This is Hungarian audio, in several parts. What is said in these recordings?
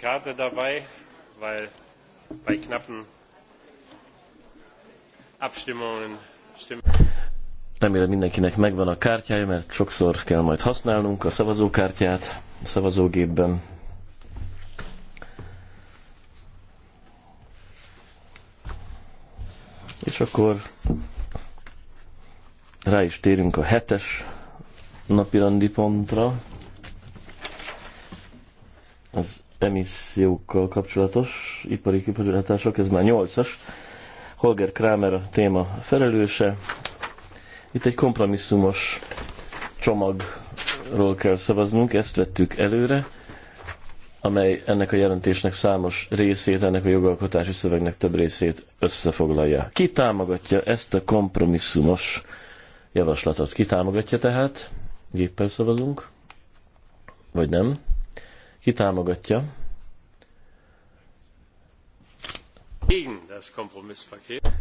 Karte dabei, weil bei knappen Abstimmungen Remélem mindenkinek megvan a kártyája, mert sokszor kell majd használnunk a szavazókártyát a szavazógépben. És akkor rá is térünk a hetes napirendi pontra az emissziókkal kapcsolatos ipari kibocsátások, ez már 8-as. Holger Kramer a téma felelőse. Itt egy kompromisszumos csomagról kell szavaznunk, ezt vettük előre, amely ennek a jelentésnek számos részét, ennek a jogalkotási szövegnek több részét összefoglalja. Ki támogatja ezt a kompromisszumos javaslatot? Ki támogatja tehát? Géppel szavazunk? Vagy nem? Ki támogatja?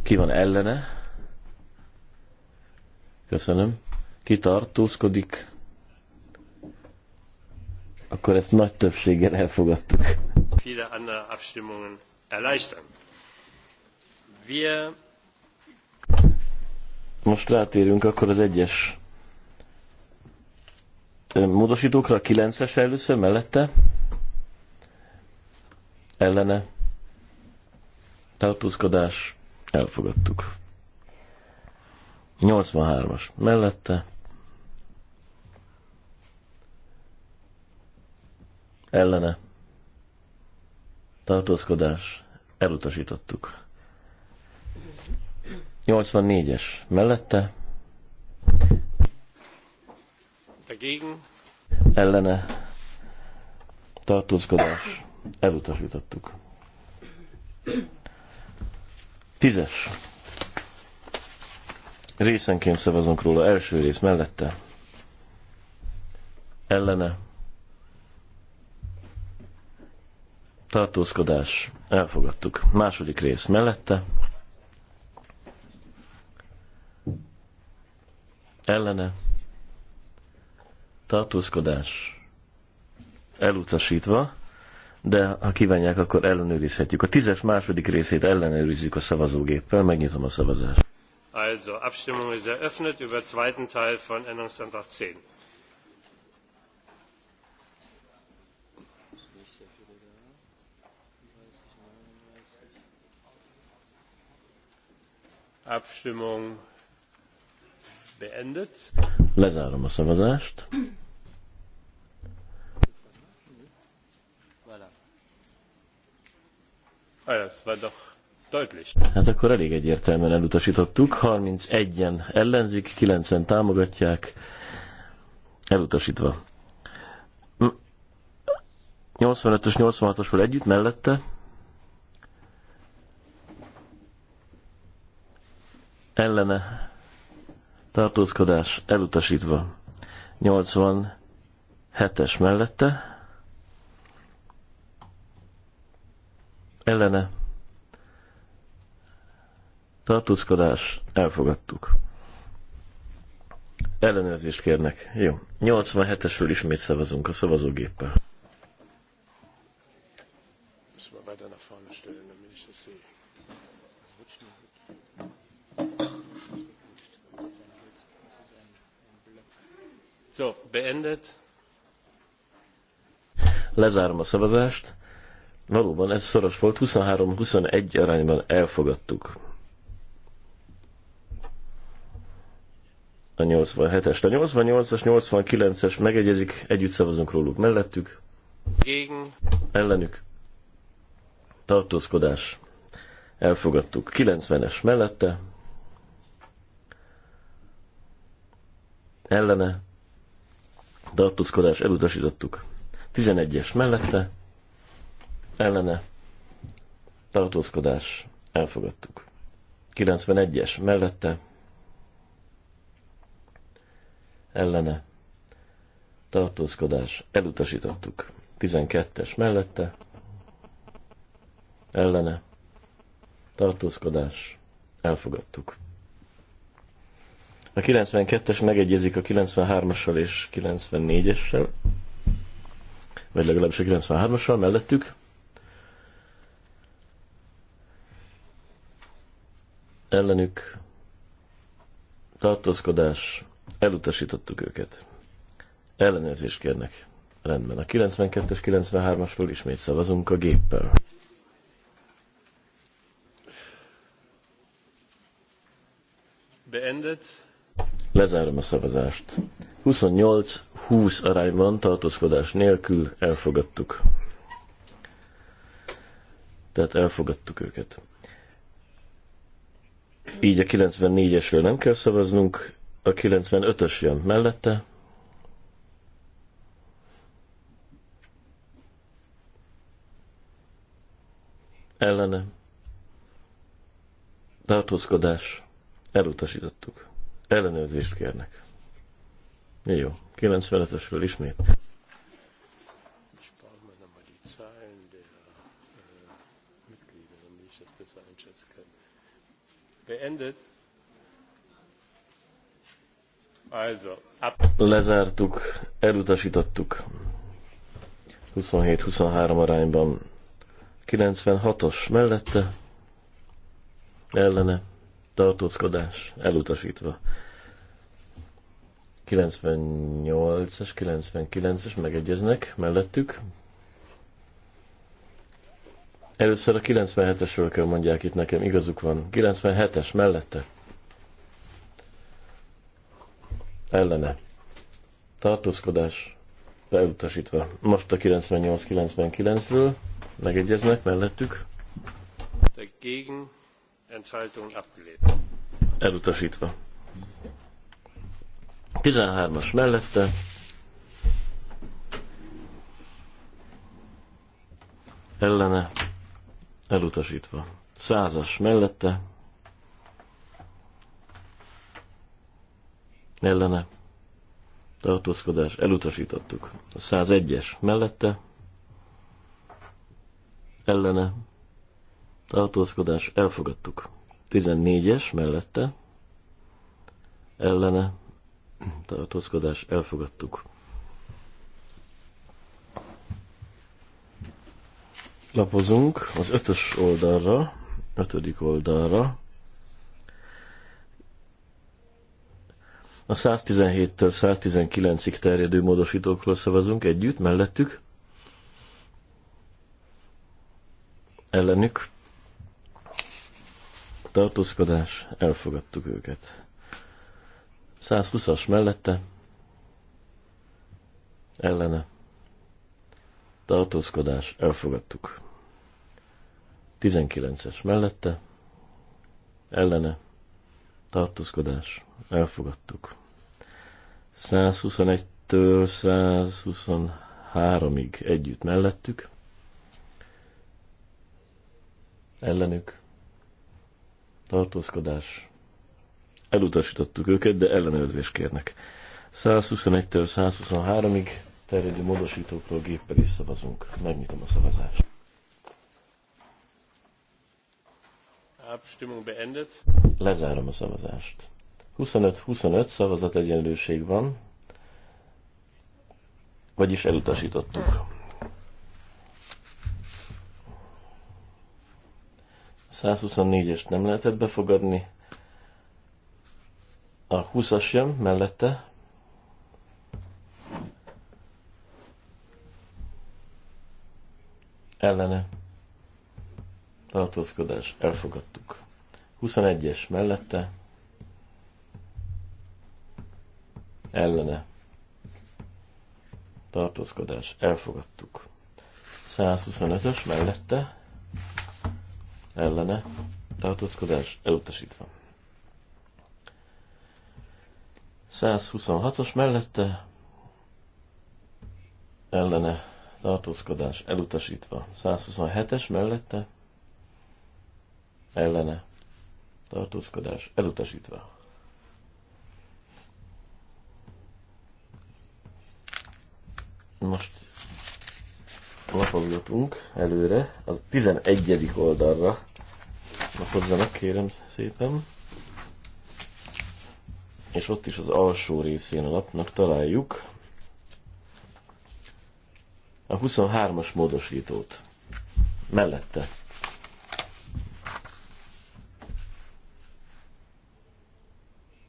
Ki van ellene? Köszönöm. Ki tartózkodik? Akkor ezt nagy többséggel elfogadtuk. Viele andere Abstimmungen erleichtern. Wir most rátérünk akkor az egyes módosítókra, a kilences először mellette ellene tartózkodás elfogadtuk. 83-as mellette ellene tartózkodás elutasítottuk. 84-es mellette dagegen ellene tartózkodás Elutasítottuk. Tízes. Részenként szavazunk róla. Első rész mellette. Ellene. Tartózkodás. Elfogadtuk. Második rész mellette. Ellene. Tartózkodás. Elutasítva de ha kívánják, akkor ellenőrizhetjük. A tízes második részét ellenőrizzük a szavazógéppel, megnyitom a szavazást. Also, Abstimmung ist eröffnet über zweiten Teil von Änderungsantrag 10. Abstimmung beendet. Lezárom a szavazást. Ah, hát akkor elég egyértelműen elutasítottuk. 31-en ellenzik, 9-en támogatják. Elutasítva. 85-ös, 86-osról együtt, mellette. Ellene. Tartózkodás elutasítva. 87-es mellette ellene tartózkodás elfogadtuk. Ellenőrzést kérnek. Jó. 87-esről ismét szavazunk a szavazógéppel. So, beendet. Lezárom a szavazást. Valóban ez szoros volt, 23-21 arányban elfogadtuk. A 87 es A 88-as, 89-es megegyezik, együtt szavazunk róluk mellettük. Gegen. Ellenük. Tartózkodás. Elfogadtuk. 90-es mellette. Ellene. Tartózkodás elutasítottuk. 11-es mellette ellene tartózkodás elfogadtuk. 91-es mellette ellene tartózkodás elutasítottuk. 12-es mellette ellene tartózkodás elfogadtuk. A 92-es megegyezik a 93-assal és 94-essel, vagy legalábbis a 93-assal mellettük, ellenük tartózkodás, elutasítottuk őket. Ellenőrzést kérnek. Rendben. A 92-es, 93-asról ismét szavazunk a géppel. Beendet. Lezárom a szavazást. 28-20 arányban tartózkodás nélkül elfogadtuk. Tehát elfogadtuk őket. Így a 94-esről nem kell szavaznunk, a 95-ös jön mellette. Ellene. Tartózkodás. Elutasítottuk. Ellenőrzést kérnek. Jó, 95-ösről ismét. beendet. Also, ab. Lezártuk, elutasítottuk. 27-23 arányban. 96-os mellette, ellene, tartózkodás, elutasítva. 98-es, 99-es megegyeznek mellettük, Először a 97-esről kell mondják itt nekem, igazuk van. 97-es mellette. Ellene. Tartózkodás beutasítva. Most a 98-99-ről megegyeznek mellettük. Dagegen Enthaltung abgelehnt. Elutasítva. 13-as mellette. Ellene elutasítva. Százas mellette, ellene, tartózkodás, elutasítottuk. A 101-es mellette, ellene, tartózkodás, elfogadtuk. 14-es mellette, ellene, tartózkodás, elfogadtuk. lapozunk az ötös oldalra, ötödik oldalra. A 117-től 119-ig terjedő módosítókról szavazunk együtt, mellettük, ellenük, tartózkodás, elfogadtuk őket. 120-as mellette, ellene, tartózkodás, elfogadtuk. 19-es mellette, ellene, tartózkodás, elfogadtuk. 121-től 123-ig együtt mellettük, ellenük, tartózkodás, elutasítottuk őket, de ellenőrzést kérnek. 121-től 123-ig terjedő módosítókról géppel is szavazunk. Megnyitom a szavazást. Lezárom a szavazást. 25-25 szavazat egyenlőség van, vagyis elutasítottuk. 124-est nem lehetett befogadni, a 20-as jön mellette, ellene tartózkodás, elfogadtuk. 21-es mellette, ellene, tartózkodás, elfogadtuk. 125-ös mellette, ellene, tartózkodás, elutasítva. 126-os mellette, ellene, tartózkodás, elutasítva. 127-es mellette, ellene tartózkodás elutasítva. Most lapozgatunk előre, az 11. oldalra lapozzanak, kérem szépen. És ott is az alsó részén a lapnak találjuk a 23-as módosítót mellette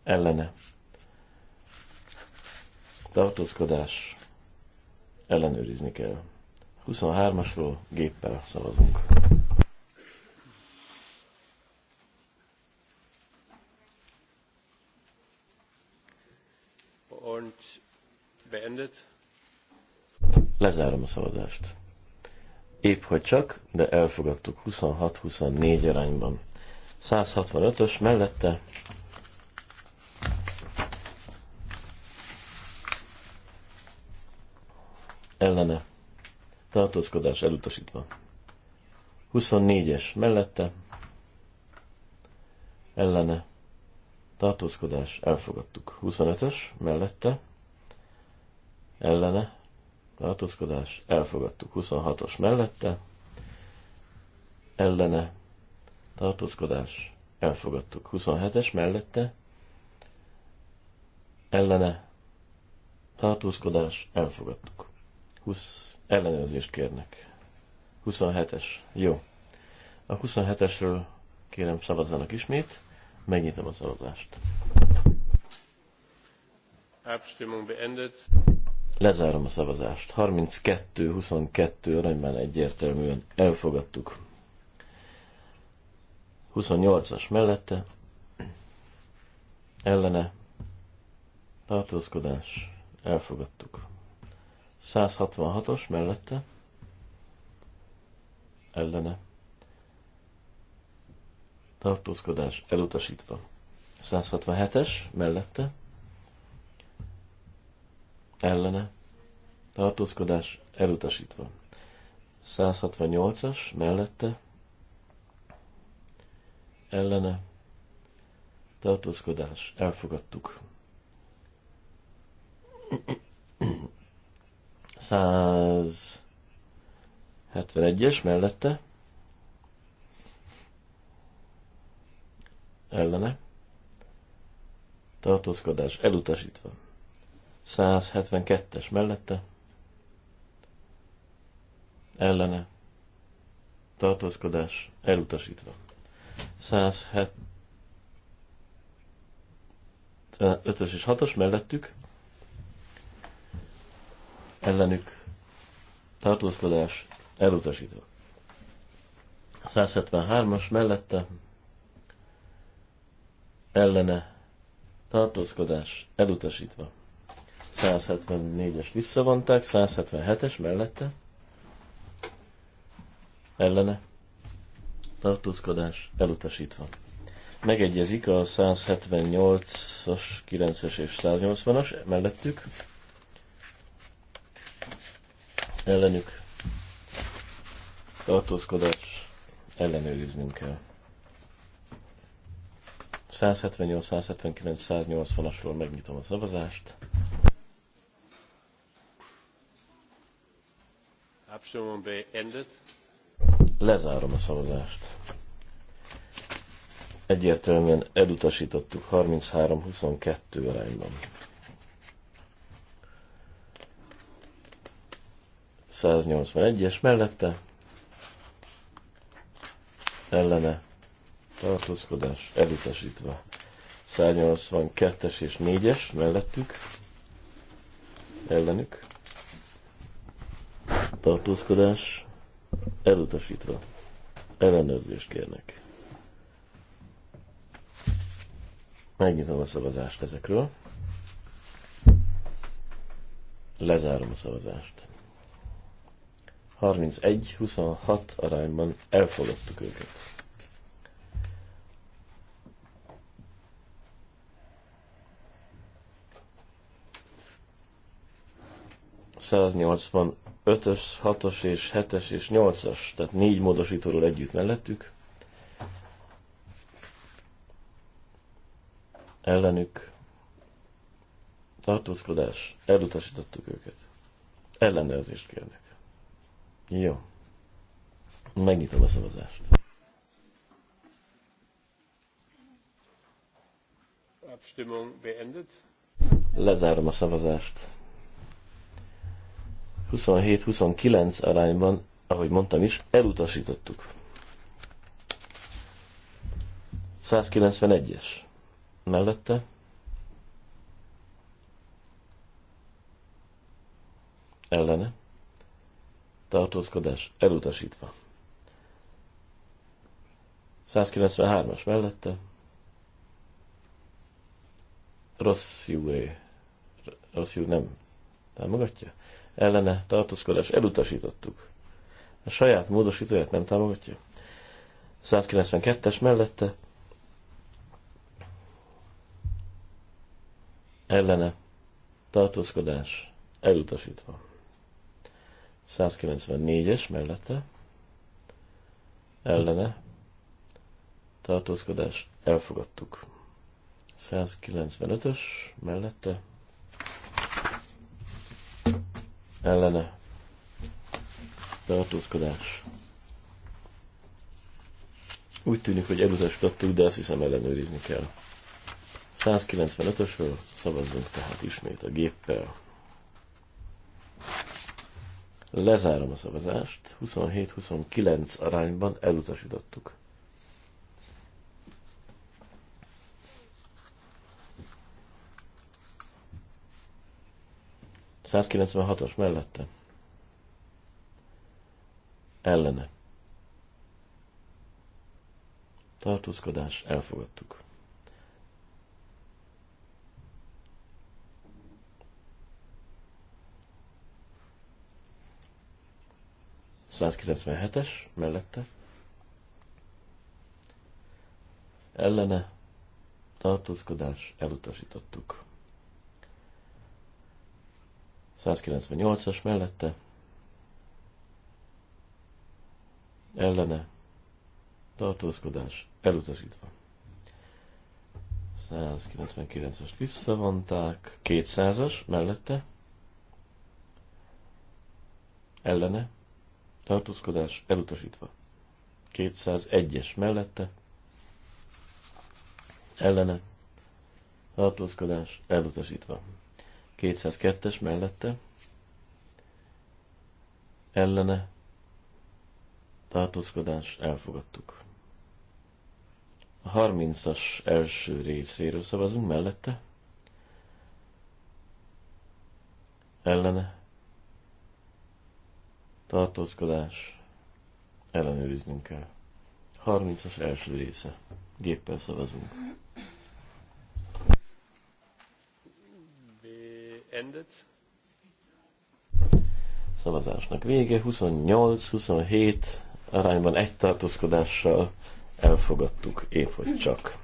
ellene. Tartózkodás ellenőrizni kell. 23-asról géppel szavazunk. Und beendet. Lezárom a szavazást. Épp hogy csak, de elfogadtuk 26-24 arányban. 165-ös mellette ellene tartózkodás elutasítva. 24-es mellette ellene tartózkodás elfogadtuk. 25-es mellette ellene tartózkodás elfogadtuk. 26-os mellette ellene tartózkodás elfogadtuk. 27-es mellette ellene tartózkodás elfogadtuk. 20 ellenőrzést kérnek. 27-es. Jó. A 27-esről kérem szavazzanak ismét. Megnyitom a szavazást. Abstimmung beendet. Lezárom a szavazást. 32-22 arányban egyértelműen elfogadtuk. 28-as mellette. Ellene. Tartózkodás. Elfogadtuk. 166-os mellette ellene tartózkodás elutasítva. 167-es mellette ellene tartózkodás elutasítva. 168-as mellette ellene tartózkodás elfogadtuk. 171-es mellette. Ellene. Tartózkodás elutasítva. 172-es mellette. Ellene. Tartózkodás elutasítva. 107 5 ös és 6-os mellettük ellenük tartózkodás elutasítva. 173-as mellette ellene tartózkodás elutasítva. 174-es visszavonták, 177-es mellette ellene tartózkodás elutasítva. Megegyezik a 178-as, 9-es és 180-as mellettük ellenük tartózkodás ellenőriznünk kell. 178, 179, 180-asról megnyitom a szavazást. Abstimmung beendet. Lezárom a szavazást. Egyértelműen elutasítottuk 33-22 arányban. 181-es mellette ellene tartózkodás elutasítva. 182-es és 4-es mellettük ellenük tartózkodás elutasítva. Ellenőrzést kérnek. Megnyitom a szavazást ezekről. Lezárom a szavazást. 31-26 arányban elfogadtuk őket. van 5-ös, 6-os és 7-es és 8-as, tehát négy módosítóról együtt mellettük. Ellenük tartózkodás, elutasítottuk őket. Ellenőrzést kérnek. Jó. Megnyitom a szavazást. Abstimmung beendet. Lezárom a szavazást. 27-29 arányban, ahogy mondtam is, elutasítottuk. 191-es. Mellette ellene tartózkodás elutasítva. 193-as mellette rossz júré, rossz nem támogatja, ellene tartózkodás elutasítottuk. A saját módosítóját nem támogatja. 192-es mellette ellene tartózkodás elutasítva. 194-es mellette ellene tartózkodás elfogadtuk. 195-ös mellette ellene tartózkodás. Úgy tűnik, hogy elutasítottuk, de azt hiszem ellenőrizni kell. 195-ösről szavazzunk tehát ismét a géppel. Lezárom a szavazást. 27-29 arányban elutasítottuk. as mellette. Ellene. Tartózkodás elfogadtuk. 197-es mellette. Ellene tartózkodás elutasítottuk. 198-as mellette. Ellene tartózkodás elutasítva. 199 es visszavonták, 200-as mellette, ellene, tartózkodás elutasítva. 201-es mellette, ellene, tartózkodás elutasítva. 202-es mellette, ellene, tartózkodás elfogadtuk. A 30-as első részéről szavazunk mellette, ellene, tartózkodás, ellenőriznünk kell. 30-as első része. Géppel szavazunk. Beendet. Szavazásnak vége. 28-27 arányban egy tartózkodással elfogadtuk épp hogy csak.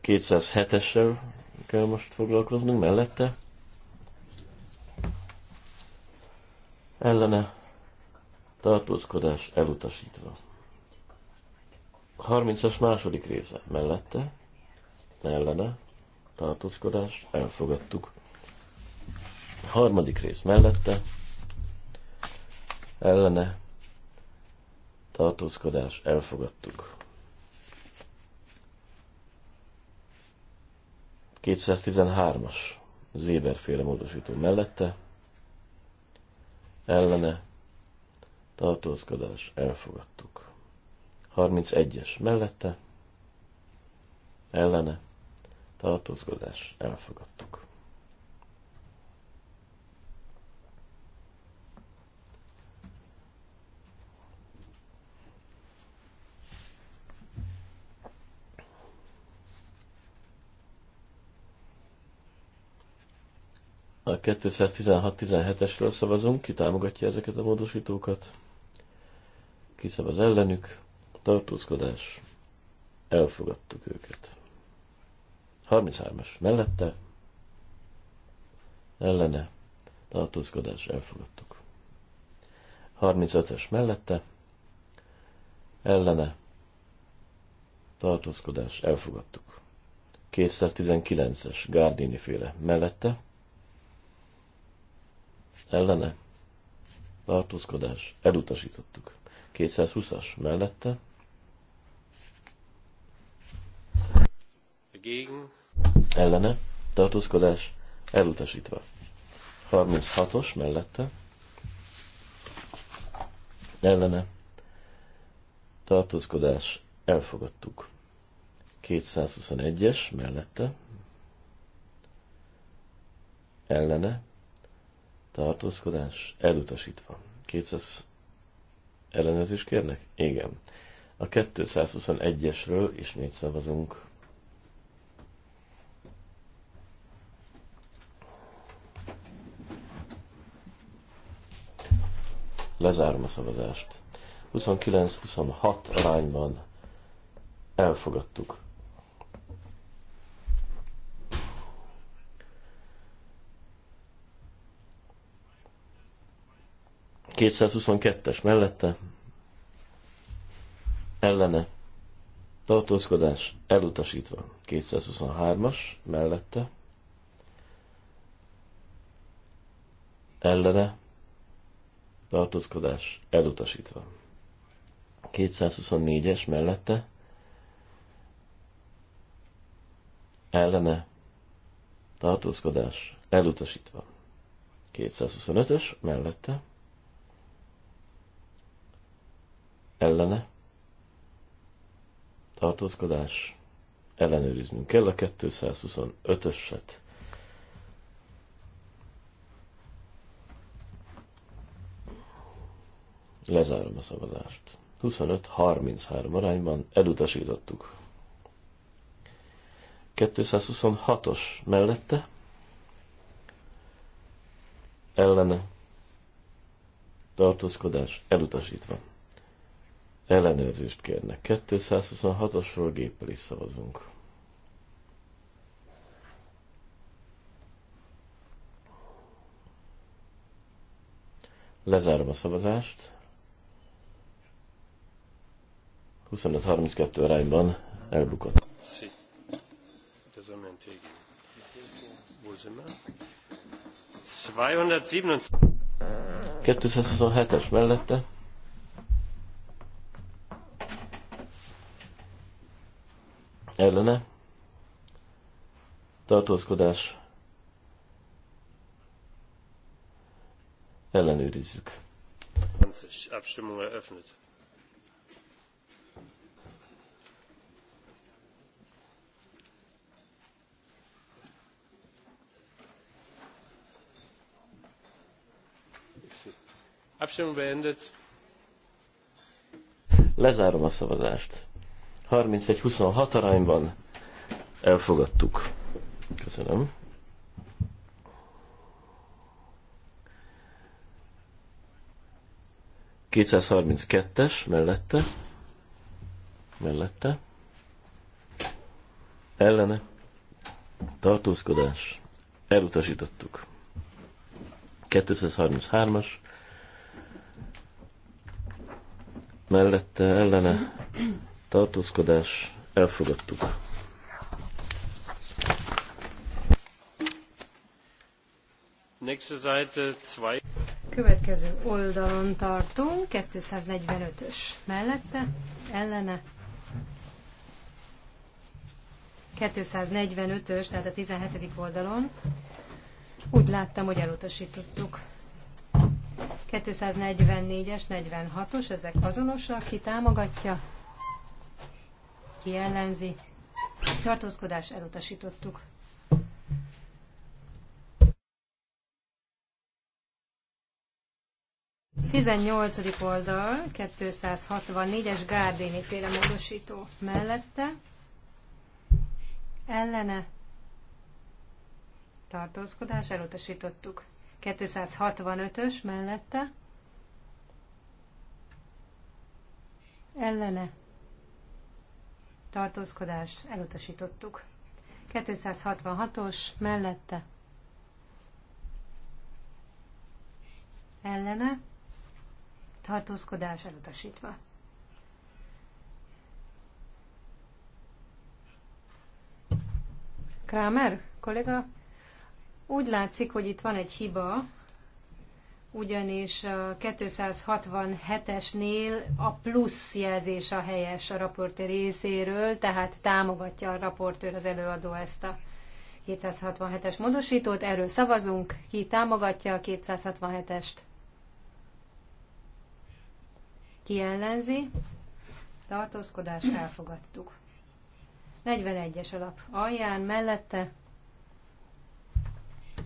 Kétszázhetessel kell most foglalkoznunk mellette. Ellene tartózkodás elutasítva. 30-as második része mellette, ellene, tartózkodás, elfogadtuk. Harmadik rész mellette, ellene, tartózkodás, elfogadtuk. 213-as zéberféle módosító mellette, ellene tartózkodás elfogadtuk. 31-es mellette, ellene tartózkodás elfogadtuk. A 216-17-esről szavazunk, ki támogatja ezeket a módosítókat, ki szavaz ellenük, tartózkodás, elfogadtuk őket. 33-as mellette, ellene, tartózkodás, elfogadtuk. 35-es mellette, ellene, tartózkodás, elfogadtuk. 219-es Gárdini féle mellette, ellene tartózkodás elutasítottuk. 220-as mellette Gegen. ellene tartózkodás elutasítva. 36-os mellette ellene tartózkodás elfogadtuk. 221-es mellette ellene tartózkodás elutasítva. 200 ellenezést kérnek? Igen. A 221-esről ismét szavazunk. Lezárom a szavazást. 29-26 arányban elfogadtuk. 222-es mellette ellene tartózkodás elutasítva. 223-as mellette ellene tartózkodás elutasítva. 224-es mellette ellene tartózkodás elutasítva. 225-ös mellette ellene tartózkodás ellenőriznünk kell a 225-öset. Lezárom a szavazást. 25-33 arányban elutasítottuk. 226-os mellette ellene tartózkodás elutasítva ellenőrzést kérnek. 226 asról géppel is szavazunk. Lezárom a szavazást. 25-32 arányban elbukott. Sí. Wo sind wir? 227-es mellette. ellene tartózkodás ellenőrizzük. Abstimmung eröffnet. Abstimmung beendet. Lezárom a szavazást. 31-26 arányban elfogadtuk. Köszönöm. kétszázharminckettes mellette, mellette, ellene, tartózkodás, elutasítottuk. 233-as, mellette, ellene, tartózkodás elfogadtuk. Következő oldalon tartunk, 245-ös mellette, ellene. 245-ös, tehát a 17. oldalon. Úgy láttam, hogy elutasítottuk. 244-es, 46-os, ezek azonosak, ki támogatja, ki ellenzi, tartózkodás elutasítottuk. Tizennyolcadik oldal, 264-es Gárdéni féle módosító mellette, ellene, tartózkodás elutasítottuk. 265-ös mellette, ellene, tartózkodás, elutasítottuk. 266-os mellette ellene, tartózkodás elutasítva. Kramer, kollega, úgy látszik, hogy itt van egy hiba, ugyanis a 267-esnél a plusz jelzés a helyes a raportőr részéről, tehát támogatja a raportőr, az előadó ezt a 267-es módosítót. Erről szavazunk. Ki támogatja a 267-est? Ki ellenzi? Tartózkodás elfogadtuk. 41-es alap alján, mellette,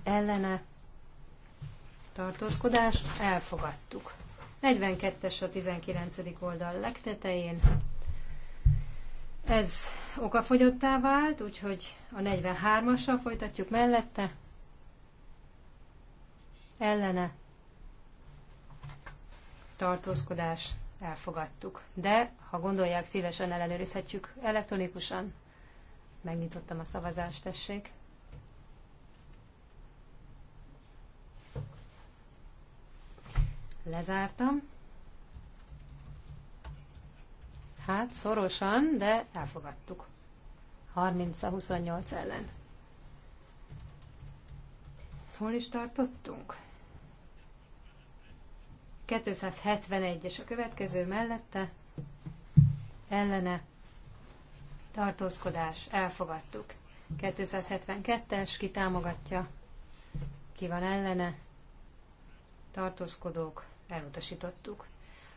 ellene, tartózkodás, elfogadtuk. 42-es a 19. oldal legtetején. Ez okafogyottá vált, úgyhogy a 43-assal folytatjuk mellette. Ellene tartózkodás, elfogadtuk. De, ha gondolják, szívesen ellenőrizhetjük elektronikusan. Megnyitottam a szavazást, tessék. Lezártam. Hát szorosan, de elfogadtuk. 30 a 28 ellen. Hol is tartottunk? 271-es a következő mellette. Ellene. Tartózkodás. Elfogadtuk. 272-es, ki támogatja, ki van ellene, tartózkodók, elutasítottuk.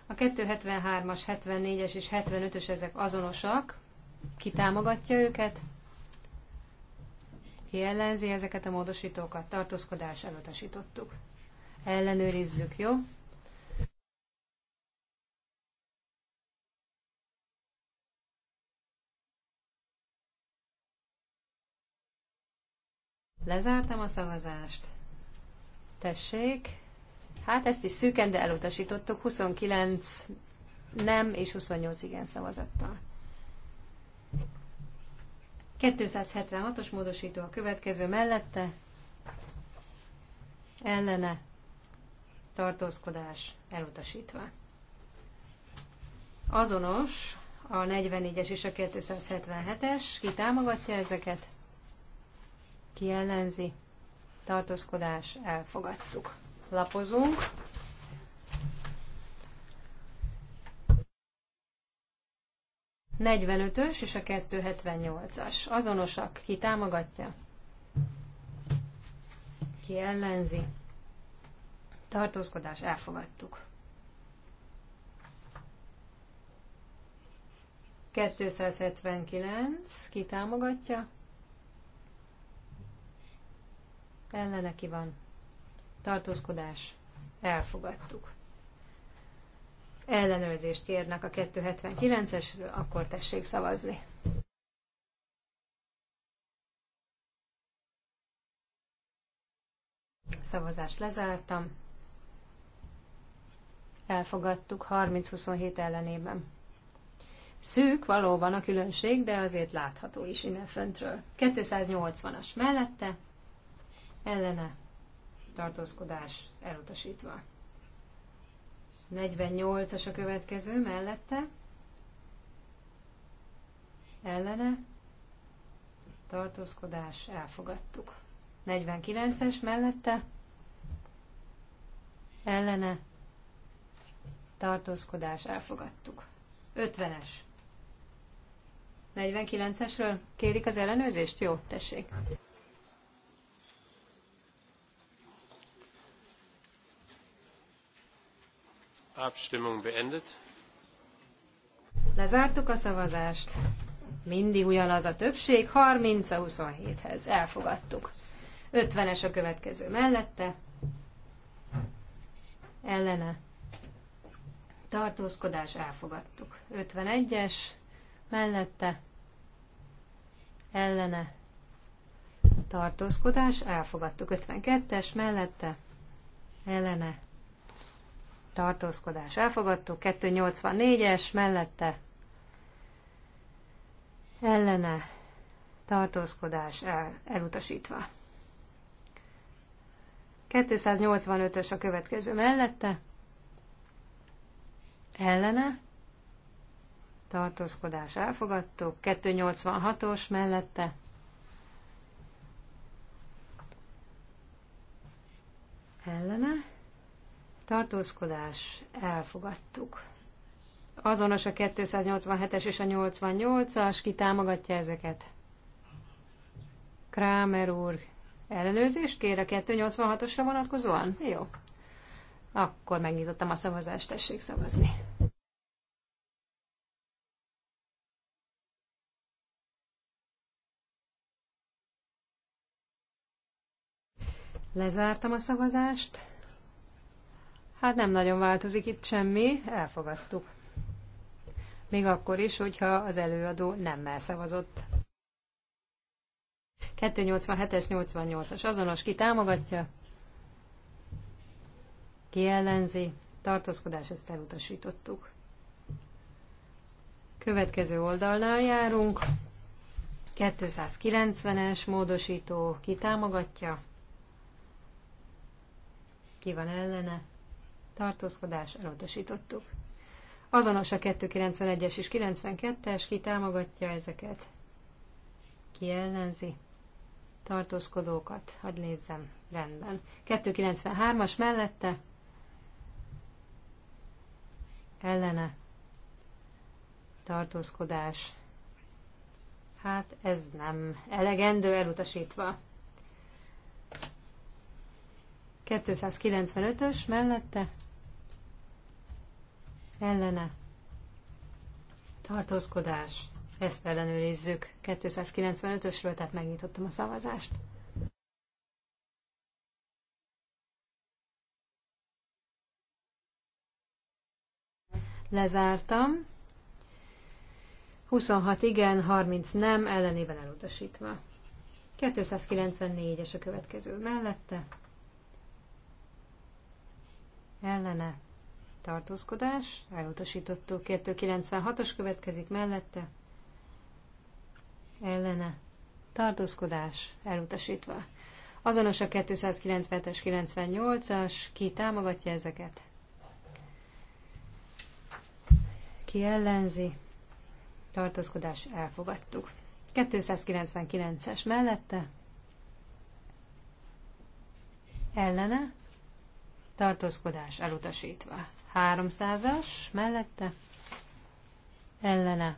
A 273-as, 74-es és 75-ös ezek azonosak. Ki támogatja őket? Ki ellenzi ezeket a módosítókat? Tartózkodás elutasítottuk. Ellenőrizzük, jó? Lezártam a szavazást. Tessék, Hát ezt is szűken, de elutasítottuk 29 nem és 28 igen szavazattal. 276-os módosító a következő mellette. Ellene tartózkodás elutasítva. Azonos a 44-es és a 277-es. Ki támogatja ezeket? Ki ellenzi? Tartózkodás elfogadtuk lapozunk. Negyvenötös és a 278-as. Azonosak. Ki támogatja? Ki ellenzi? Tartózkodás. Elfogadtuk. 279, ki támogatja? Ellene ki van tartózkodás, elfogadtuk. Ellenőrzést kérnek a 279-esről, akkor tessék szavazni. Szavazást lezártam. Elfogadtuk 30-27 ellenében. Szűk valóban a különbség, de azért látható is innen föntről. 280-as mellette, ellene tartózkodás elutasítva. 48-as a következő, mellette, ellene, tartózkodás, elfogadtuk. 49-es mellette, ellene, tartózkodás, elfogadtuk. 50-es. 49-esről kérik az ellenőrzést? Jó, tessék. Abstimmung beendet. Lezártuk a szavazást. Mindig ugyanaz a többség, 30 a 27-hez. Elfogadtuk. 50-es a következő mellette. Ellene. Tartózkodás elfogadtuk. 51-es mellette. Ellene. Tartózkodás elfogadtuk. 52-es mellette. Ellene tartózkodás elfogadtuk, 284-es mellette ellene tartózkodás el, elutasítva. 285-ös a következő mellette ellene tartózkodás elfogadtuk, 286-os mellette ellene tartózkodás, elfogadtuk. Azonos a 287-es és a 88-as, ki támogatja ezeket? Krámer úr, ellenőrzést kér a 286-osra vonatkozóan? Jó. Akkor megnyitottam a szavazást, tessék szavazni. Lezártam a szavazást. Hát nem nagyon változik itt semmi, elfogadtuk. Még akkor is, hogyha az előadó nem szavazott. 287-es, 88-as azonos, ki támogatja, ki ellenzi, tartózkodás, ezt elutasítottuk. Következő oldalnál járunk, 290-es módosító, ki támogatja, ki van ellene, tartózkodás elutasítottuk. Azonos a 291-es és 92-es, ki támogatja ezeket, ki ellenzi, tartózkodókat, hagyd nézzem, rendben. 293-as mellette, ellene, tartózkodás, hát ez nem elegendő, elutasítva. 295-ös mellette, ellene tartózkodás. Ezt ellenőrizzük. 295-ösről, tehát megnyitottam a szavazást. Lezártam. 26 igen, 30 nem, ellenében elutasítva. 294-es a következő mellette. Ellene tartózkodás, elutasítottuk 296-os következik mellette, ellene, tartózkodás, elutasítva. Azonos a 297-es, 98-as, ki támogatja ezeket? Ki ellenzi? Tartózkodás, elfogadtuk. 299-es mellette, ellene, tartózkodás elutasítva. 300-as mellette ellene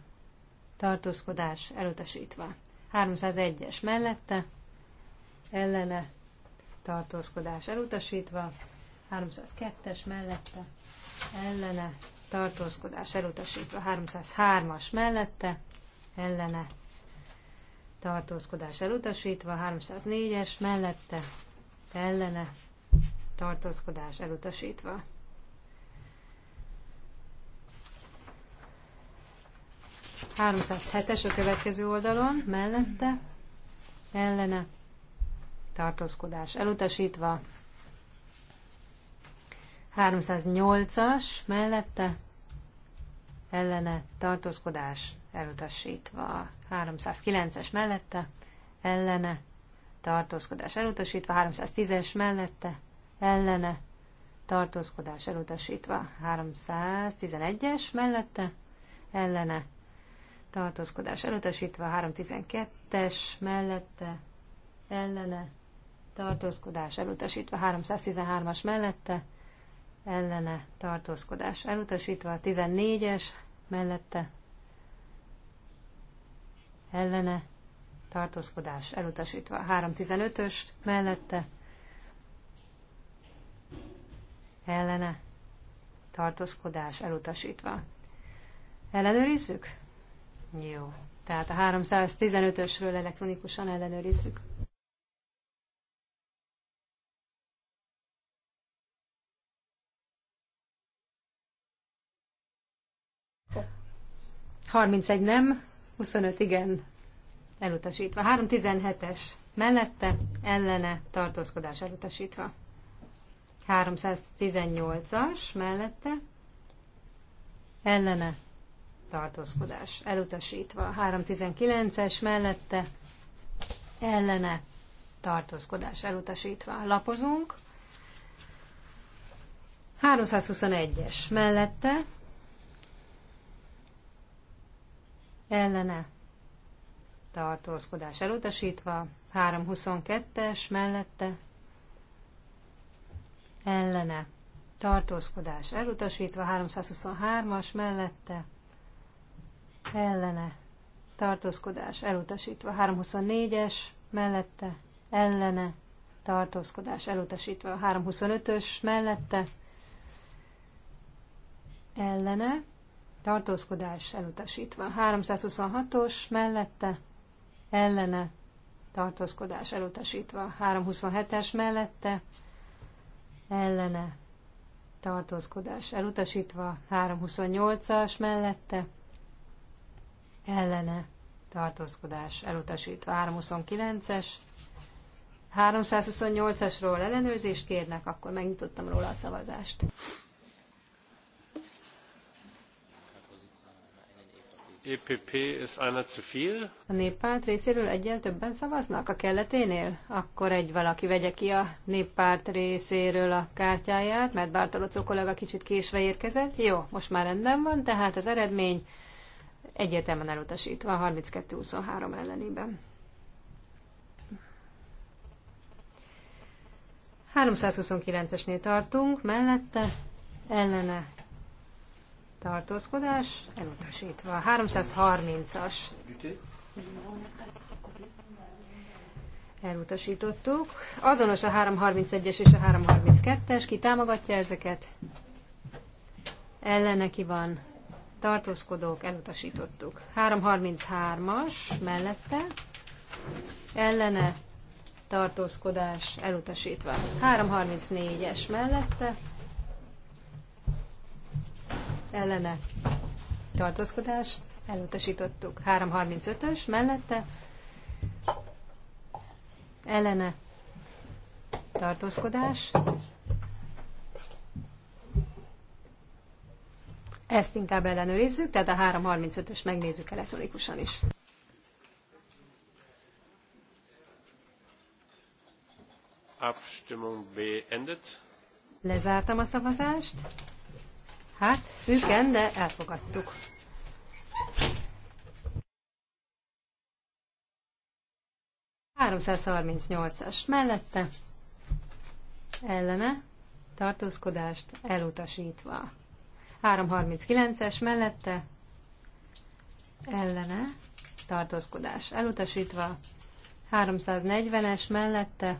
tartózkodás elutasítva. 301-es mellette ellene tartózkodás elutasítva. 302-es mellette ellene tartózkodás elutasítva. 303-as mellette ellene tartózkodás elutasítva. 304-es mellette ellene tartózkodás elutasítva. 307-es a következő oldalon, mellette, ellene, tartózkodás elutasítva. 308-as mellette, ellene, tartózkodás elutasítva. 309-es mellette, ellene, tartózkodás elutasítva. 310-es mellette, ellene, tartózkodás elutasítva. 311-es mellette, ellene, tartózkodás elutasítva, 312-es mellette, ellene, tartózkodás elutasítva, 313-as mellette, ellene, tartózkodás elutasítva, 14-es mellette, ellene, tartózkodás elutasítva, 315-ös mellette, ellene, tartózkodás elutasítva. Ellenőrizzük? Jó. Tehát a 315-ösről elektronikusan ellenőrizzük. Oh. 31 nem, 25 igen, elutasítva. 317-es mellette, ellene, tartózkodás elutasítva. 318-as mellette, ellene, tartózkodás elutasítva. 319-es mellette ellene tartózkodás elutasítva. Lapozunk. 321-es mellette ellene tartózkodás elutasítva. 322-es mellette ellene tartózkodás elutasítva. 323-as mellette ellene tartózkodás elutasítva. 324-es mellette ellene tartózkodás elutasítva. 325-ös mellette ellene tartózkodás elutasítva. 326-os mellette ellene tartózkodás elutasítva. 327-es mellette ellene tartózkodás elutasítva, 328-as mellette ellene tartózkodás elutasítva. 329-es, 328-asról ellenőrzést kérnek, akkor megnyitottam róla a szavazást. EPP ist einer zu viel. A néppárt részéről egyel többen szavaznak a kelleténél? Akkor egy valaki vegye ki a néppárt részéről a kártyáját, mert Bártalocó kollega kicsit késve érkezett. Jó, most már rendben van, tehát az eredmény egyértelműen elutasítva a 32-23 ellenében. 329-esnél tartunk, mellette ellene tartózkodás elutasítva. 330-as. Elutasítottuk. Azonos a 331-es és a 332-es. Ki támogatja ezeket? Ellene ki van? tartózkodók, elutasítottuk. 333-as mellette, ellene, tartózkodás, elutasítva. 334-es mellette, ellene, tartózkodás, elutasítottuk. 335-ös mellette, ellene, tartózkodás, Ezt inkább ellenőrizzük, tehát a 335-ös megnézzük elektronikusan is. Abstimmung beendet. Lezártam a szavazást. Hát, szűken, de elfogadtuk. as mellette, ellene, tartózkodást elutasítva. 339-es mellette ellene tartózkodás elutasítva, 340-es mellette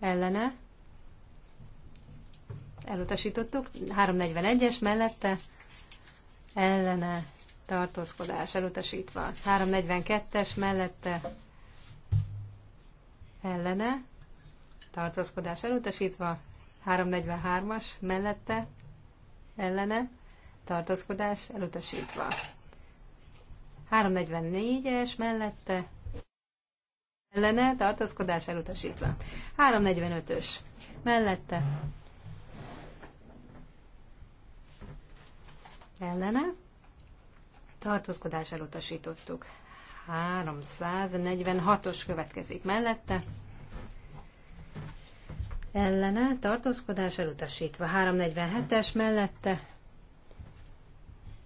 ellene elutasítottuk, 341-es mellette ellene tartózkodás elutasítva, 342-es mellette ellene tartózkodás elutasítva, 343-as mellette ellene, tartózkodás elutasítva. 344-es mellette, ellene, tartózkodás elutasítva. 345-ös mellette, ellene, tartózkodás elutasítottuk. 346-os következik mellette, ellene, tartózkodás elutasítva. 347-es mellette,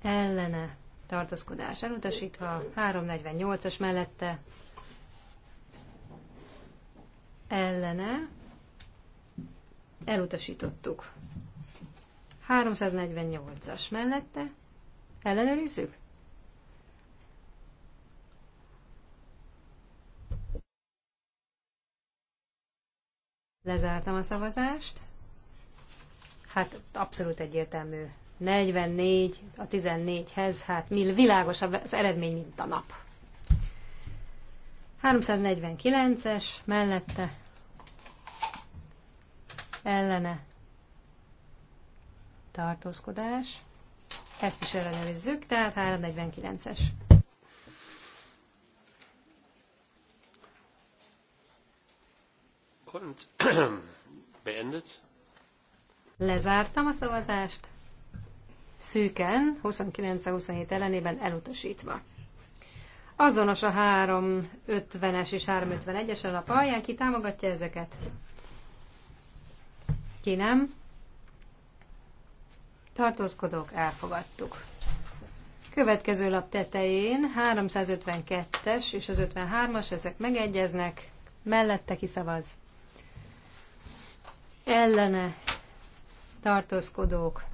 ellene, tartózkodás elutasítva. 348-as mellette, ellene, elutasítottuk. 348-as mellette, ellenőrizzük? Lezártam a szavazást. Hát abszolút egyértelmű. 44 a 14-hez, hát mi világosabb az eredmény, mint a nap. 349-es mellette ellene tartózkodás. Ezt is ellenőrizzük, tehát 349-es. beendet. Lezártam a szavazást. Szűken, 29-27 ellenében elutasítva. Azonos a 350-es és 351-es alap alján, ki támogatja ezeket? Ki nem? Tartózkodók, elfogadtuk. Következő lap tetején 352-es és az 53-as, ezek megegyeznek, mellette kiszavaz ellene tartózkodók.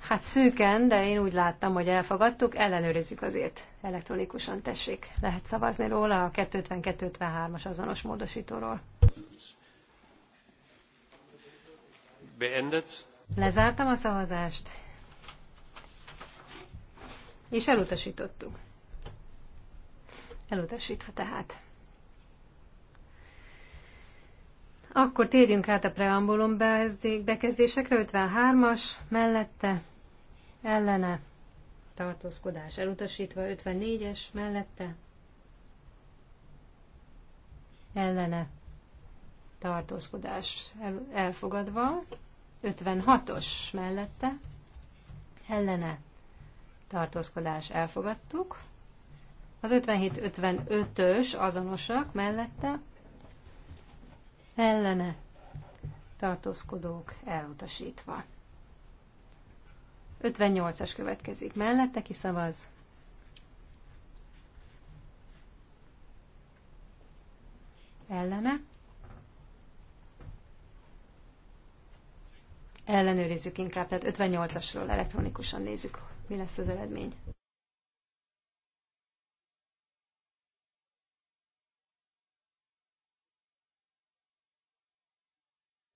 Hát szűken, de én úgy láttam, hogy elfogadtuk, ellenőrizzük azért elektronikusan, tessék. Lehet szavazni róla a 252-53-as azonos módosítóról. Beendet. Lezártam a szavazást, és elutasítottuk. Elutasítva tehát. Akkor térjünk át a preambulum bekezdésekre, 53-as, mellette, ellene, tartózkodás elutasítva, 54-es, mellette, ellene, tartózkodás el, elfogadva, 56-os mellette, ellene, tartózkodás elfogadtuk, az 57-55-ös azonosak mellette, ellene tartózkodók elutasítva. 58-as következik. Mellette szavaz? Ellene. Ellenőrizzük inkább, tehát 58-asról elektronikusan nézzük, mi lesz az eredmény.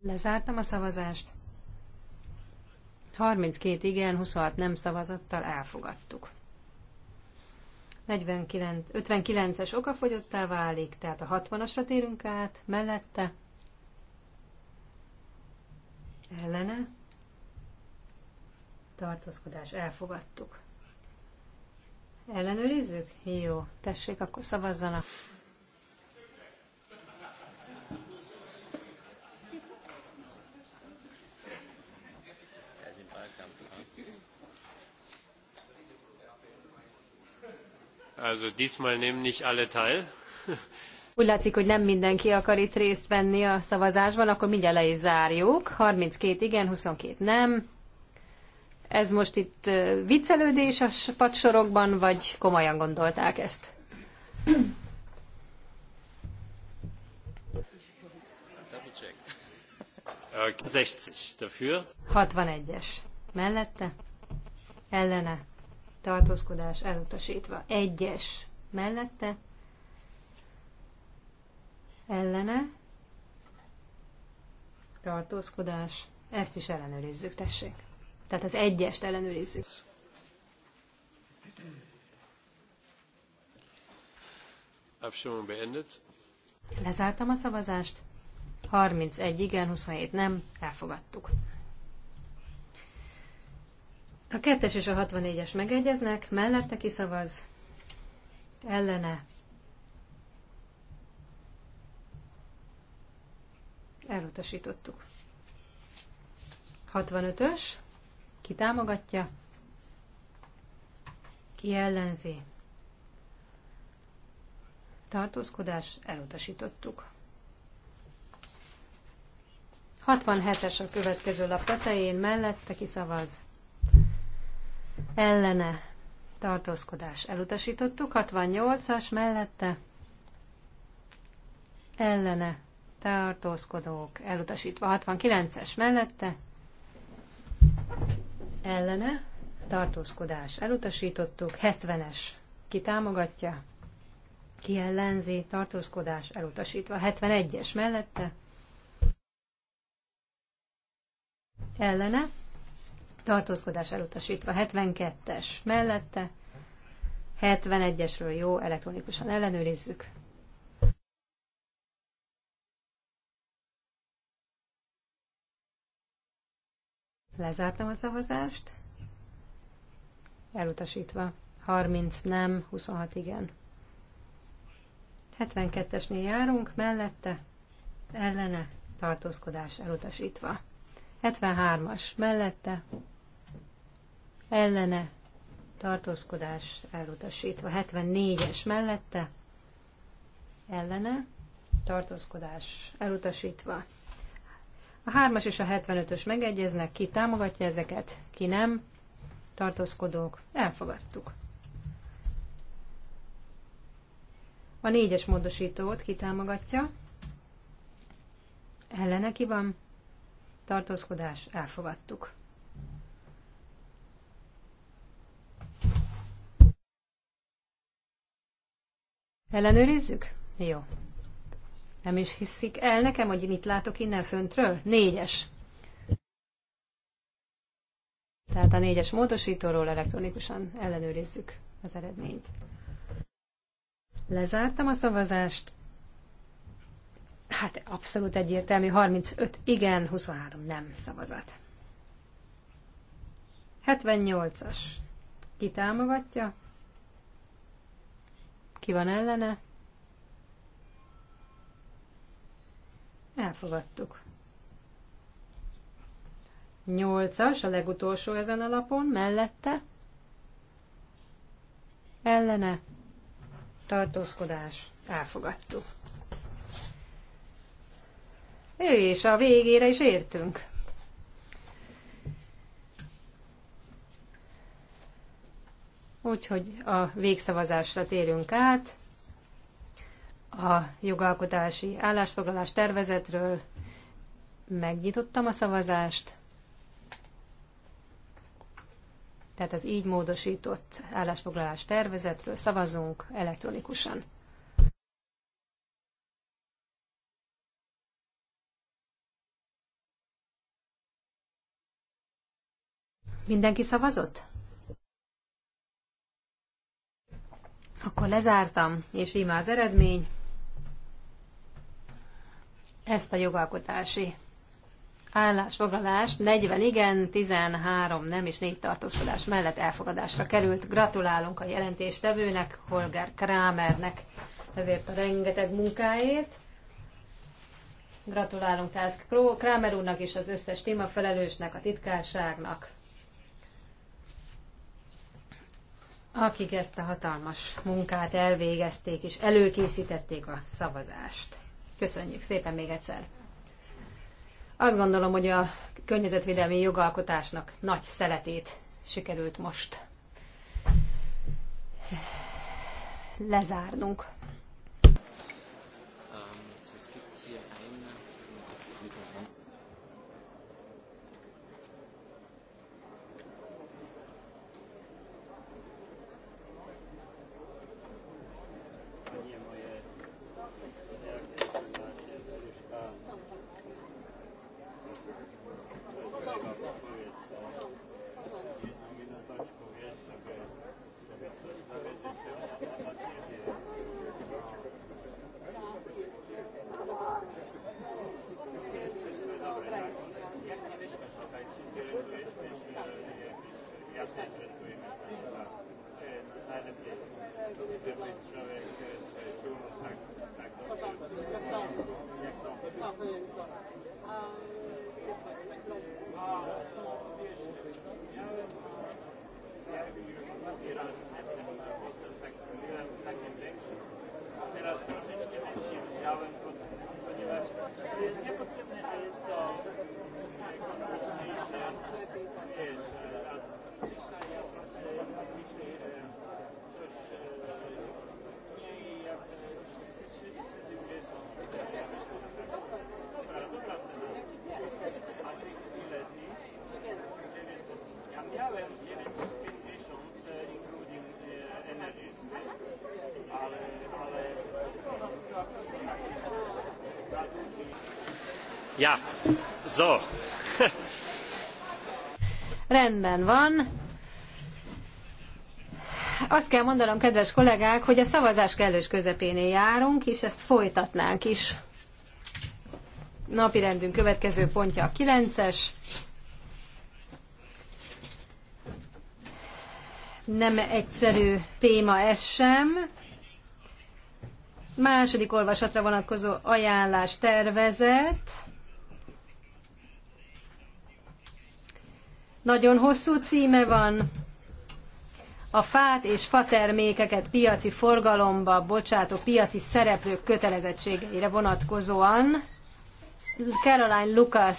Lezártam a szavazást. 32 igen, 26 nem szavazattal elfogadtuk. 49, 59-es okafogyottá válik, tehát a 60-asra térünk át, mellette, ellene, tartózkodás, elfogadtuk. Ellenőrizzük? Jó, tessék, akkor szavazzanak. Also diesmal nehmen nicht alle teil. Úgy látszik, hogy nem mindenki akar itt részt venni a szavazásban, akkor mindjárt le is zárjuk. 32 igen, 22 nem. Ez most itt viccelődés a padsorokban, vagy komolyan gondolták ezt? Okay. Äh, 61-es. Mellette? Ellene? tartózkodás elutasítva. Egyes mellette, ellene, tartózkodás, ezt is ellenőrizzük, tessék. Tehát az egyest ellenőrizzük. Abstimmung beendet. Lezártam a szavazást. 31 igen, 27 nem, elfogadtuk. A 2-es és a 64-es megegyeznek, mellette kiszavaz, ellene elutasítottuk. 65-ös, ki támogatja, ki ellenzi. Tartózkodás elutasítottuk. 67-es a következő lap tetején, mellette kiszavaz, ellene tartózkodás elutasítottuk, 68-as mellette ellene tartózkodók elutasítva, 69-es mellette ellene tartózkodás elutasítottuk, 70-es kitámogatja, ki ellenzi, tartózkodás elutasítva, 71-es mellette ellene tartózkodás elutasítva 72-es mellette, 71-esről jó, elektronikusan ellenőrizzük. Lezártam a szavazást. Elutasítva. 30 nem, 26 igen. 72-esnél járunk, mellette, ellene, tartózkodás elutasítva. 73-as, mellette, ellene tartózkodás elutasítva. 74-es mellette ellene tartózkodás elutasítva. A 3-as és a 75-ös megegyeznek, ki támogatja ezeket, ki nem. Tartózkodók, elfogadtuk. A 4-es módosítót ki támogatja, ellene ki van, tartózkodás, elfogadtuk. Ellenőrizzük? Jó. Nem is hiszik el nekem, hogy mit látok innen föntről? Négyes. Tehát a négyes módosítóról elektronikusan ellenőrizzük az eredményt. Lezártam a szavazást. Hát abszolút egyértelmű, 35 igen, 23 nem szavazat. 78-as. Ki támogatja? Ki van ellene? Elfogadtuk. Nyolcas, a legutolsó ezen a lapon, mellette. Ellene. Tartózkodás. Elfogadtuk. Ő és a végére is értünk. Úgyhogy a végszavazásra térünk át. A jogalkotási állásfoglalás tervezetről megnyitottam a szavazást. Tehát az így módosított állásfoglalás tervezetről szavazunk elektronikusan. Mindenki szavazott? Akkor lezártam, és íme az eredmény. Ezt a jogalkotási állásfoglalást 40 igen, 13 nem és 4 tartózkodás mellett elfogadásra került. Gratulálunk a jelentéstevőnek, Holger Kramernek ezért a rengeteg munkáért. Gratulálunk tehát Kramer úrnak és az összes témafelelősnek, a titkárságnak. akik ezt a hatalmas munkát elvégezték és előkészítették a szavazást. Köszönjük szépen még egyszer. Azt gondolom, hogy a környezetvédelmi jogalkotásnak nagy szeletét sikerült most lezárnunk. Ja, so. Rendben van. Azt kell mondanom, kedves kollégák, hogy a szavazás kellős közepénél járunk, és ezt folytatnánk is. Napirendünk következő pontja a 9-es. Nem egyszerű téma ez sem. Második olvasatra vonatkozó ajánlás tervezett Nagyon hosszú címe van. A fát és fatermékeket piaci forgalomba bocsátó piaci szereplők kötelezettségeire vonatkozóan Caroline Lucas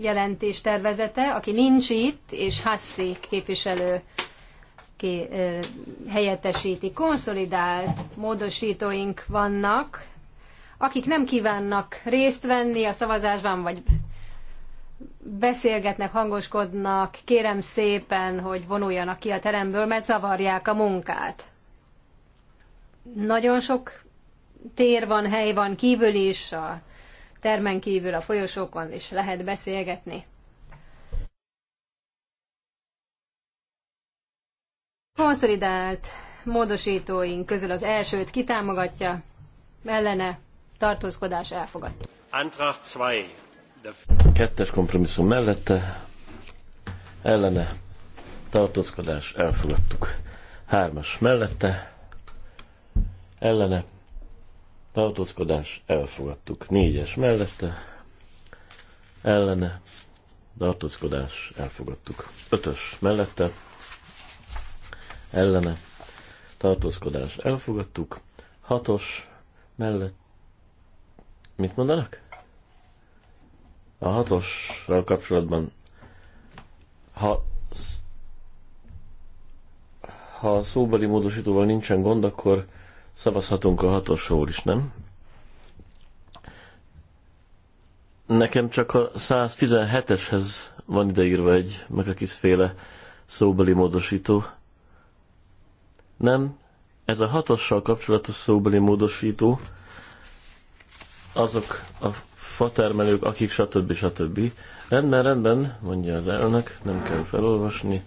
jelentés tervezete, aki nincs itt, és Hassi képviselő ki, helyettesíti. Konszolidált módosítóink vannak, akik nem kívánnak részt venni a szavazásban, vagy beszélgetnek, hangoskodnak, kérem szépen, hogy vonuljanak ki a teremből, mert zavarják a munkát. Nagyon sok tér van, hely van kívül is, a termen kívül, a folyosókon is lehet beszélgetni. Konszolidált módosítóink közül az elsőt kitámogatja, ellene tartózkodás elfogadta. Antrag 2 Kettes kompromisszum mellette, ellene, tartózkodás, elfogadtuk. Hármas mellette, ellene, tartózkodás, elfogadtuk. Négyes mellette, ellene, tartózkodás, elfogadtuk. Ötös mellette, ellene, tartózkodás, elfogadtuk. Hatos mellett, mit mondanak? A hatosral kapcsolatban, ha, ha a szóbeli módosítóval nincsen gond, akkor szavazhatunk a hatosról is, nem? Nekem csak a 117-eshez van ideírva egy meg a kisféle szóbeli módosító. Nem, ez a hatossal kapcsolatos szóbeli módosító azok a fatermelők, akik stb. stb. Rendben, rendben, mondja az elnök, nem kell felolvasni.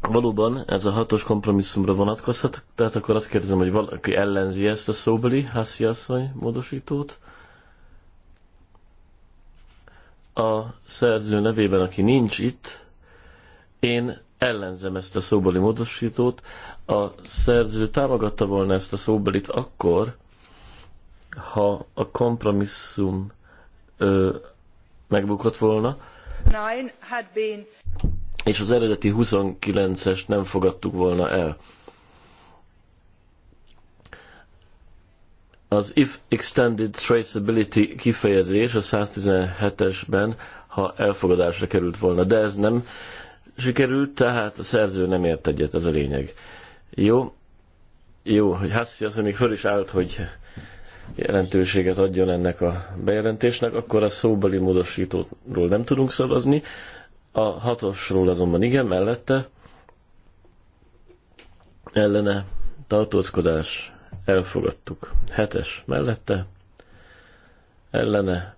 Valóban ez a hatos kompromisszumra vonatkozhat, tehát akkor azt kérdezem, hogy valaki ellenzi ezt a szóbeli Hassi asszony módosítót. A szerző nevében, aki nincs itt, én ellenzem ezt a szóbeli módosítót. A szerző támogatta volna ezt a szóbelit akkor, ha a kompromisszum ö, megbukott volna, been... és az eredeti 29-es nem fogadtuk volna el. Az if extended traceability kifejezés a 117-esben, ha elfogadásra került volna, de ez nem sikerült, tehát a szerző nem ért egyet, ez a lényeg. Jó, jó, hogy Hassi az, hogy még föl is állt, hogy jelentőséget adjon ennek a bejelentésnek, akkor a szóbeli módosítóról nem tudunk szavazni, a hatosról azonban igen, mellette ellene tartózkodás elfogadtuk. Hetes mellette ellene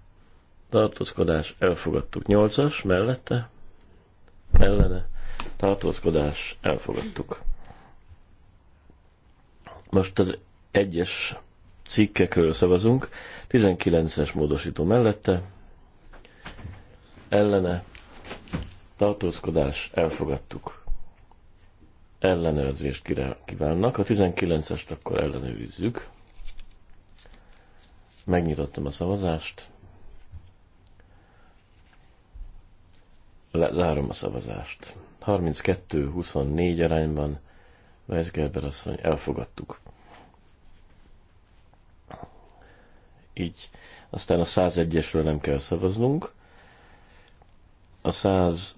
tartózkodás elfogadtuk. Nyolcas mellette ellene tartózkodás elfogadtuk. Most az egyes cikkekről szavazunk. 19-es módosító mellette, ellene, tartózkodás, elfogadtuk. Ellenőrzést kívánnak. A 19-est akkor ellenőrizzük. Megnyitottam a szavazást. Lezárom a szavazást. 32-24 arányban Weisgerber asszony elfogadtuk. így aztán a 101-esről nem kell szavaznunk. A 121-es,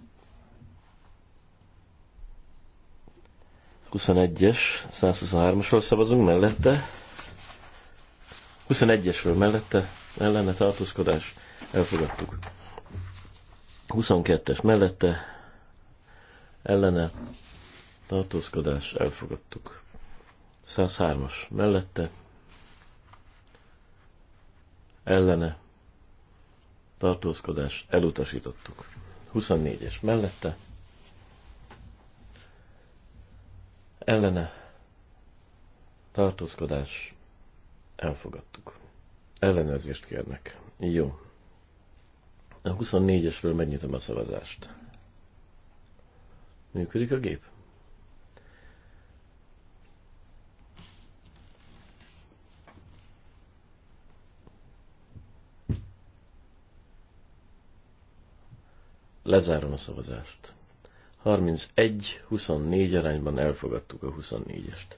123-asról szavazunk mellette. 21-esről mellette ellene tartózkodás elfogadtuk. 22-es mellette ellene tartózkodás elfogadtuk. 103-as mellette ellene tartózkodás elutasítottuk. 24-es mellette ellene tartózkodás elfogadtuk. Ellenezést kérnek. Jó. A 24-esről megnyitom a szavazást. Működik a gép? Lezárom a szavazást. 31-24 arányban elfogadtuk a 24-est.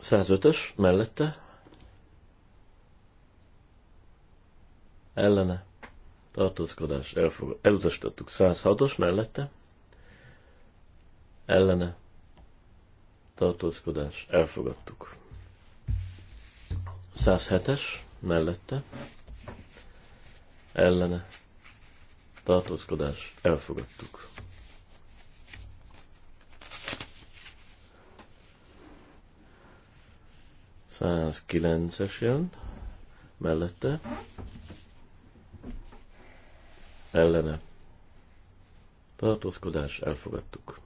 105-ös mellette. Ellene. Tartózkodás. Elfogad... Elutasítottuk 106-os mellette. Ellene. Tartózkodás. Elfogadtuk. 107-es mellette ellene tartózkodás elfogadtuk. Száz kilences jön mellette. Ellene. Tartózkodás elfogadtuk.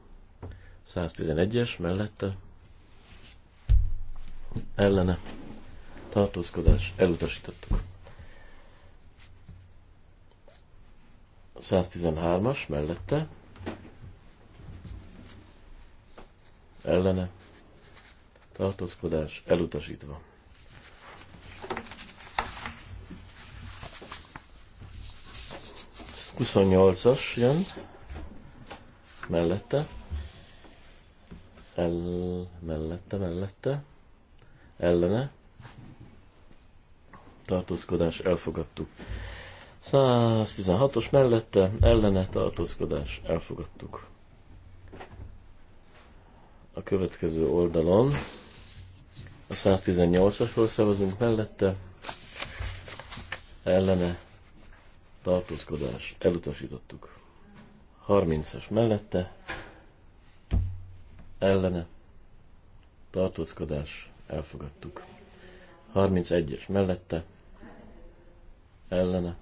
111-es mellette. Ellene. Tartózkodás elutasítottuk. 113-as mellette. Ellene. Tartózkodás elutasítva. Huszonnyolcas jön mellette, el, mellette, mellette, ellene, tartózkodás, elfogadtuk. 116-os mellette ellene tartózkodás elfogadtuk. A következő oldalon a 118-asról szavazunk mellette ellene tartózkodás elutasítottuk. 30-as mellette ellene tartózkodás elfogadtuk. 31-es mellette ellene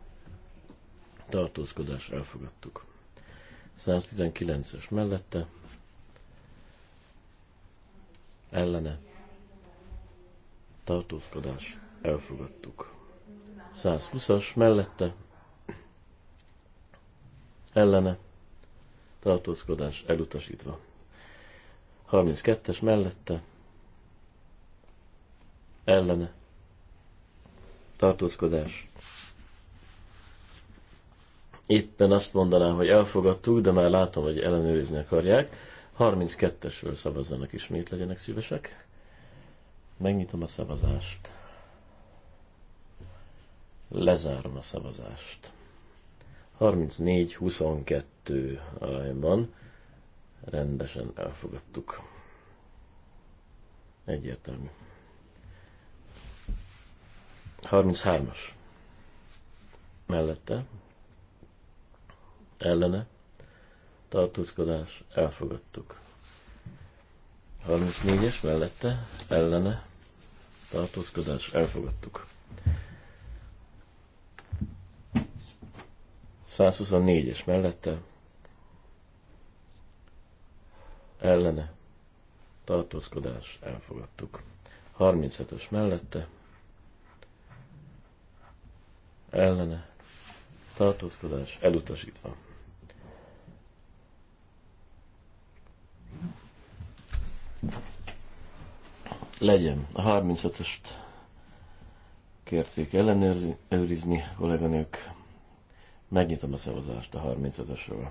tartózkodás elfogadtuk. 119-es mellette, ellene, tartózkodás elfogadtuk. 120-as mellette, ellene, tartózkodás elutasítva. 32-es mellette, ellene, tartózkodás éppen azt mondanám, hogy elfogadtuk, de már látom, hogy ellenőrizni akarják. 32-esről szavazzanak ismét, legyenek szívesek. Megnyitom a szavazást. Lezárom a szavazást. 34-22 arányban rendesen elfogadtuk. Egyértelmű. 33-as. Mellette ellene tartózkodás elfogadtuk. 34-es mellette ellene tartózkodás elfogadtuk. 124-es mellette ellene tartózkodás elfogadtuk. 37-es mellette ellene tartózkodás elutasítva. legyen. A 35-öst kérték ellenőrizni kolléganők. Megnyitom a szavazást a 35-ösről.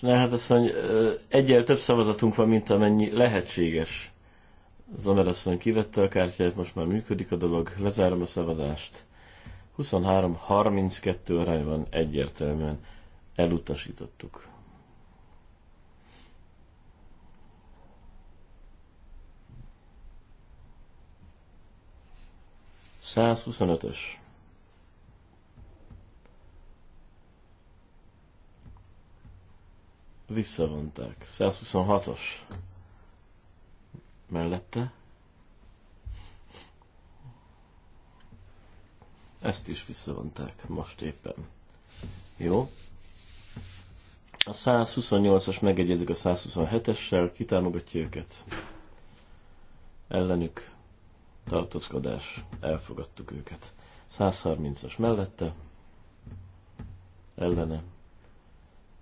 Ne, hát azt mondja, egyel több szavazatunk van, mint amennyi lehetséges. Zomer asszony kivette a kártyát, most már működik a dolog, lezárom a szavazást. 23-32 arányban egyértelműen elutasítottuk. Százhuszonötös. Visszavonták. 126-os. Mellette. Ezt is visszavonták most éppen. Jó. A 128-as megegyezik a 127-essel, kitámogatja őket. Ellenük tartózkodás, elfogadtuk őket. 130-as mellette, ellene,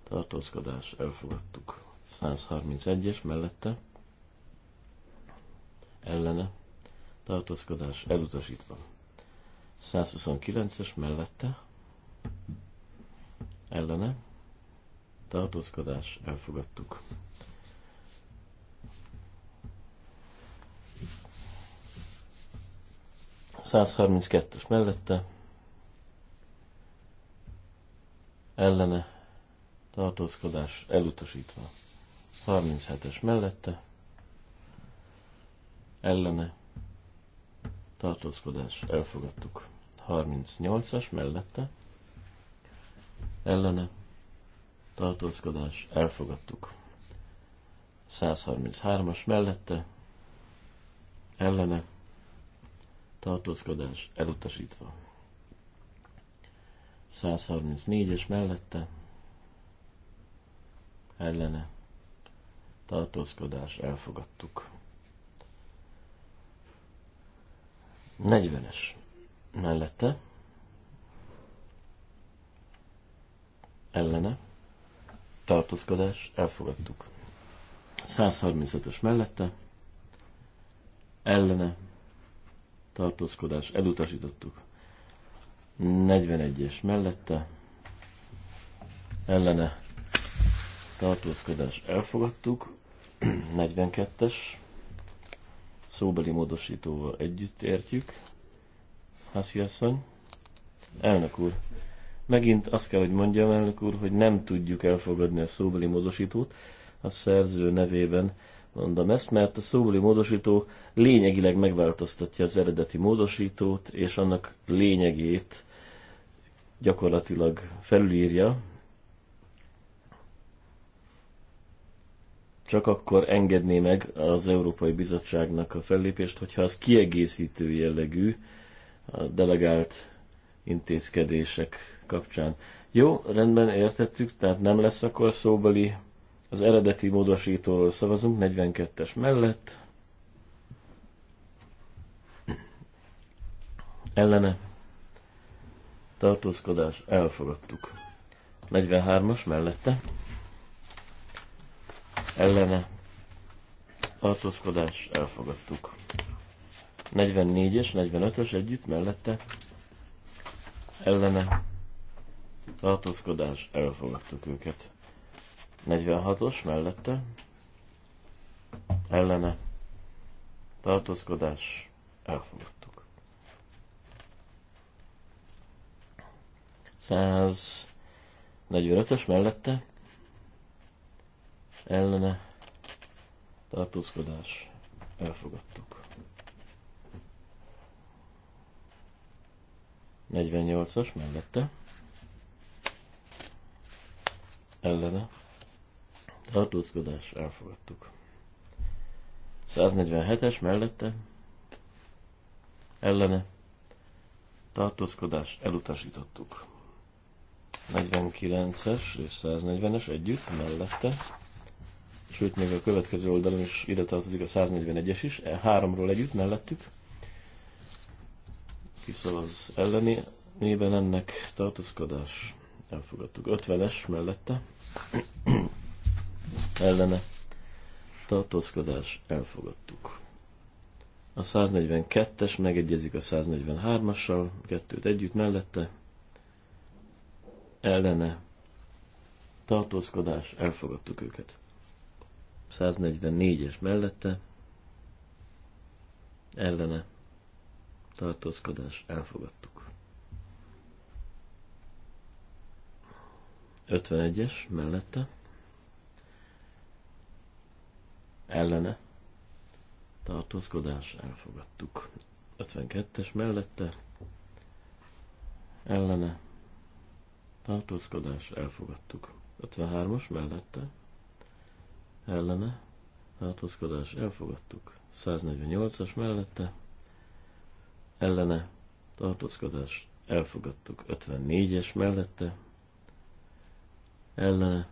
tartózkodás, elfogadtuk. 131-es mellette, ellene, tartózkodás, elutasítva. 129-es mellette ellene tartózkodás elfogadtuk. es mellette ellene tartózkodás elutasítva. 37-es mellette ellene tartózkodás elfogadtuk. 38-as mellette ellene tartózkodás elfogadtuk. 133-as mellette ellene tartózkodás elutasítva. 134-es mellette ellene tartózkodás elfogadtuk. 40-es mellette, ellene, tartózkodás, elfogadtuk. 135-ös mellette, ellene, tartózkodás, elutasítottuk. 41-es mellette, ellene, tartózkodás, elfogadtuk. 42-es, szóbeli módosítóval együtt értjük. Haszi asszony. Elnök úr. Megint azt kell, hogy mondjam, elnök úr, hogy nem tudjuk elfogadni a szóbeli módosítót. A szerző nevében mondom ezt, mert a szóbeli módosító lényegileg megváltoztatja az eredeti módosítót, és annak lényegét gyakorlatilag felülírja, csak akkor engedné meg az Európai Bizottságnak a fellépést, hogyha az kiegészítő jellegű, a delegált intézkedések kapcsán. Jó, rendben, értettük, tehát nem lesz akkor szóbeli. Az eredeti módosítóról szavazunk, 42-es mellett. Ellene. Tartózkodás, elfogadtuk. 43-as mellette. Ellene. Tartózkodás, elfogadtuk. 44-es, 45-ös együtt mellette ellene tartózkodás, elfogadtuk őket. 46-os mellette ellene tartózkodás, elfogadtuk. 145-ös mellette ellene tartózkodás, elfogadtuk. 48-as mellette. Ellene. Tartózkodás, elfogadtuk. 147-es mellette. Ellene. Tartózkodás, elutasítottuk. 49-es és 140-es együtt, mellette sőt még a következő oldalon is ide tartozik a 141-es is, e háromról együtt mellettük, az elleni, nében ennek tartózkodás elfogadtuk. 50-es mellette ellene tartózkodás elfogadtuk. A 142-es megegyezik a 143-assal, kettőt együtt mellette, ellene tartózkodás, elfogadtuk őket. 144-es mellette, ellene tartózkodás elfogadtuk. 51-es mellette ellene tartózkodás elfogadtuk. 52-es mellette ellene tartózkodás elfogadtuk. 53-as mellette ellene tartózkodás elfogadtuk. 148-as mellette ellene tartózkodás elfogadtuk 54-es mellette, ellene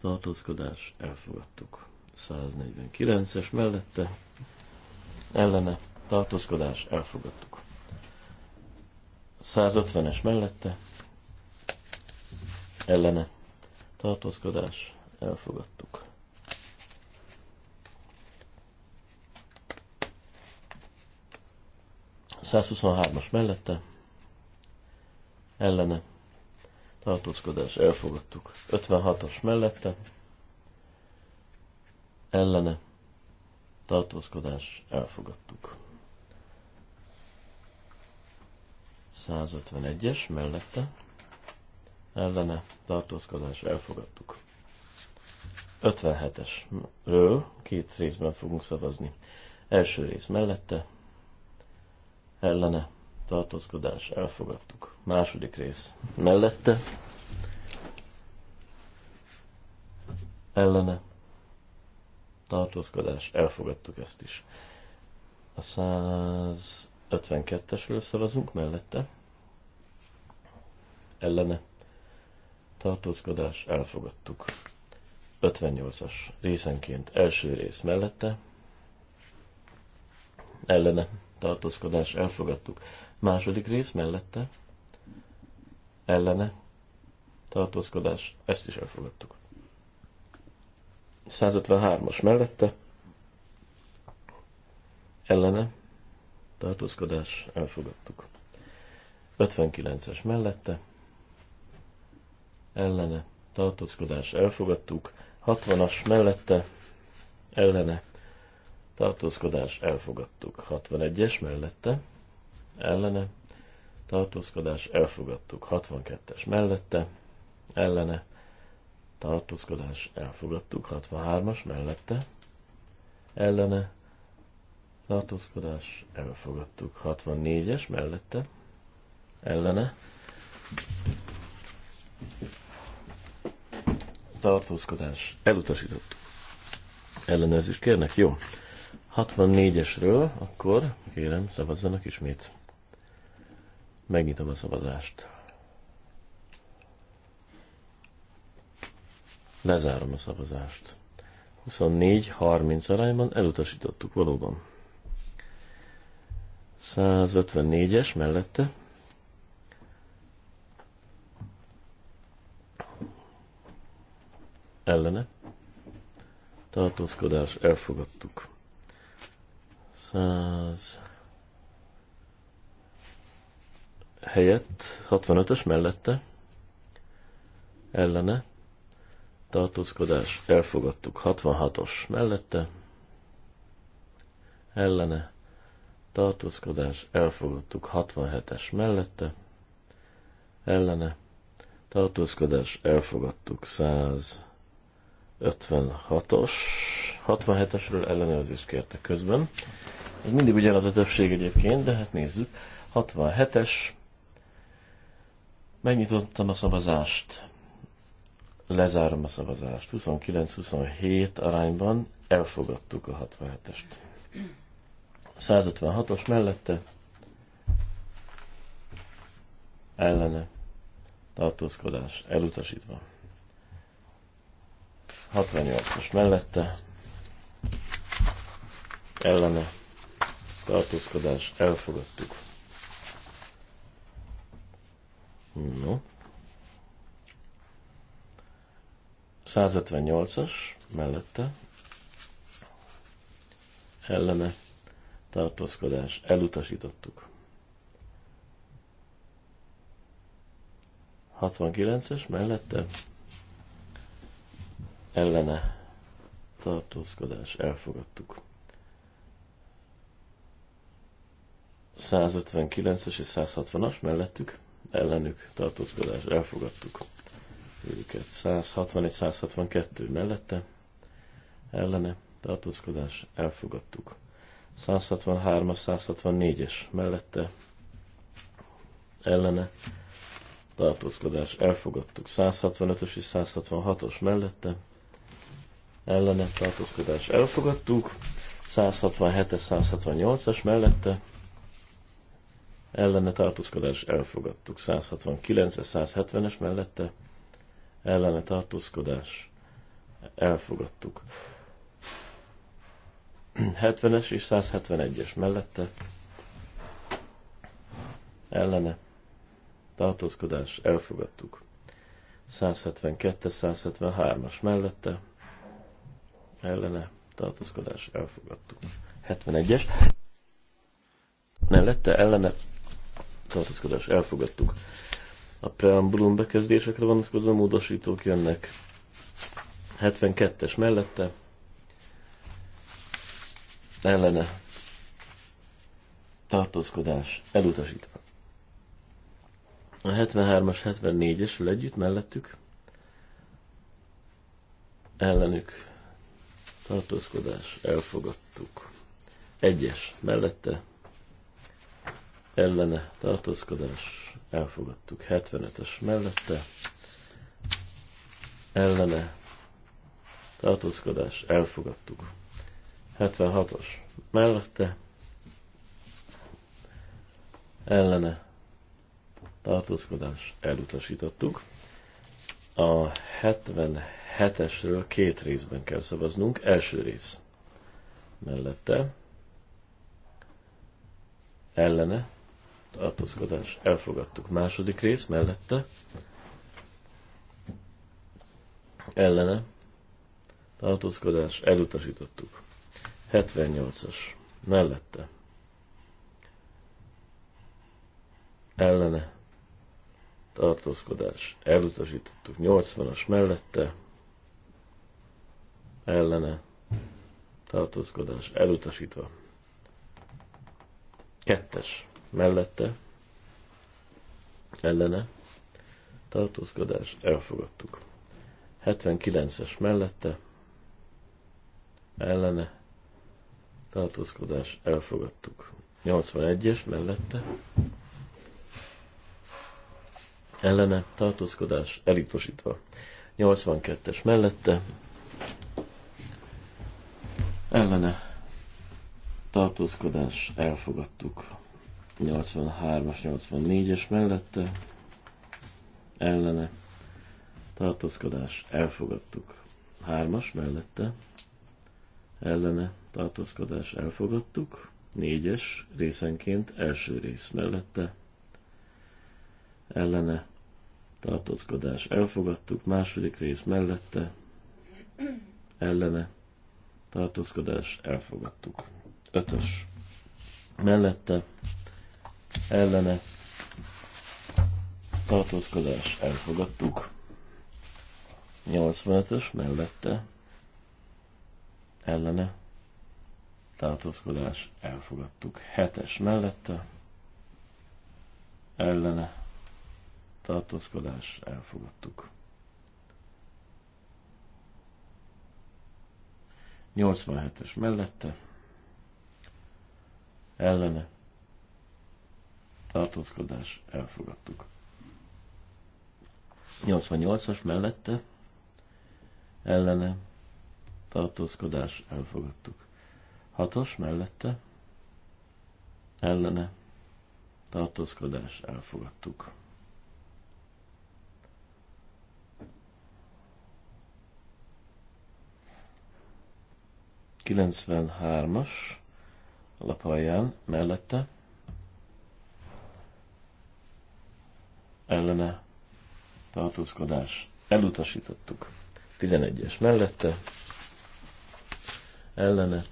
tartózkodás elfogadtuk 149-es mellette, ellene tartózkodás elfogadtuk 150-es mellette, ellene tartózkodás elfogadtuk 123-as mellette, ellene, tartózkodás, elfogadtuk. 56-as mellette, ellene, tartózkodás, elfogadtuk. 151-es mellette, ellene, tartózkodás, elfogadtuk. 57-esről két részben fogunk szavazni. Első rész mellette, ellene tartózkodás elfogadtuk. Második rész mellette ellene tartózkodás elfogadtuk ezt is. A 152-esről szavazunk mellette ellene tartózkodás elfogadtuk. 58-as részenként első rész mellette ellene tartózkodás elfogadtuk. Második rész mellette ellene tartózkodás, ezt is elfogadtuk. 153-as mellette ellene tartózkodás, elfogadtuk. 59-es mellette ellene tartózkodás, elfogadtuk. 60-as mellette ellene tartózkodás elfogadtuk. 61-es mellette, ellene, tartózkodás elfogadtuk. 62-es mellette, ellene, tartózkodás elfogadtuk. 63-as mellette, ellene, tartózkodás elfogadtuk. 64-es mellette, ellene, tartózkodás elutasítottuk ellenőrzést kérnek? Jó. 64-esről, akkor kérem, szavazzanak ismét. Megnyitom a szavazást. Lezárom a szavazást. 24-30 arányban elutasítottuk valóban. 154-es mellette. Ellene. Tartózkodás elfogadtuk. 100 helyett 65-ös mellette ellene tartózkodás elfogadtuk 66-os mellette ellene tartózkodás elfogadtuk 67-es mellette ellene tartózkodás elfogadtuk 100 56-os, 67-esről ellenőrzést kértek közben. Ez mindig ugyanaz a többség egyébként, de hát nézzük. 67-es. Megnyitottam a szavazást. Lezárom a szavazást. 29-27 arányban elfogadtuk a 67-est. 156-os mellette ellene tartózkodás elutasítva. 68-as mellette ellene tartózkodás elfogadtuk. No. 158-as mellette ellene tartózkodás elutasítottuk. 69-es mellette ellene tartózkodás elfogadtuk. 159-es és 160-as mellettük, ellenük tartózkodás elfogadtuk őket. 161-162 mellette, ellene tartózkodás elfogadtuk. 163-as, 164-es mellette, ellene tartózkodás elfogadtuk. 165-ös és 166-os mellette, ellene tartózkodás elfogadtuk, 167-es, 168-as mellette ellene tartózkodás elfogadtuk, 169-es, 170-es mellette ellene tartózkodás elfogadtuk. 70-es és 171-es mellette ellene tartózkodás elfogadtuk. 172-173-as mellette ellene tartózkodás elfogadtuk. 71-es mellette ellene tartózkodás elfogadtuk. A preambulum bekezdésekre vonatkozó módosítók jönnek 72-es mellette ellene tartózkodás elutasítva. A 73-as, 74 esről együtt mellettük ellenük tartózkodás, elfogadtuk. Egyes mellette, ellene tartózkodás, elfogadtuk. 75-es mellette, ellene tartózkodás, elfogadtuk. 76-os mellette, ellene tartózkodás, elutasítottuk. A 77 hetesről két részben kell szavaznunk. Első rész mellette, ellene, tartózkodás, elfogadtuk. Második rész mellette, ellene, tartózkodás, elutasítottuk. 78-as, mellette, ellene, tartózkodás, elutasítottuk. 80-as mellette, ellene tartózkodás elutasítva. Kettes mellette ellene tartózkodás elfogadtuk. 79-es mellette ellene tartózkodás elfogadtuk. 81-es mellette ellene tartózkodás elutasítva. 82-es mellette ellene tartózkodás elfogadtuk 83-as, 84-es mellette ellene tartózkodás elfogadtuk 3-as mellette ellene tartózkodás elfogadtuk 4-es részenként első rész mellette ellene tartózkodás elfogadtuk második rész mellette ellene tartózkodás elfogadtuk. Ötös mellette ellene tartózkodás elfogadtuk. 85-ös mellette ellene tartózkodás elfogadtuk. 7-es mellette ellene tartózkodás elfogadtuk. 87-es mellette, ellene, tartózkodás, elfogadtuk. 88-as mellette, ellene, tartózkodás, elfogadtuk. 6-os mellette, ellene, tartózkodás, elfogadtuk. 93-as lapalján mellette ellene tartózkodás. Elutasítottuk. 11-es mellette ellene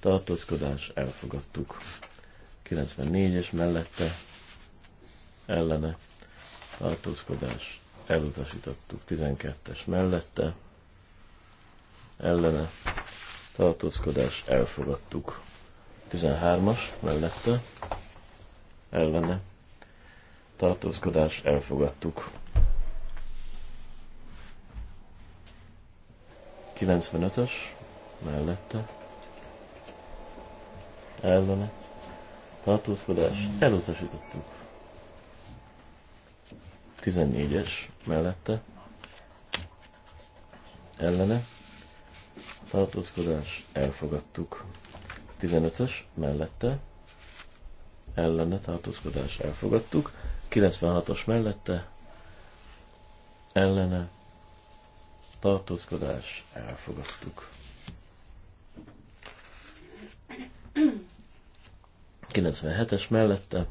tartózkodás elfogadtuk. 94-es mellette ellene tartózkodás elutasítottuk. 12-es mellette ellene tartózkodás elfogadtuk. 13-as mellette ellene tartózkodás elfogadtuk. 95-ös mellette ellene tartózkodás elutasítottuk. 14-es mellette ellene tartózkodás, elfogadtuk. 15-ös mellette, ellene tartózkodás, elfogadtuk. 96-os mellette, ellene tartózkodás, elfogadtuk. 97-es mellette,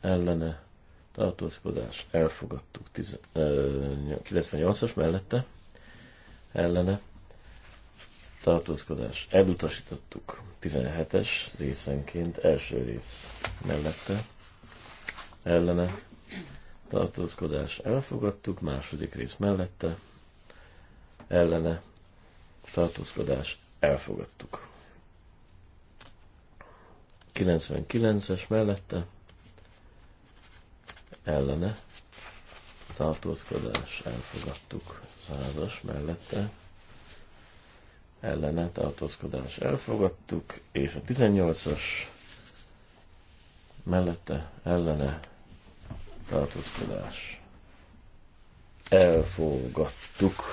ellene tartózkodás, elfogadtuk. 98-as mellette, ellene tartózkodás. Elutasítottuk 17-es részenként első rész mellette ellene tartózkodás. Elfogadtuk második rész mellette ellene tartózkodás. Elfogadtuk. 99-es mellette ellene tartózkodás, elfogadtuk százas mellette, ellene tartózkodás, elfogadtuk, és a 18-as mellette, ellene tartózkodás, elfogadtuk.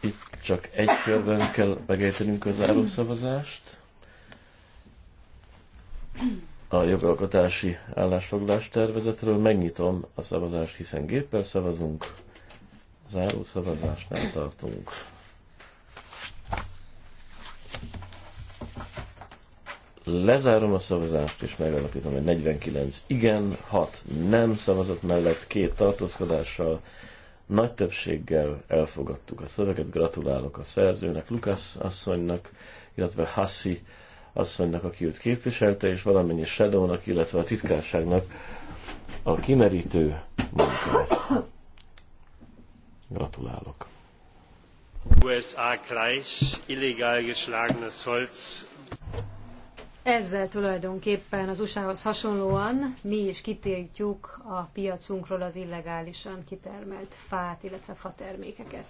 Itt csak egy körben kell megejtenünk az árószavazást. szavazást a jogalkotási állásfoglalás tervezetről. Megnyitom a szavazást, hiszen géppel szavazunk. Záró szavazásnál tartunk. Lezárom a szavazást, és megalapítom, hogy 49 igen, 6 nem szavazat mellett, két tartózkodással, nagy többséggel elfogadtuk a szöveget. Gratulálok a szerzőnek, Lukasz asszonynak, illetve Hassi asszonynak, aki őt képviselte, és valamennyi Shadownak, illetve a titkárságnak a kimerítő munkát. Gratulálok. USA Kreis, illegál geschlagenes Holz. Ezzel tulajdonképpen az USA-hoz hasonlóan mi is kitiltjuk a piacunkról az illegálisan kitermelt fát, illetve fatermékeket.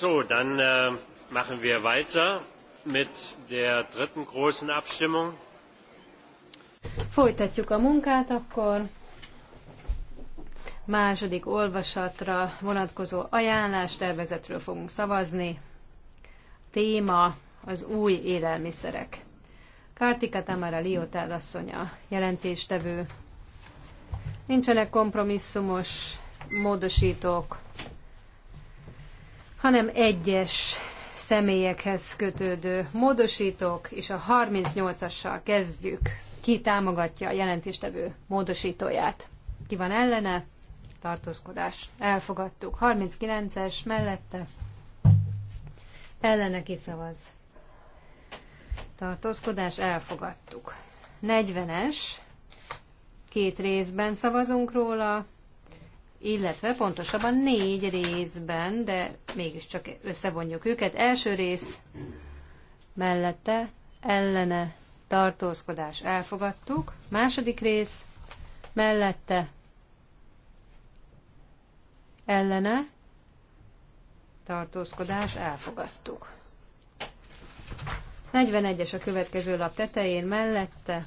So, dann äh, machen wir weiter mit der dritten großen Abstimmung. Folytatjuk a munkát akkor. Második olvasatra vonatkozó ajánlás tervezetről fogunk szavazni. Téma az új élelmiszerek. Kartika Tamara Liotál asszonya, jelentéstevő. Nincsenek kompromisszumos módosítók, hanem egyes személyekhez kötődő módosítók, és a 38-assal kezdjük. Ki támogatja a jelentéstevő módosítóját? Ki van ellene? Tartózkodás. Elfogadtuk. 39-es mellette. Ellene kiszavaz. Tartózkodás. Elfogadtuk. 40-es. Két részben szavazunk róla illetve pontosabban négy részben, de mégiscsak összevonjuk őket. Első rész mellette ellene tartózkodás elfogadtuk. Második rész mellette ellene tartózkodás elfogadtuk. 41-es a következő lap tetején mellette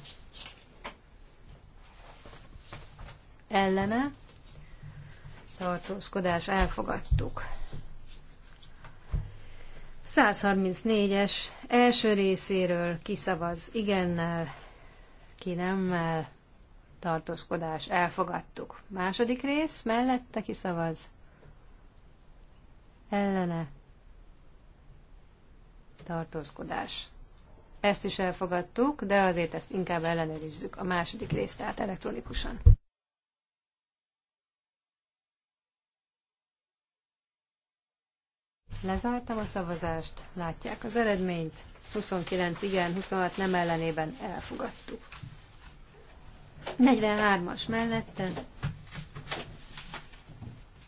ellene tartózkodás elfogadtuk. 134-es első részéről kiszavaz igennel, ki nemmel, tartózkodás elfogadtuk. Második rész mellette kiszavaz ellene, tartózkodás. Ezt is elfogadtuk, de azért ezt inkább ellenőrizzük a második részt, tehát elektronikusan. Lezártam a szavazást, látják az eredményt. 29 igen, 26 nem ellenében elfogadtuk. 43-as mellette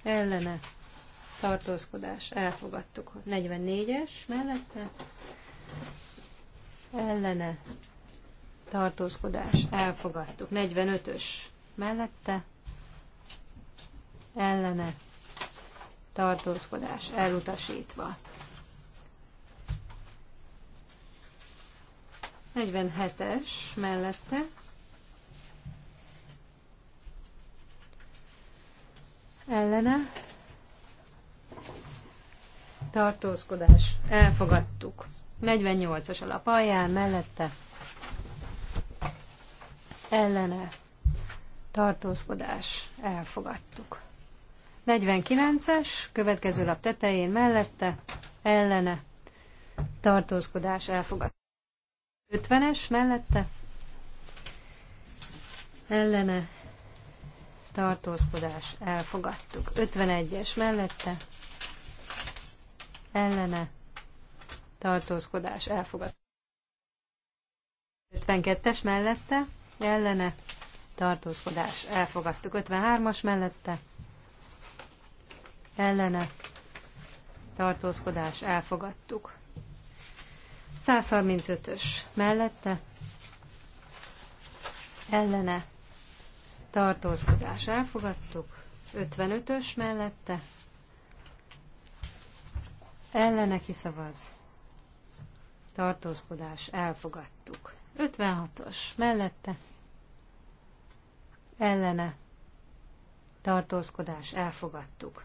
ellene tartózkodás, elfogadtuk. 44-es mellette ellene tartózkodás, elfogadtuk. 45-ös mellette ellene tartózkodás elutasítva. 47-es mellette ellene tartózkodás elfogadtuk. 48-as alap alján mellette ellene tartózkodás elfogadtuk. 49-es, következő lap tetején mellette, ellene, tartózkodás elfogad. 50-es mellette, ellene, tartózkodás elfogadtuk. 51-es mellette, ellene, tartózkodás elfogadtuk. 52-es mellette, ellene, tartózkodás elfogadtuk. 53-as mellette, ellene tartózkodás elfogadtuk. 135-ös mellette ellene tartózkodás elfogadtuk. 55-ös mellette ellene kiszavaz tartózkodás elfogadtuk. 56-os mellette ellene tartózkodás elfogadtuk.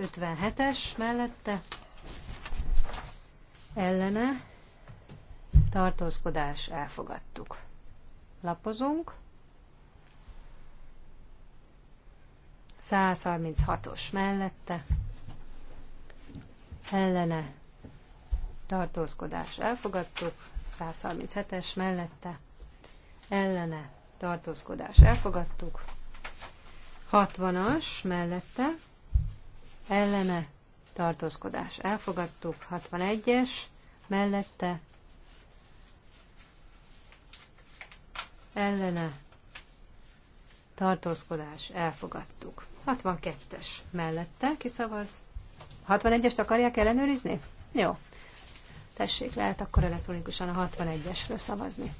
57-es mellette ellene tartózkodás elfogadtuk. Lapozunk. 136-os mellette ellene tartózkodás elfogadtuk, 137-es mellette ellene tartózkodás elfogadtuk, 60-as mellette ellene, tartózkodás elfogadtuk, 61-es, mellette, ellene, tartózkodás elfogadtuk. 62-es mellette kiszavaz. 61-est akarják ellenőrizni? Jó. Tessék, lehet akkor elektronikusan a 61-esről szavazni.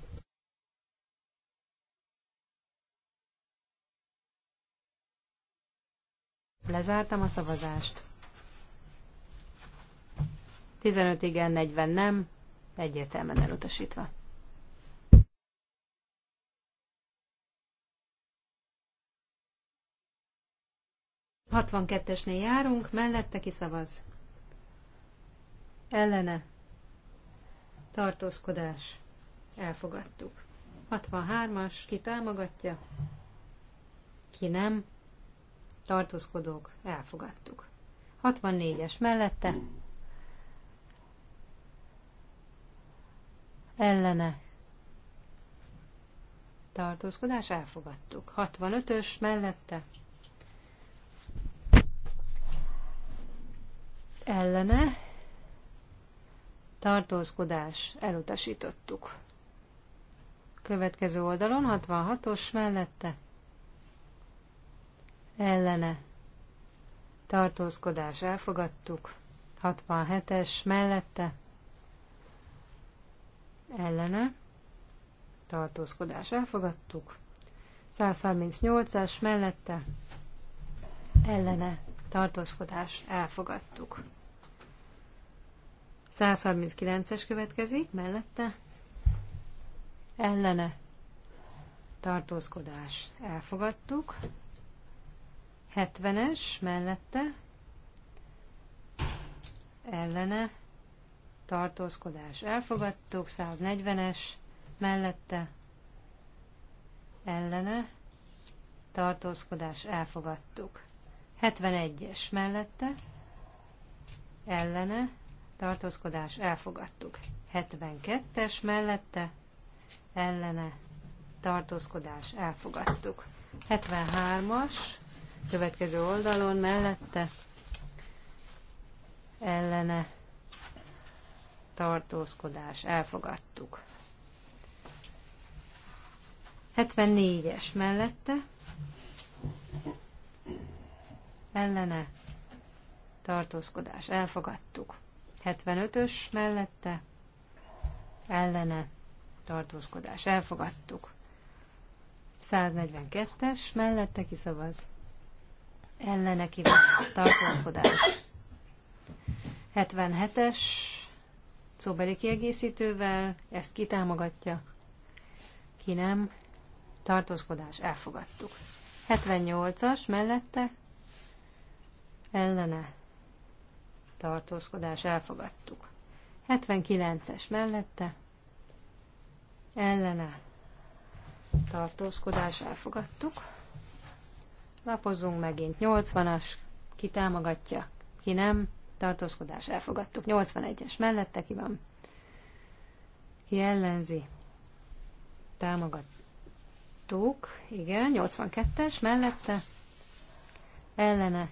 Lezártam a szavazást. 15 igen, 40 nem, egyértelműen elutasítva. Hatvankettesnél járunk, mellette kiszavaz. Ellene. Tartózkodás. Elfogadtuk. 63-as, ki támogatja, ki nem tartózkodók, elfogadtuk. 64-es mellette, ellene, tartózkodás, elfogadtuk. 65-ös mellette, ellene, tartózkodás, elutasítottuk. Következő oldalon 66-os mellette, ellene tartózkodás elfogadtuk, 67-es mellette ellene tartózkodás elfogadtuk, 138-as mellette ellene tartózkodás elfogadtuk. 139-es következik, mellette ellene tartózkodás elfogadtuk, 70-es mellette ellene tartózkodás elfogadtuk, 140-es mellette ellene tartózkodás elfogadtuk. 71-es mellette ellene tartózkodás elfogadtuk. 72-es mellette ellene tartózkodás elfogadtuk. 73-as következő oldalon mellette ellene tartózkodás elfogadtuk. 74-es mellette ellene tartózkodás elfogadtuk. 75-ös mellette ellene tartózkodás elfogadtuk. 142-es mellette kiszavaz ellene kíváncsi tartózkodás. 77-es szóbeli kiegészítővel ezt kitámogatja, ki nem, tartózkodás, elfogadtuk. 78-as mellette ellene tartózkodás, elfogadtuk. 79-es mellette ellene tartózkodás, elfogadtuk. Lapozzunk megint. 80-as, ki támogatja, ki nem. Tartózkodás, elfogadtuk. 81-es mellette ki van. Ki ellenzi. Támogattuk. Igen, 82-es mellette. Ellene.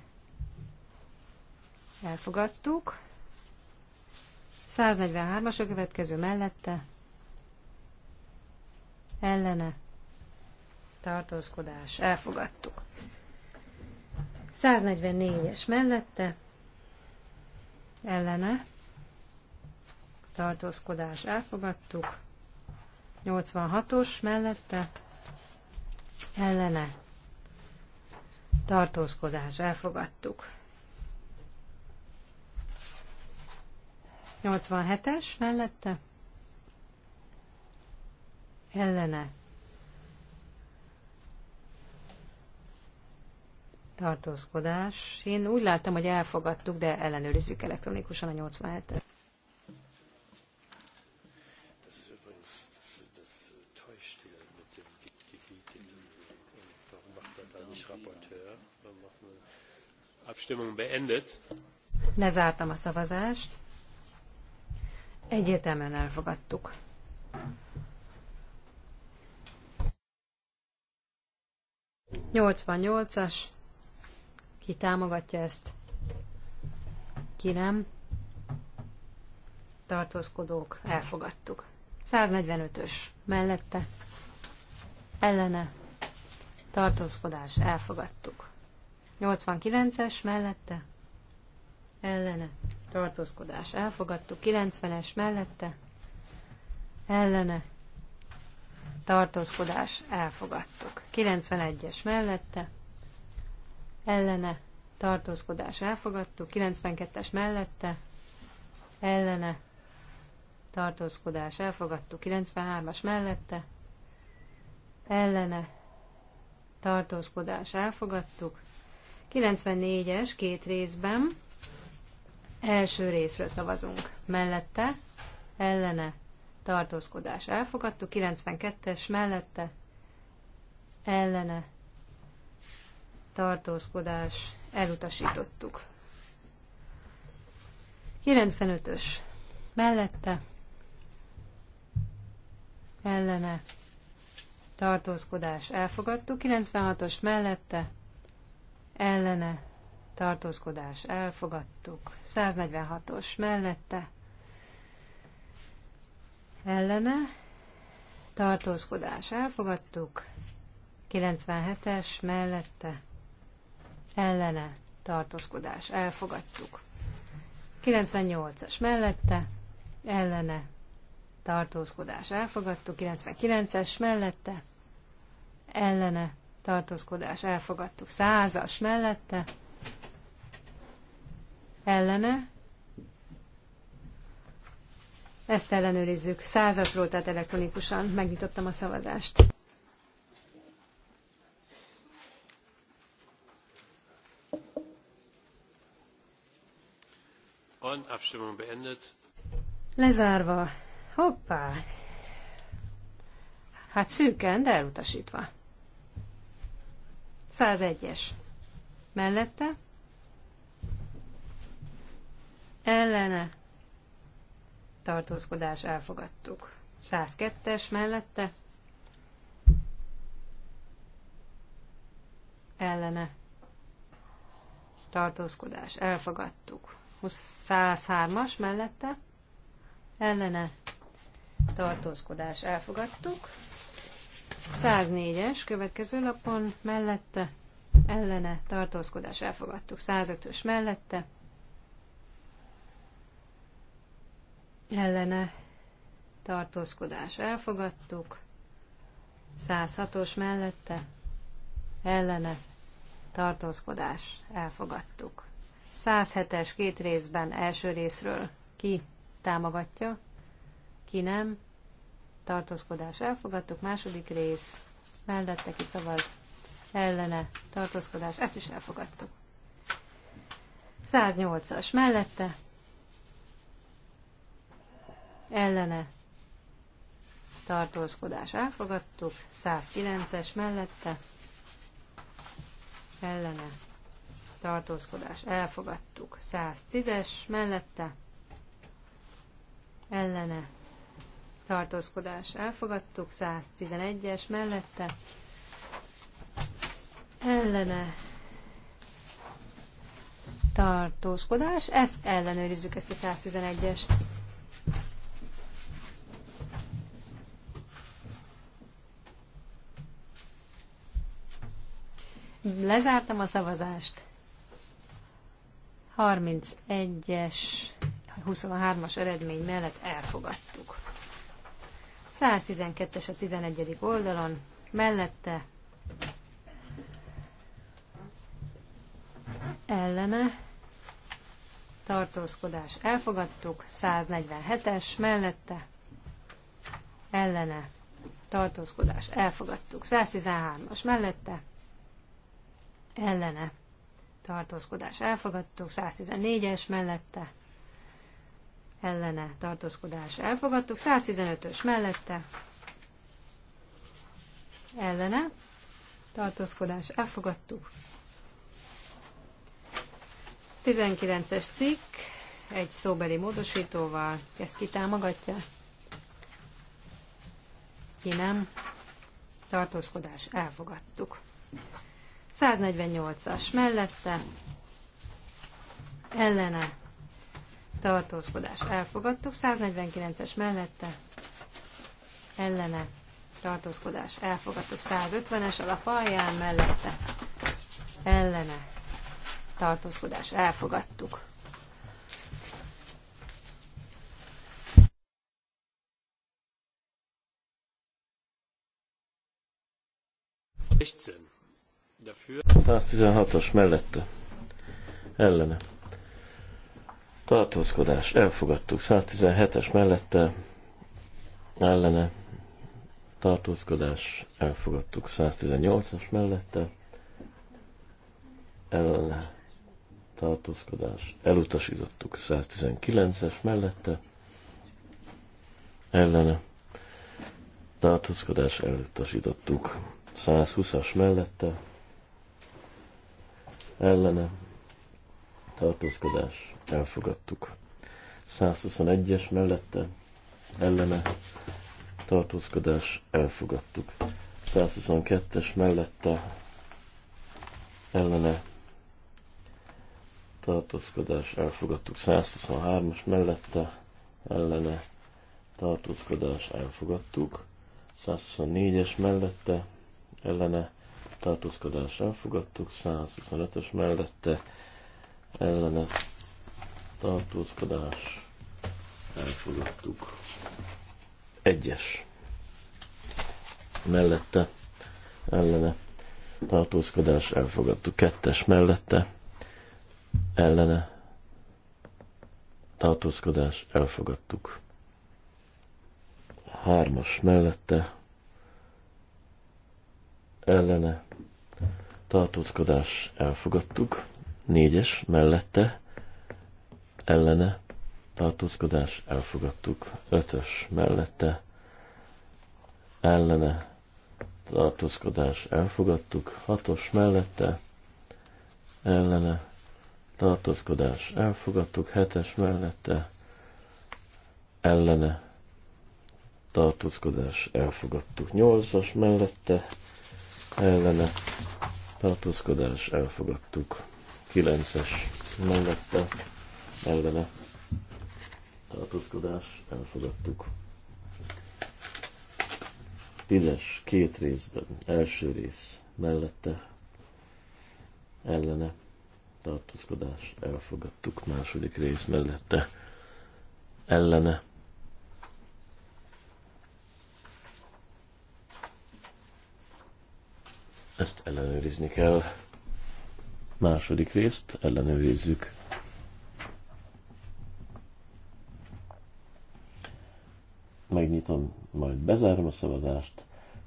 Elfogadtuk. 143-as a következő mellette. Ellene. Tartózkodás. Elfogadtuk. 144-es mellette ellene tartózkodás elfogadtuk. 86-os mellette ellene tartózkodás elfogadtuk. 87-es mellette ellene tartózkodás. Én úgy láttam, hogy elfogadtuk, de ellenőrizzük elektronikusan a 87-et. Abstimmung beendet. Lezártam a szavazást. Egyértelműen elfogadtuk. nyolcas. Ki támogatja ezt? Ki nem? Tartózkodók, elfogadtuk. 145-ös mellette, ellene, tartózkodás, elfogadtuk. 89-es mellette, ellene, tartózkodás, elfogadtuk. 90-es mellette, ellene, tartózkodás, elfogadtuk. 91-es mellette, ellene tartózkodás elfogadtuk, 92-es mellette ellene tartózkodás elfogadtuk, 93-as mellette ellene tartózkodás elfogadtuk, 94-es két részben első részről szavazunk, mellette ellene tartózkodás elfogadtuk, 92-es mellette ellene tartózkodás elutasítottuk. 95-ös mellette ellene tartózkodás elfogadtuk, 96-os mellette ellene tartózkodás elfogadtuk, 146-os mellette ellene tartózkodás elfogadtuk, 97-es mellette ellene tartózkodás elfogadtuk. 98-as mellette ellene tartózkodás elfogadtuk, 99-es mellette ellene tartózkodás elfogadtuk, 100-as mellette ellene ezt ellenőrizzük. Százasról, tehát elektronikusan megnyitottam a szavazást. Abstimmung beendet. Lezárva. Hoppá. Hát szűken, de elutasítva. 101-es. Mellette. Ellene. Tartózkodás elfogadtuk. 102-es mellette. Ellene. Tartózkodás elfogadtuk. 103-as mellette ellene tartózkodás elfogadtuk. 104-es következő lapon mellette ellene tartózkodás elfogadtuk. 105-ös mellette ellene tartózkodás elfogadtuk. 106-os mellette ellene tartózkodás elfogadtuk. 107-es két részben első részről ki támogatja, ki nem, tartózkodás elfogadtuk, második rész mellette ki szavaz, ellene, tartózkodás, ezt is elfogadtuk. 108-as mellette, ellene, tartózkodás elfogadtuk, 109-es mellette, ellene, tartózkodás elfogadtuk. 110-es mellette ellene tartózkodás elfogadtuk. 111-es mellette ellene tartózkodás. Ezt ellenőrizzük, ezt a 111-est. Lezártam a szavazást. 31-es, 23-as eredmény mellett elfogadtuk. 112-es a 11. oldalon, mellette ellene tartózkodás elfogadtuk, 147-es mellette ellene tartózkodás elfogadtuk, 113-as mellette ellene tartózkodás elfogadtuk, 114-es mellette ellene tartózkodás elfogadtuk, 115-ös mellette ellene tartózkodás elfogadtuk. 19-es cikk egy szóbeli módosítóval, ezt kitámogatja, ki nem, tartózkodás elfogadtuk. 148-as mellette ellene tartózkodás elfogadtuk, 149-es mellette ellene tartózkodás elfogadtuk, 150-es alján mellette ellene tartózkodás elfogadtuk. Sechzehn. 116-os mellette. Ellene. Tartózkodás. Elfogadtuk. 117-es mellette. Ellene. Tartózkodás. Elfogadtuk. 118-as mellette. Ellene. Tartózkodás. Elutasítottuk. 119-es mellette. Ellene. Tartózkodás. Elutasítottuk. 120-as mellette ellene tartózkodás elfogadtuk. 121-es mellette ellene tartózkodás elfogadtuk. 122-es mellette ellene tartózkodás elfogadtuk. 123-as mellette ellene tartózkodás elfogadtuk. 124-es mellette ellene tartózkodás elfogadtuk, 125-ös mellette ellene tartózkodás elfogadtuk. Egyes mellette ellene tartózkodás elfogadtuk. Kettes mellette ellene tartózkodás elfogadtuk. Hármas mellette ellene tartózkodás elfogadtuk, négyes mellette ellene tartózkodás elfogadtuk, ötös mellette ellene tartózkodás elfogadtuk, hatos mellette ellene tartózkodás elfogadtuk, hetes mellette ellene tartózkodás elfogadtuk, nyolcas mellette ellene tartózkodás elfogadtuk. 9-es mellette ellene tartózkodás elfogadtuk. 10-es két részben, első rész mellette ellene tartózkodás elfogadtuk, második rész mellette ellene Ezt ellenőrizni kell. Második részt ellenőrizzük. Megnyitom, majd bezárom a szavazást.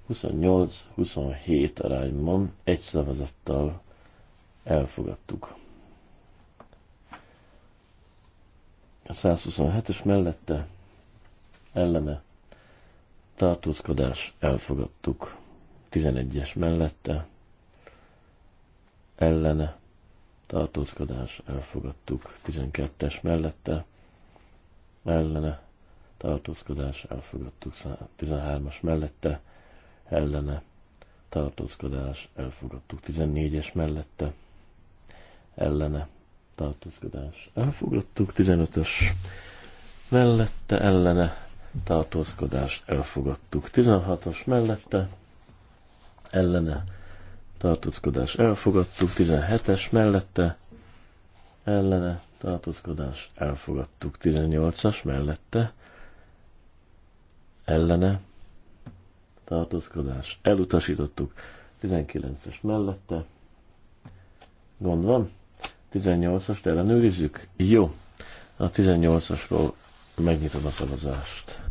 28-27 arányban egy szavazattal elfogadtuk. A 127-es mellette ellene tartózkodás elfogadtuk. 11-es mellette ellene tartózkodás elfogadtuk 12-es mellette ellene tartózkodás elfogadtuk 13-as mellette ellene tartózkodás elfogadtuk 14-es mellette ellene tartózkodás elfogadtuk 15-ös mellette ellene tartózkodás elfogadtuk 16-os mellette ellene tartózkodás elfogadtuk, 17-es mellette ellene tartózkodás elfogadtuk, 18-as mellette ellene tartózkodás elutasítottuk, 19-es mellette gond van, 18-ast ellenőrizzük? Jó, a 18-asról megnyitom a szavazást.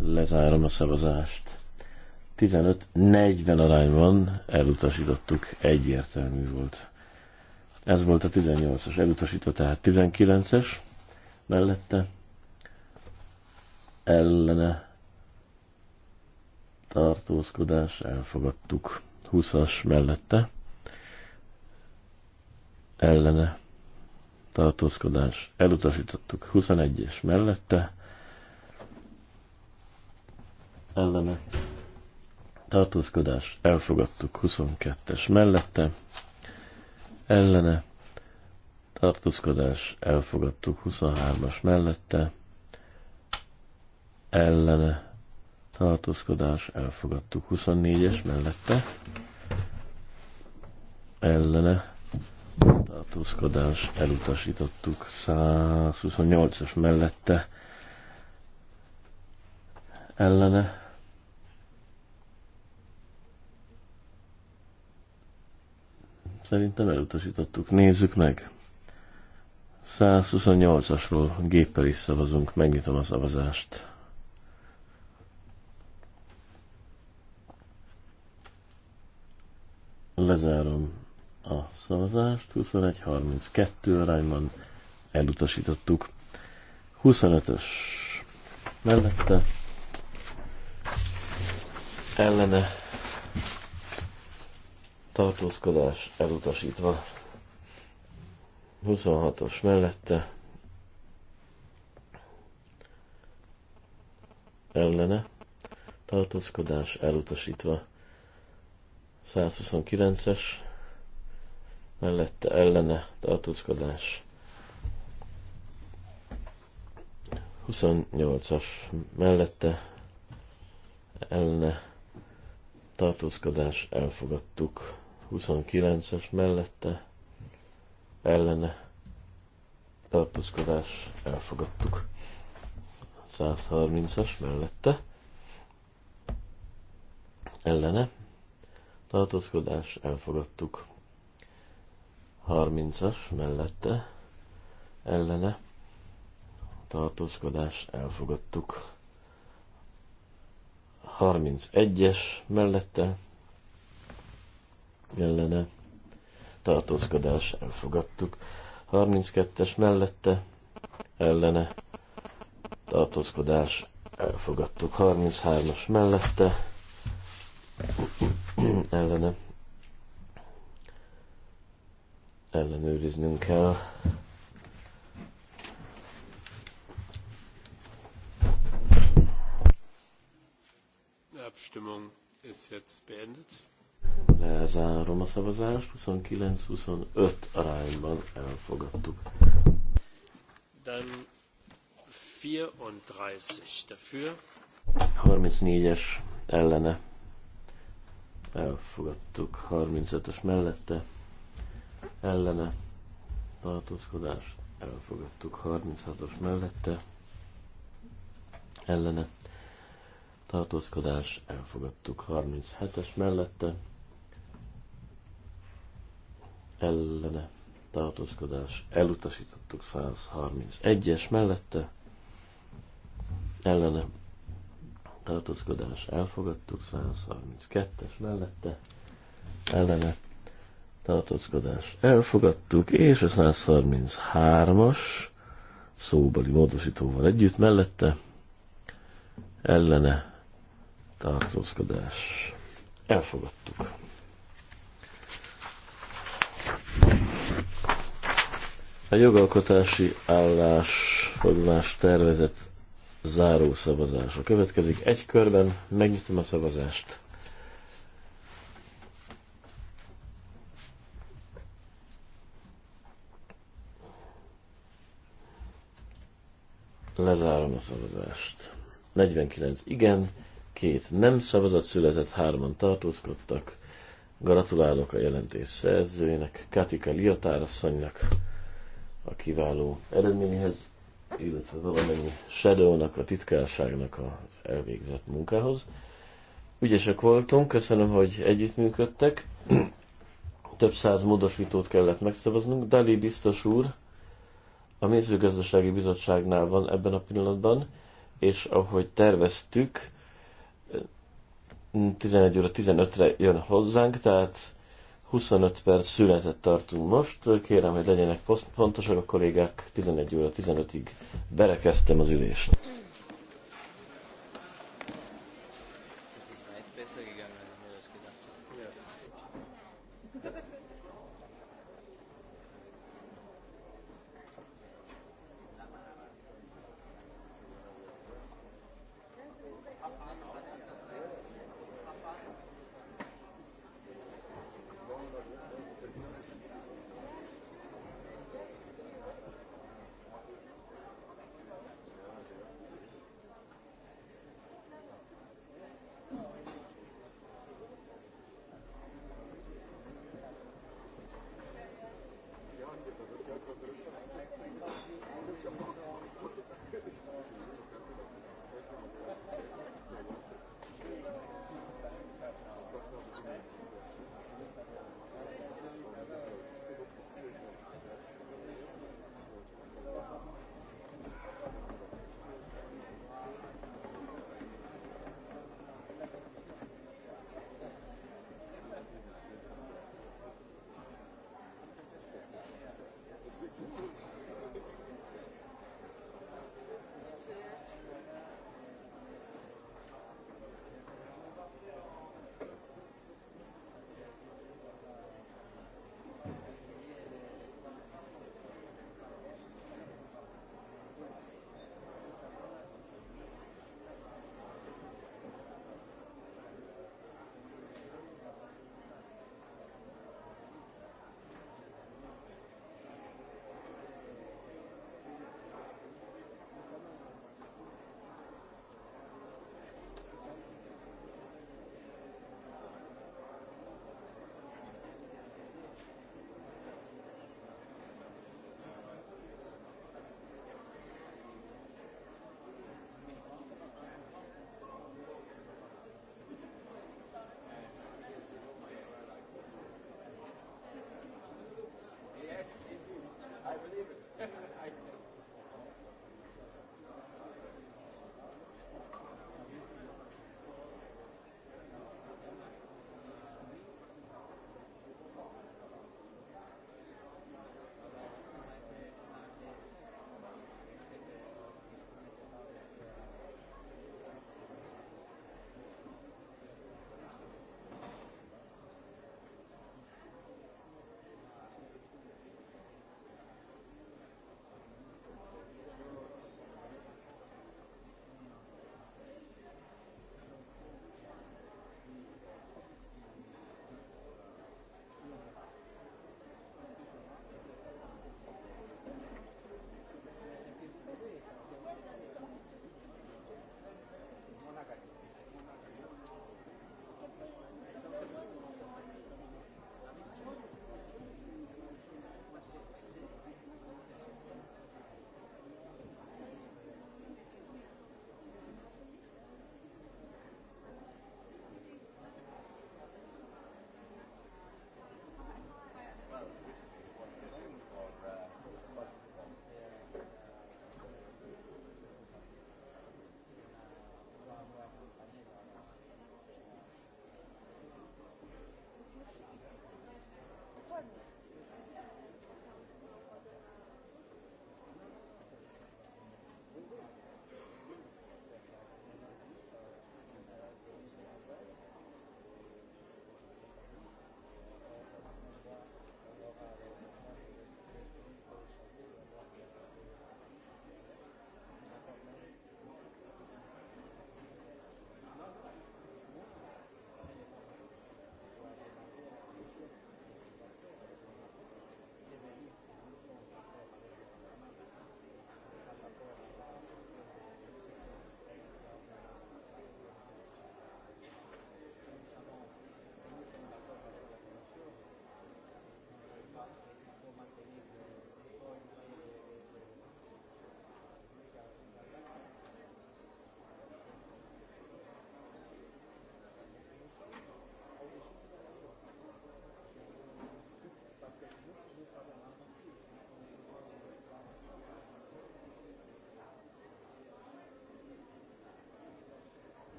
Lezárom a szavazást. 15-40 arányban elutasítottuk, egyértelmű volt. Ez volt a 18-as elutasítva, tehát 19-es mellette ellene tartózkodás elfogadtuk. 20-as mellette ellene tartózkodás elutasítottuk. 21-es mellette ellene tartózkodás, elfogadtuk 22-es mellette, ellene tartózkodás, elfogadtuk 23-as mellette, ellene tartózkodás, elfogadtuk 24-es mellette, ellene tartózkodás, elutasítottuk 128-as mellette, ellene Szerintem elutasítottuk. Nézzük meg. 128-asról géppel is szavazunk. Megnyitom a szavazást. Lezárom a szavazást. 21-32 arányban elutasítottuk. 25-ös mellette ellene tartózkodás elutasítva. 26-os mellette ellene tartózkodás elutasítva. 129-es mellette ellene tartózkodás 28-as mellette ellene tartózkodás elfogadtuk 29-es mellette ellene tartózkodás elfogadtuk. 130-as mellette ellene tartózkodás elfogadtuk. 30-as mellette ellene tartózkodás elfogadtuk. 31-es mellette ellene tartózkodás elfogadtuk. 32-es mellette ellene tartózkodás elfogadtuk. 33-as mellette ellene ellenőriznünk kell. Abstimmung ist jetzt beendet. Lezárom a szavazást, 29-25 arányban elfogadtuk. Dann 34 dafür. 34-es ellene. Elfogadtuk. 35-ös mellette. Ellene. Tartózkodás. Elfogadtuk. 36-os mellette. Ellene. Tartózkodás. Elfogadtuk. 37-es mellette ellene tartózkodás elutasítottuk 131-es mellette ellene tartózkodás elfogadtuk 132-es mellette ellene tartózkodás elfogadtuk és a 133-as szóbeli módosítóval együtt mellette ellene tartózkodás elfogadtuk. A jogalkotási állásfoglalás tervezett záró szavazása következik. Egy körben megnyitom a szavazást. Lezárom a szavazást. 49 igen, két nem szavazat született, hárman tartózkodtak. Gratulálok a jelentés szerzőjének, Katika Liotár a kiváló eredményhez, illetve valamennyi Shadownak, a titkárságnak az elvégzett munkához. Ügyesek voltunk, köszönöm, hogy együttműködtek. Több száz módosítót kellett megszavaznunk. Dali biztos úr a mezőgazdasági bizottságnál van ebben a pillanatban, és ahogy terveztük, 11 óra 15-re jön hozzánk, tehát 25 perc szünetet tartunk most. Kérem, hogy legyenek pontosak a kollégák 11 óra 15-ig. Berekeztem az ülést.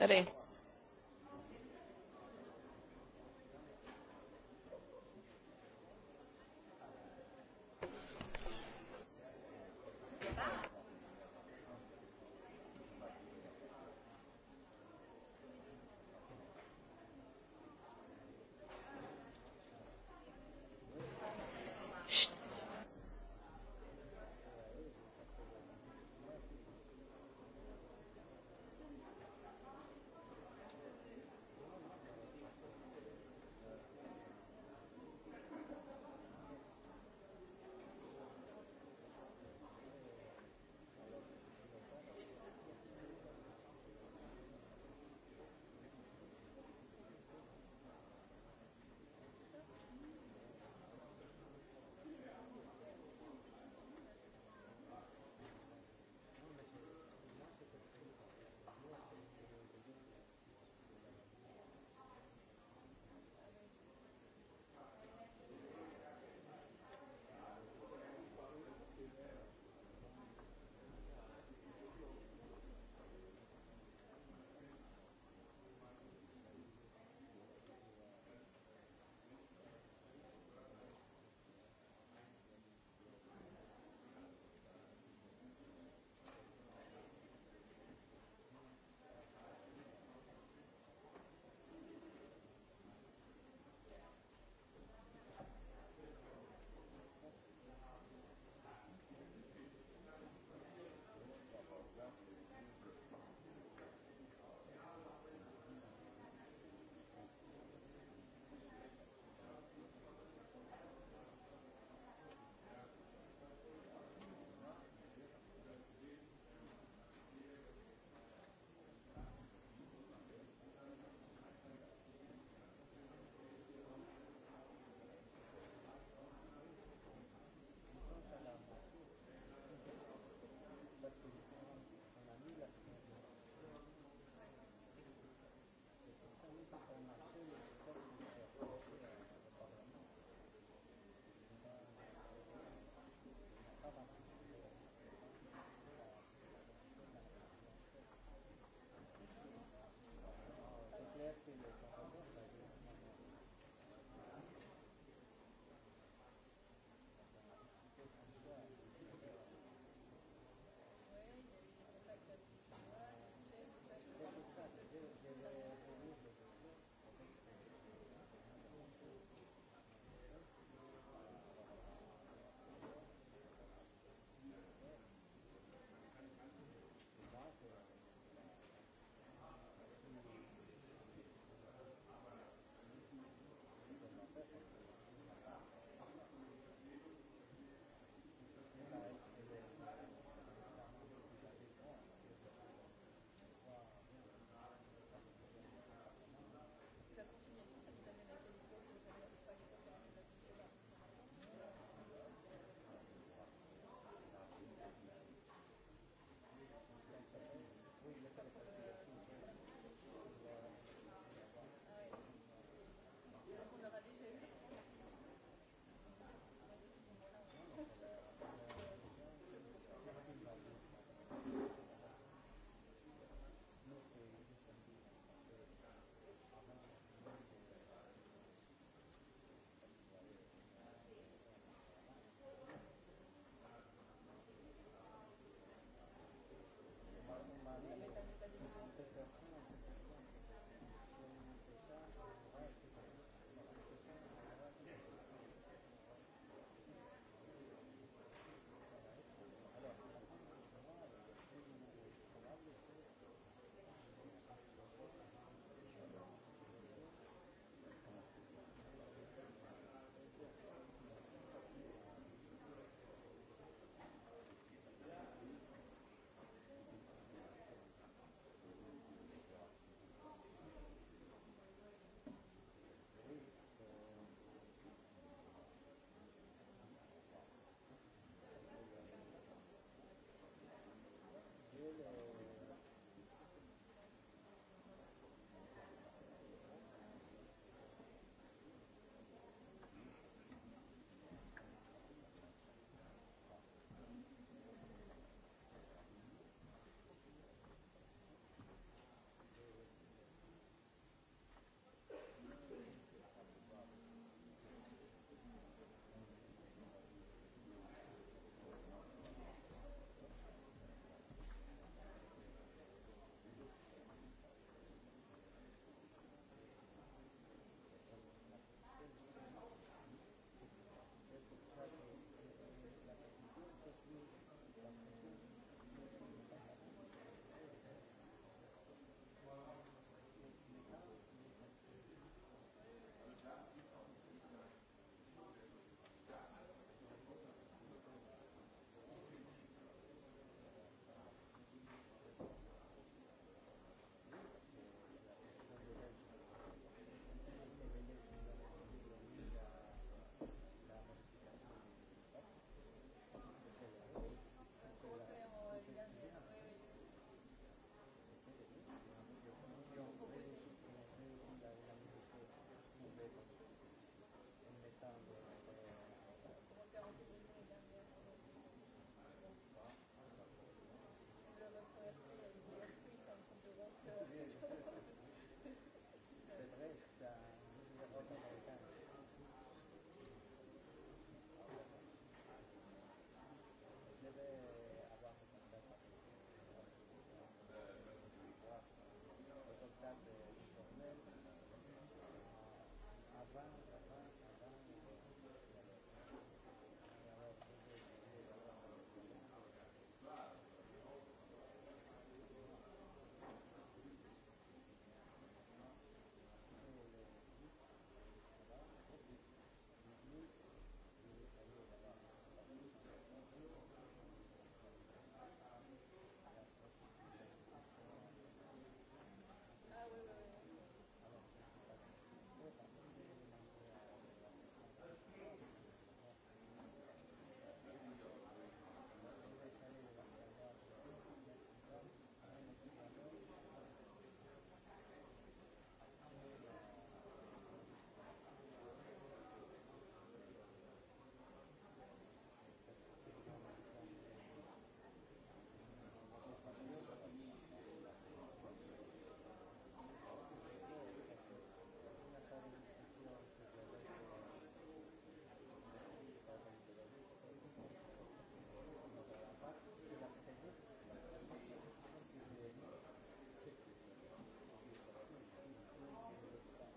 Ready.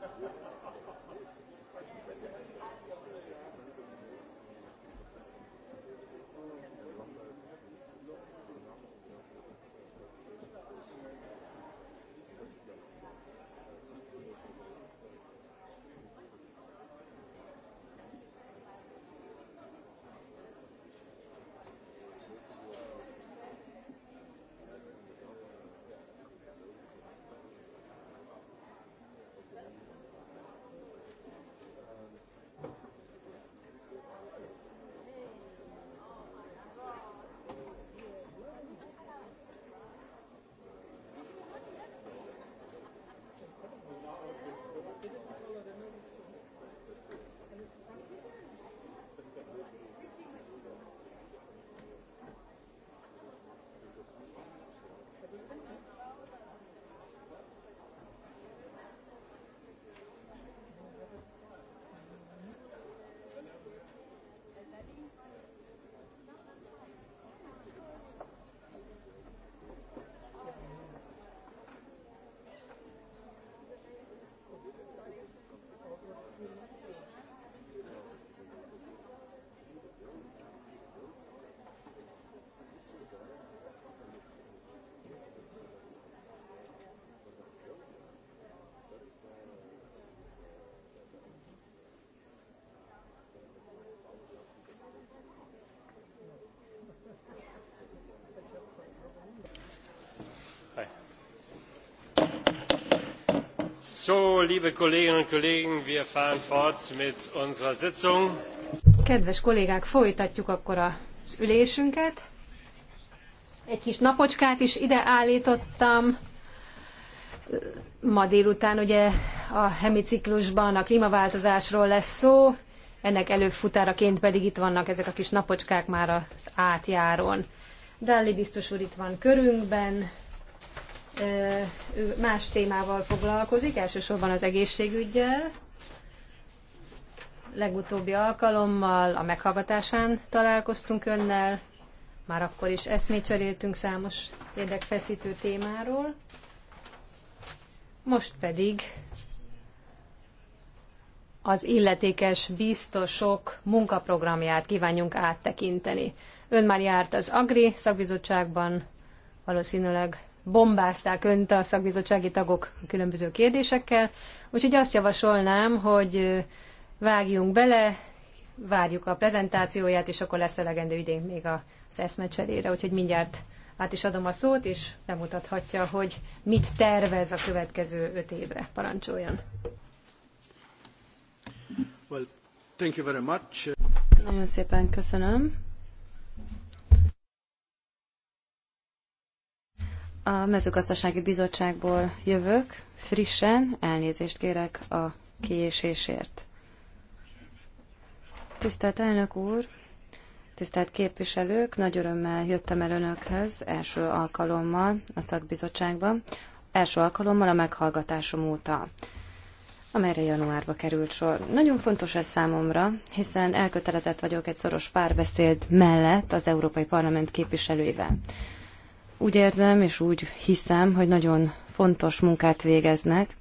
Thank you. Kedves kollégák, folytatjuk akkor az ülésünket. Egy kis napocskát is ide állítottam. Ma délután ugye a hemiciklusban a klímaváltozásról lesz szó, ennek előfutáraként pedig itt vannak ezek a kis napocskák már az átjárón. Dalli biztos úr itt van körünkben, más témával foglalkozik, elsősorban az egészségügyel. Legutóbbi alkalommal a meghallgatásán találkoztunk önnel, már akkor is eszmét cseréltünk számos érdekfeszítő témáról. Most pedig az illetékes biztosok munkaprogramját kívánjunk áttekinteni. Ön már járt az Agri szakbizottságban, valószínűleg bombázták önt a szakbizottsági tagok különböző kérdésekkel, úgyhogy azt javasolnám, hogy vágjunk bele, várjuk a prezentációját, és akkor lesz elegendő idén még az eszmecserére, úgyhogy mindjárt át is adom a szót, és bemutathatja, hogy mit tervez a következő öt évre. Parancsoljon! Well, thank you very much. Nagyon szépen köszönöm. A mezőgazdasági bizottságból jövök, frissen, elnézést kérek a kiésésért. Tisztelt elnök úr, tisztelt képviselők, nagy örömmel jöttem el önökhez első alkalommal a szakbizottságban, első alkalommal a meghallgatásom óta amelyre januárba került sor. Nagyon fontos ez számomra, hiszen elkötelezett vagyok egy szoros párbeszéd mellett az Európai Parlament képviselőivel úgy érzem és úgy hiszem, hogy nagyon fontos munkát végeznek,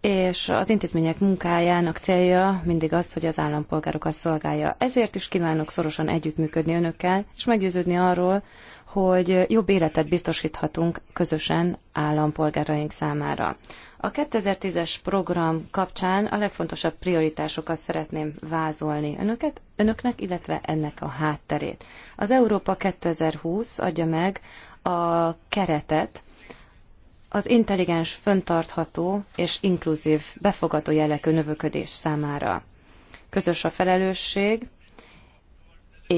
és az intézmények munkájának célja mindig az, hogy az állampolgárokat szolgálja. Ezért is kívánok szorosan együttműködni önökkel, és meggyőződni arról, hogy jobb életet biztosíthatunk közösen állampolgáraink számára. A 2010-es program kapcsán a legfontosabb prioritásokat szeretném vázolni önöket, önöknek, illetve ennek a hátterét. Az Európa 2020 adja meg a keretet az intelligens, föntartható és inkluzív befogadó jellegű növöködés számára. Közös a felelősség,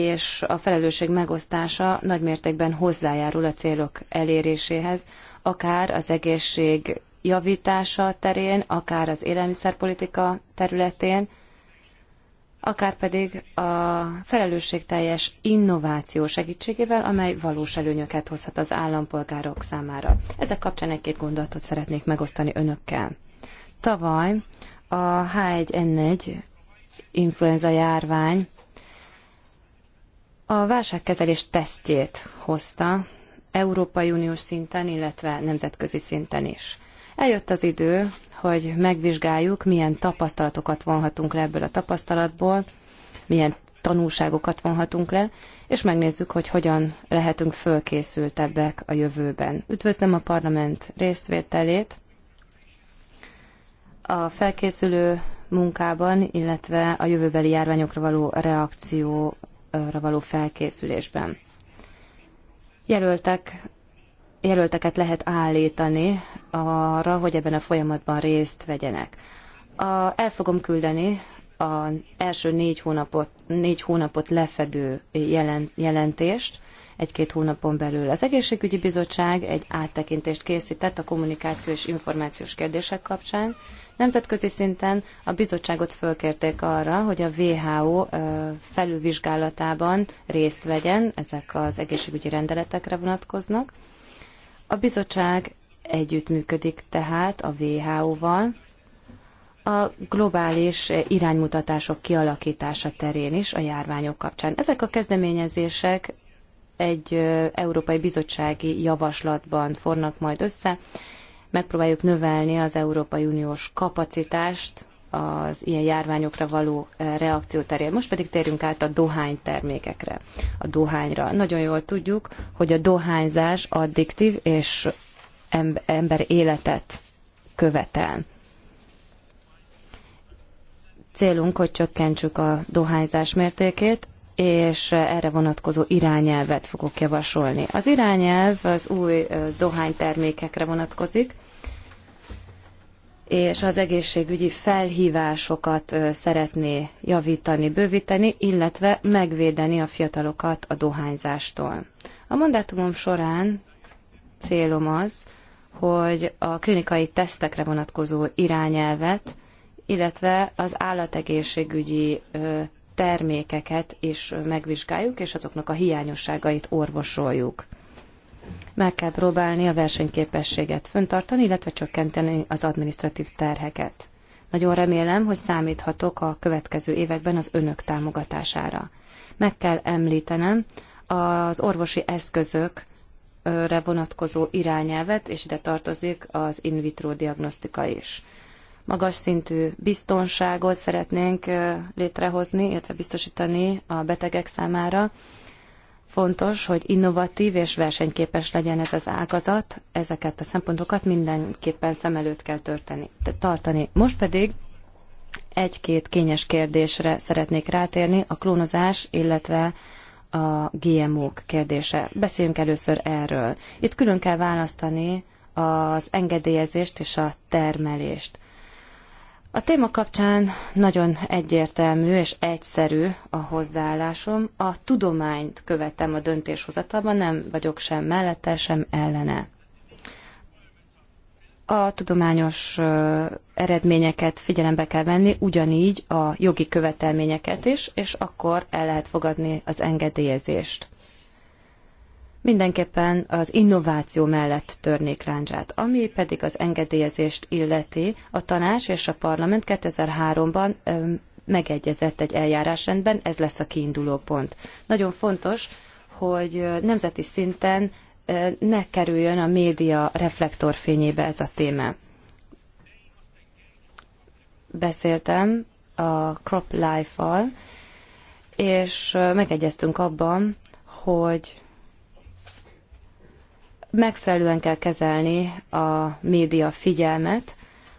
és a felelősség megosztása nagymértékben hozzájárul a célok eléréséhez, akár az egészség javítása terén, akár az élelmiszerpolitika területén, akár pedig a felelősségteljes innováció segítségével, amely valós előnyöket hozhat az állampolgárok számára. Ezek kapcsán egy-két gondolatot szeretnék megosztani önökkel. Tavaly a H1N1 influenza járvány a válságkezelés tesztjét hozta Európai Uniós szinten, illetve nemzetközi szinten is. Eljött az idő, hogy megvizsgáljuk, milyen tapasztalatokat vonhatunk le ebből a tapasztalatból, milyen tanulságokat vonhatunk le, és megnézzük, hogy hogyan lehetünk fölkészültebbek a jövőben. Üdvözlöm a parlament résztvételét a felkészülő munkában, illetve a jövőbeli járványokra való reakció arra való felkészülésben. Jelöltek, jelölteket lehet állítani arra, hogy ebben a folyamatban részt vegyenek. A, el fogom küldeni az első négy hónapot, négy hónapot lefedő jelent, jelentést, egy-két hónapon belül. Az Egészségügyi Bizottság egy áttekintést készített a kommunikáció és információs kérdések kapcsán, Nemzetközi szinten a bizottságot fölkérték arra, hogy a WHO felülvizsgálatában részt vegyen, ezek az egészségügyi rendeletekre vonatkoznak. A bizottság együttműködik tehát a WHO-val, a globális iránymutatások kialakítása terén is a járványok kapcsán. Ezek a kezdeményezések egy Európai Bizottsági Javaslatban fornak majd össze, megpróbáljuk növelni az Európai Uniós kapacitást az ilyen járványokra való eh, reakció terén. Most pedig térjünk át a dohány termékekre, a dohányra. Nagyon jól tudjuk, hogy a dohányzás addiktív és ember életet követel. Célunk, hogy csökkentsük a dohányzás mértékét, és erre vonatkozó irányelvet fogok javasolni. Az irányelv az új eh, dohánytermékekre vonatkozik, és az egészségügyi felhívásokat szeretné javítani, bővíteni, illetve megvédeni a fiatalokat a dohányzástól. A mandátumom során célom az, hogy a klinikai tesztekre vonatkozó irányelvet, illetve az állategészségügyi termékeket is megvizsgáljuk, és azoknak a hiányosságait orvosoljuk meg kell próbálni a versenyképességet föntartani, illetve csökkenteni az administratív terheket. Nagyon remélem, hogy számíthatok a következő években az önök támogatására. Meg kell említenem az orvosi eszközökre vonatkozó irányelvet, és ide tartozik az in vitro diagnosztika is. Magas szintű biztonságot szeretnénk létrehozni, illetve biztosítani a betegek számára, Fontos, hogy innovatív és versenyképes legyen ez az ágazat, ezeket a szempontokat mindenképpen szem előtt kell történi, tartani. Most pedig egy-két kényes kérdésre szeretnék rátérni, a klónozás, illetve a GMO-k kérdése. Beszéljünk először erről. Itt külön kell választani az engedélyezést és a termelést. A téma kapcsán nagyon egyértelmű és egyszerű a hozzáállásom. A tudományt követem a döntéshozatalban, nem vagyok sem mellette, sem ellene. A tudományos eredményeket figyelembe kell venni, ugyanígy a jogi követelményeket is, és akkor el lehet fogadni az engedélyezést mindenképpen az innováció mellett törnék láncsát. Ami pedig az engedélyezést illeti, a tanács és a parlament 2003-ban megegyezett egy eljárásrendben, ez lesz a kiinduló pont. Nagyon fontos, hogy nemzeti szinten ne kerüljön a média reflektorfényébe ez a téma. Beszéltem a Crop Life-al, és megegyeztünk abban, hogy megfelelően kell kezelni a média figyelmet,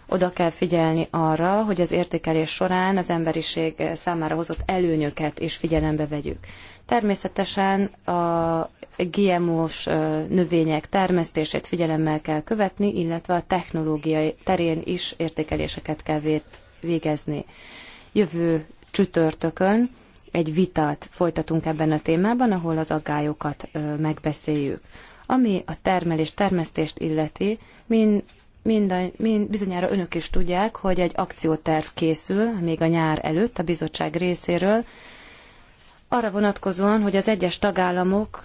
oda kell figyelni arra, hogy az értékelés során az emberiség számára hozott előnyöket is figyelembe vegyük. Természetesen a GMO-s növények termesztését figyelemmel kell követni, illetve a technológiai terén is értékeléseket kell végezni. Jövő csütörtökön egy vitát folytatunk ebben a témában, ahol az aggályokat megbeszéljük. Ami a termelés, termesztést illeti, mind, mind, mind, bizonyára önök is tudják, hogy egy akcióterv készül még a nyár előtt a bizottság részéről, arra vonatkozóan, hogy az egyes tagállamok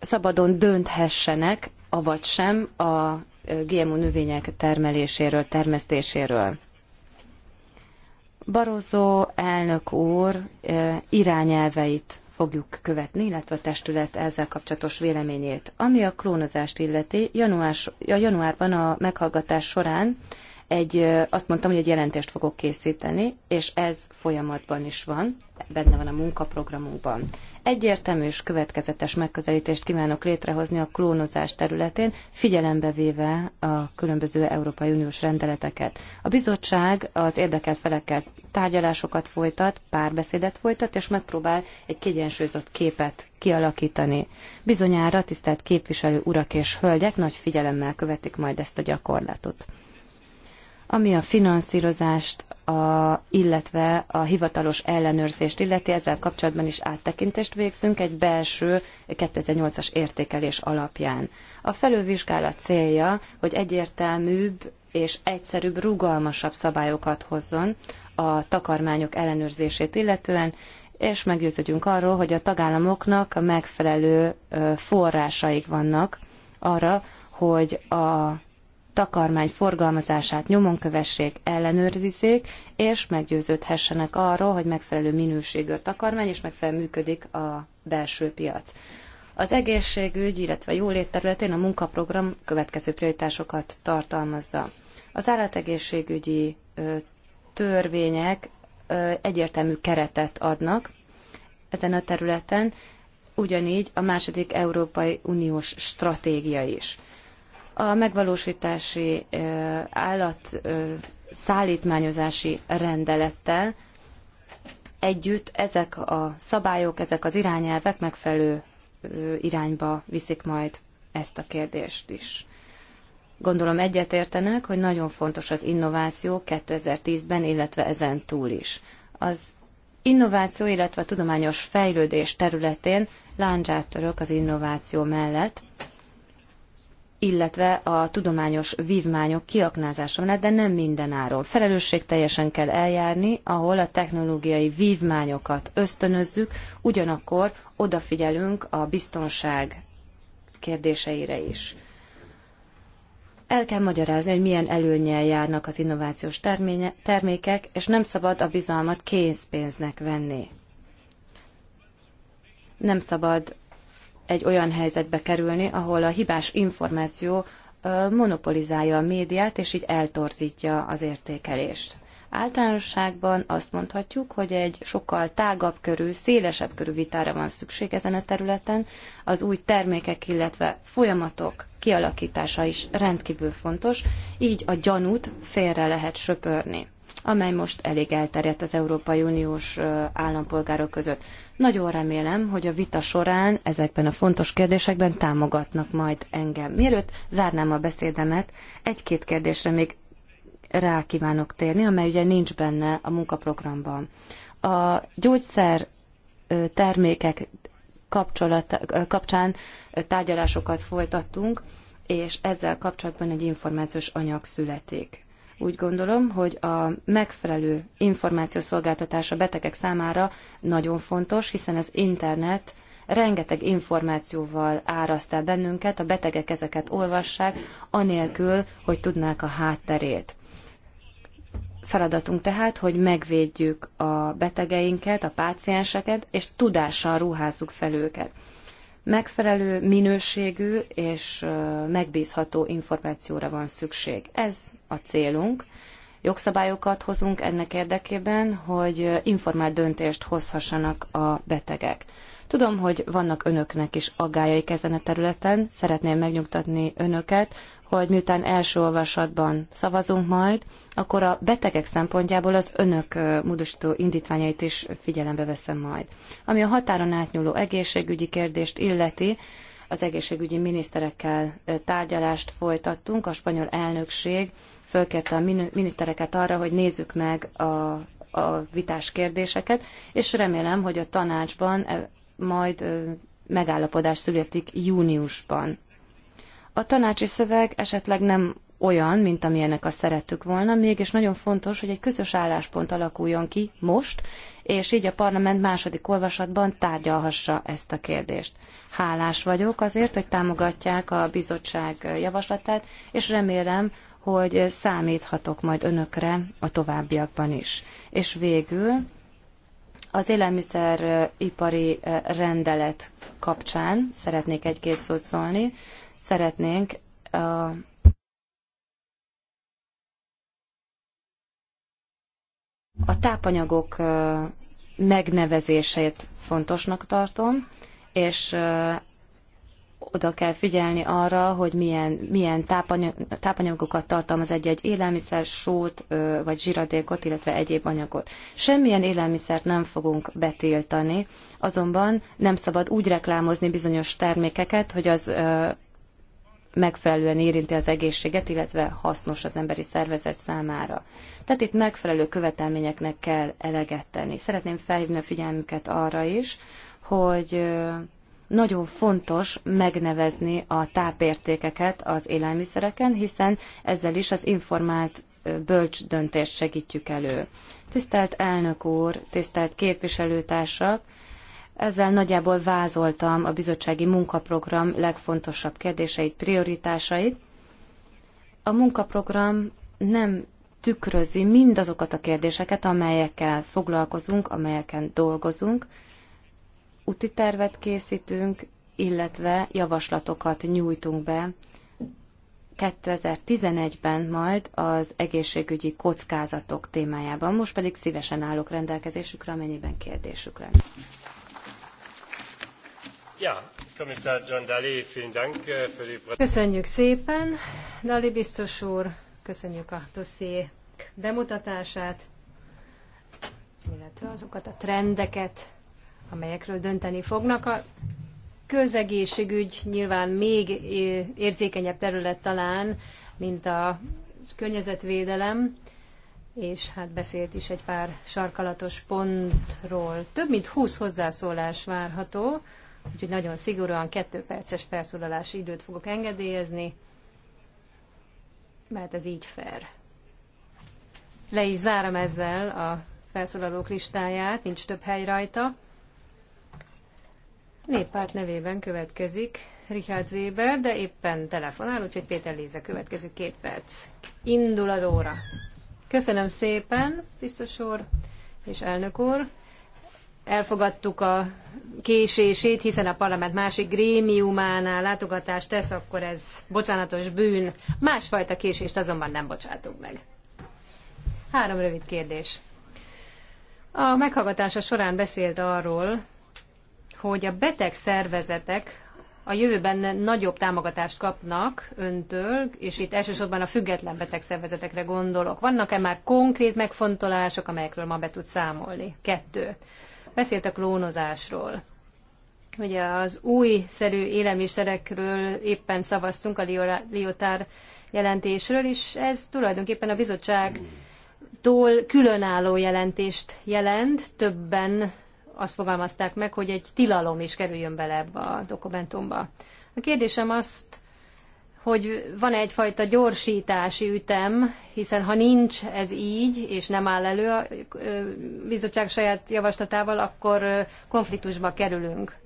szabadon dönthessenek, avagy sem a GMO növények termeléséről, termesztéséről. Barozó elnök úr irányelveit fogjuk követni, illetve a testület ezzel kapcsolatos véleményét. Ami a klónozást illeti, január, a januárban a meghallgatás során egy, azt mondtam, hogy egy jelentést fogok készíteni, és ez folyamatban is van, benne van a munkaprogramunkban. Egyértelmű és következetes megközelítést kívánok létrehozni a klónozás területén, figyelembe véve a különböző Európai Uniós rendeleteket. A bizottság az érdekelt felekkel tárgyalásokat folytat, párbeszédet folytat, és megpróbál egy kiegyensúlyozott képet kialakítani. Bizonyára tisztelt képviselő urak és hölgyek nagy figyelemmel követik majd ezt a gyakorlatot ami a finanszírozást, a, illetve a hivatalos ellenőrzést illeti, ezzel kapcsolatban is áttekintést végzünk egy belső 2008-as értékelés alapján. A felülvizsgálat célja, hogy egyértelműbb és egyszerűbb, rugalmasabb szabályokat hozzon a takarmányok ellenőrzését illetően, és meggyőződjünk arról, hogy a tagállamoknak a megfelelő forrásaik vannak arra, hogy a takarmány forgalmazását nyomon kövessék, ellenőrizzék, és meggyőződhessenek arról, hogy megfelelő minőségű a takarmány, és megfelelően működik a belső piac. Az egészségügy, illetve jólét területén a munkaprogram következő prioritásokat tartalmazza. Az állategészségügyi törvények egyértelmű keretet adnak ezen a területen, ugyanígy a második Európai Uniós stratégia is a megvalósítási állat szállítmányozási rendelettel együtt ezek a szabályok, ezek az irányelvek megfelelő irányba viszik majd ezt a kérdést is. Gondolom egyetértenek, hogy nagyon fontos az innováció 2010-ben, illetve ezen túl is. Az innováció, illetve a tudományos fejlődés területén láncsát török az innováció mellett, illetve a tudományos vívmányok kiaknázása mellett, de nem mindenáról. Felelősség teljesen kell eljárni, ahol a technológiai vívmányokat ösztönözzük, ugyanakkor odafigyelünk a biztonság kérdéseire is. El kell magyarázni, hogy milyen előnyel járnak az innovációs terménye, termékek, és nem szabad a bizalmat kénzpénznek venni. Nem szabad egy olyan helyzetbe kerülni, ahol a hibás információ monopolizálja a médiát, és így eltorzítja az értékelést. Általánosságban azt mondhatjuk, hogy egy sokkal tágabb körű, szélesebb körű vitára van szükség ezen a területen. Az új termékek, illetve folyamatok kialakítása is rendkívül fontos, így a gyanút félre lehet söpörni amely most elég elterjedt az Európai Uniós állampolgárok között. Nagyon remélem, hogy a vita során ezekben a fontos kérdésekben támogatnak majd engem. Mielőtt zárnám a beszédemet, egy-két kérdésre még rá kívánok térni, amely ugye nincs benne a munkaprogramban. A gyógyszer termékek kapcsán tárgyalásokat folytattunk, és ezzel kapcsolatban egy információs anyag születik. Úgy gondolom, hogy a megfelelő információszolgáltatás a betegek számára nagyon fontos, hiszen az internet rengeteg információval áraszt el bennünket, a betegek ezeket olvassák, anélkül, hogy tudnák a hátterét. Feladatunk tehát, hogy megvédjük a betegeinket, a pácienseket, és tudással ruházzuk fel őket. Megfelelő minőségű és megbízható információra van szükség. Ez a célunk. Jogszabályokat hozunk ennek érdekében, hogy informált döntést hozhassanak a betegek. Tudom, hogy vannak önöknek is aggájaik ezen a területen, szeretném megnyugtatni önöket, hogy miután első olvasatban szavazunk majd, akkor a betegek szempontjából az önök módosító indítványait is figyelembe veszem majd. Ami a határon átnyúló egészségügyi kérdést illeti, az egészségügyi miniszterekkel tárgyalást folytattunk, a spanyol elnökség fölkérte a minisztereket arra, hogy nézzük meg a, a vitás kérdéseket, és remélem, hogy a tanácsban e, majd megállapodás születik júniusban. A tanácsi szöveg esetleg nem olyan, mint amilyenek azt szerettük volna, mégis nagyon fontos, hogy egy közös álláspont alakuljon ki most, és így a parlament második olvasatban tárgyalhassa ezt a kérdést. Hálás vagyok azért, hogy támogatják a bizottság javaslatát, és remélem, hogy számíthatok majd önökre a továbbiakban is. És végül az élelmiszeripari eh, rendelet kapcsán szeretnék egy-két szót szólni. Szeretnénk a eh, a tápanyagok eh, megnevezését fontosnak tartom, és oda kell figyelni arra, hogy milyen, milyen tápanyag, tápanyagokat tartalmaz egy-egy élelmiszer, sót vagy zsiradékot, illetve egyéb anyagot. Semmilyen élelmiszert nem fogunk betiltani, azonban nem szabad úgy reklámozni bizonyos termékeket, hogy az megfelelően érinti az egészséget, illetve hasznos az emberi szervezet számára. Tehát itt megfelelő követelményeknek kell eleget tenni. Szeretném felhívni a figyelmüket arra is, hogy nagyon fontos megnevezni a tápértékeket az élelmiszereken, hiszen ezzel is az informált bölcs döntést segítjük elő. Tisztelt elnök úr, tisztelt képviselőtársak, ezzel nagyjából vázoltam a bizottsági munkaprogram legfontosabb kérdéseit, prioritásait. A munkaprogram nem tükrözi mindazokat a kérdéseket, amelyekkel foglalkozunk, amelyeken dolgozunk, úti tervet készítünk, illetve javaslatokat nyújtunk be 2011-ben majd az egészségügyi kockázatok témájában. Most pedig szívesen állok rendelkezésükre, amennyiben kérdésük lenne. Eh, köszönjük szépen, Dali biztos úr, köszönjük a dossziék bemutatását, illetve azokat a trendeket, amelyekről dönteni fognak. A közegészségügy nyilván még érzékenyebb terület talán, mint a környezetvédelem, és hát beszélt is egy pár sarkalatos pontról. Több mint 20 hozzászólás várható, úgyhogy nagyon szigorúan kettő perces felszólalási időt fogok engedélyezni, mert ez így fair. Le is zárom ezzel a felszólalók listáját, nincs több hely rajta. Néppárt nevében következik Richard Zéber, de éppen telefonál, úgyhogy Péter Léze következő két perc. Indul az óra. Köszönöm szépen, biztos úr és elnök úr. Elfogadtuk a késését, hiszen a parlament másik grémiumánál látogatást tesz, akkor ez bocsánatos bűn. Másfajta késést azonban nem bocsátunk meg. Három rövid kérdés. A meghallgatása során beszélt arról, hogy a beteg szervezetek a jövőben nagyobb támogatást kapnak öntől, és itt elsősorban a független betegszervezetekre gondolok. Vannak-e már konkrét megfontolások, amelyekről ma be tud számolni? Kettő. Beszélt a klónozásról. Ugye az új szerű élelmiszerekről, éppen szavaztunk a Liotár jelentésről, és ez tulajdonképpen a bizottság tól különálló jelentést jelent, többen azt fogalmazták meg, hogy egy tilalom is kerüljön bele ebbe a dokumentumba. A kérdésem azt, hogy van -e egyfajta gyorsítási ütem, hiszen ha nincs ez így, és nem áll elő a bizottság saját javaslatával, akkor konfliktusba kerülünk.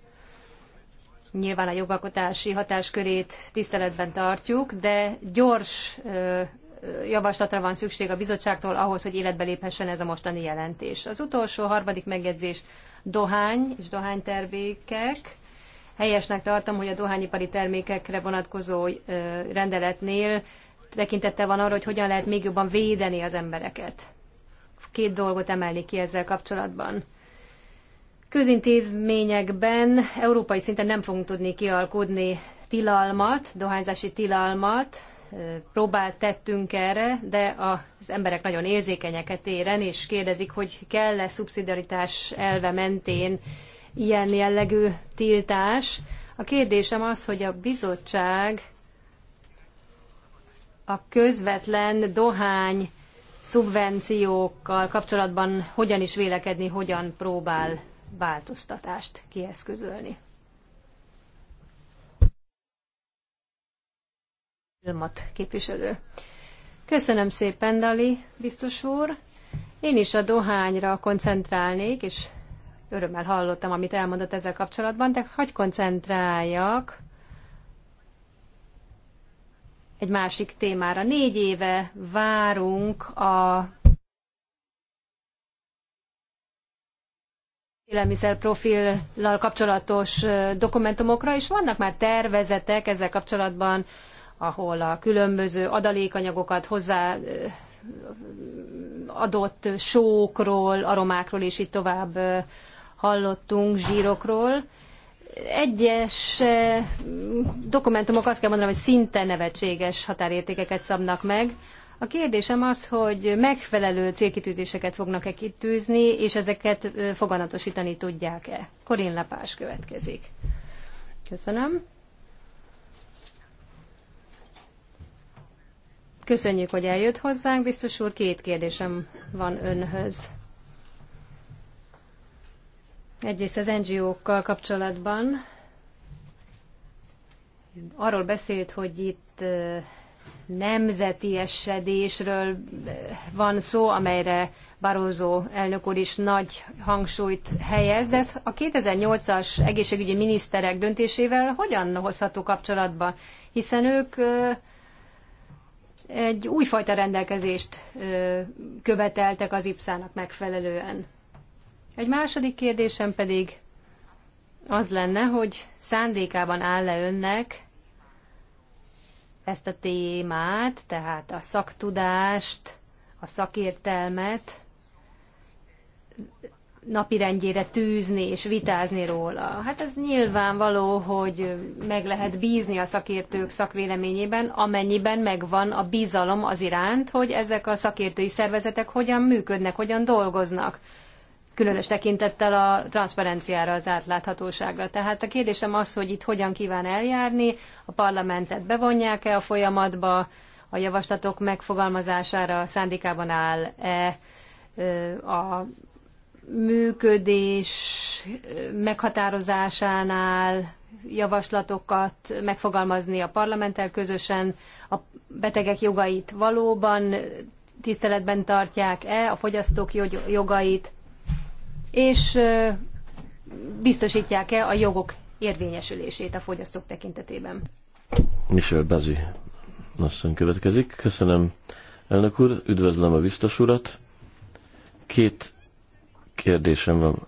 Nyilván a jogalkotási hatáskörét tiszteletben tartjuk, de gyors javaslatra van szükség a bizottságtól ahhoz, hogy életbe léphessen ez a mostani jelentés. Az utolsó, harmadik megjegyzés dohány és dohánytervékek. Helyesnek tartom, hogy a dohányipari termékekre vonatkozó rendeletnél tekintette van arra, hogy hogyan lehet még jobban védeni az embereket. Két dolgot emelni ki ezzel kapcsolatban. Közintézményekben európai szinten nem fogunk tudni kialkodni tilalmat, dohányzási tilalmat, próbált tettünk erre, de az emberek nagyon érzékenyeket éren, és kérdezik, hogy kell-e szubszidiaritás elve mentén ilyen jellegű tiltás. A kérdésem az, hogy a bizottság a közvetlen dohány szubvenciókkal kapcsolatban hogyan is vélekedni, hogyan próbál változtatást kieszközölni. Vilmat képviselő. Köszönöm szépen, Dali biztos úr. Én is a dohányra koncentrálnék, és örömmel hallottam, amit elmondott ezzel kapcsolatban, de hagy koncentráljak egy másik témára. Négy éve várunk a élelmiszer profillal kapcsolatos dokumentumokra, és vannak már tervezetek ezzel kapcsolatban, ahol a különböző adalékanyagokat hozzá adott sókról, aromákról és így tovább hallottunk, zsírokról. Egyes dokumentumok azt kell mondanom, hogy szinte nevetséges határértékeket szabnak meg. A kérdésem az, hogy megfelelő célkitűzéseket fognak-e kitűzni, és ezeket foganatosítani tudják-e. Korin Lepás következik. Köszönöm. Köszönjük, hogy eljött hozzánk. Biztos úr, két kérdésem van önhöz. Egyrészt az NGO-kkal kapcsolatban arról beszélt, hogy itt nemzeti esedésről van szó, amelyre Barózó elnök úr is nagy hangsúlyt helyez, de ez a 2008-as egészségügyi miniszterek döntésével hogyan hozható kapcsolatba? Hiszen ők egy újfajta rendelkezést követeltek az IPSZ-nak megfelelően. Egy második kérdésem pedig az lenne, hogy szándékában áll-e önnek ezt a témát, tehát a szaktudást, a szakértelmet napirendjére tűzni és vitázni róla. Hát ez nyilvánvaló, hogy meg lehet bízni a szakértők szakvéleményében, amennyiben megvan a bizalom az iránt, hogy ezek a szakértői szervezetek hogyan működnek, hogyan dolgoznak. Különös tekintettel a transzparenciára, az átláthatóságra. Tehát a kérdésem az, hogy itt hogyan kíván eljárni, a parlamentet bevonják-e a folyamatba, a javaslatok megfogalmazására szándékában áll-e a működés meghatározásánál javaslatokat megfogalmazni a parlamenttel közösen, a betegek jogait valóban tiszteletben tartják-e, a fogyasztók jogait, és biztosítják-e a jogok érvényesülését a fogyasztók tekintetében. Michel Bazi asszony következik. Köszönöm, elnök úr, üdvözlöm a biztos urat. Két kérdésem van.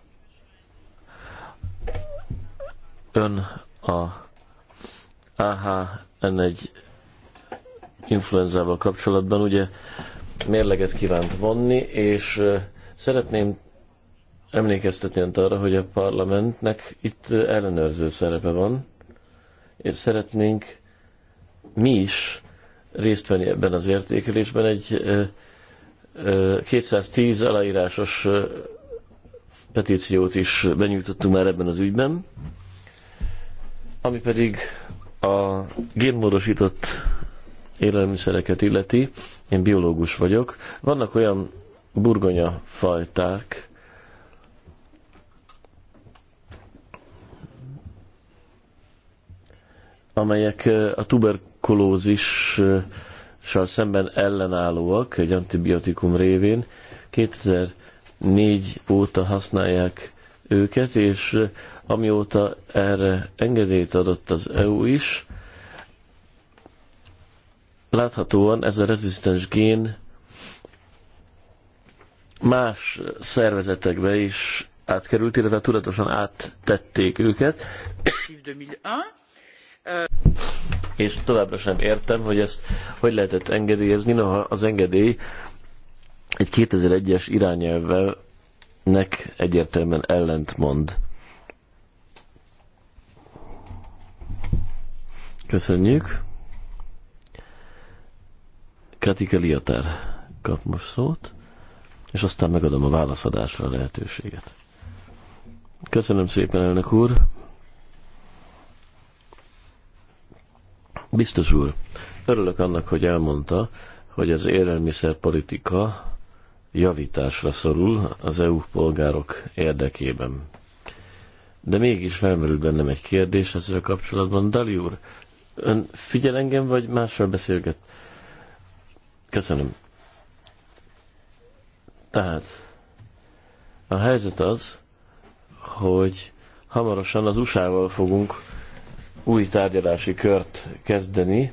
Ön a ahn egy influenzával kapcsolatban ugye mérleget kívánt vonni, és szeretném emlékeztetni önt arra, hogy a parlamentnek itt ellenőrző szerepe van, és szeretnénk mi is részt venni ebben az értékelésben egy 210 aláírásos petíciót is benyújtottunk már ebben az ügyben, ami pedig a génmódosított élelmiszereket illeti, én biológus vagyok, vannak olyan burgonya fajták, amelyek a tuberkulózissal szemben ellenállóak egy antibiotikum révén. 2000 négy óta használják őket, és amióta erre engedélyt adott az EU is, láthatóan ez a rezisztens gén más szervezetekbe is átkerült, illetve tudatosan áttették őket. És továbbra sem értem, hogy ezt hogy lehetett engedélyezni, noha az engedély egy 2001-es irányelvvel nek egyértelműen ellentmond. Köszönjük. Kratika Liatár kap most szót, és aztán megadom a válaszadásra a lehetőséget. Köszönöm szépen, elnök úr. Biztos úr, örülök annak, hogy elmondta, hogy az élelmiszerpolitika javításra szorul az EU polgárok érdekében. De mégis felmerül bennem egy kérdés ezzel kapcsolatban. Dali úr, ön figyel engem, vagy mással beszélget? Köszönöm. Tehát a helyzet az, hogy hamarosan az USA-val fogunk új tárgyalási kört kezdeni.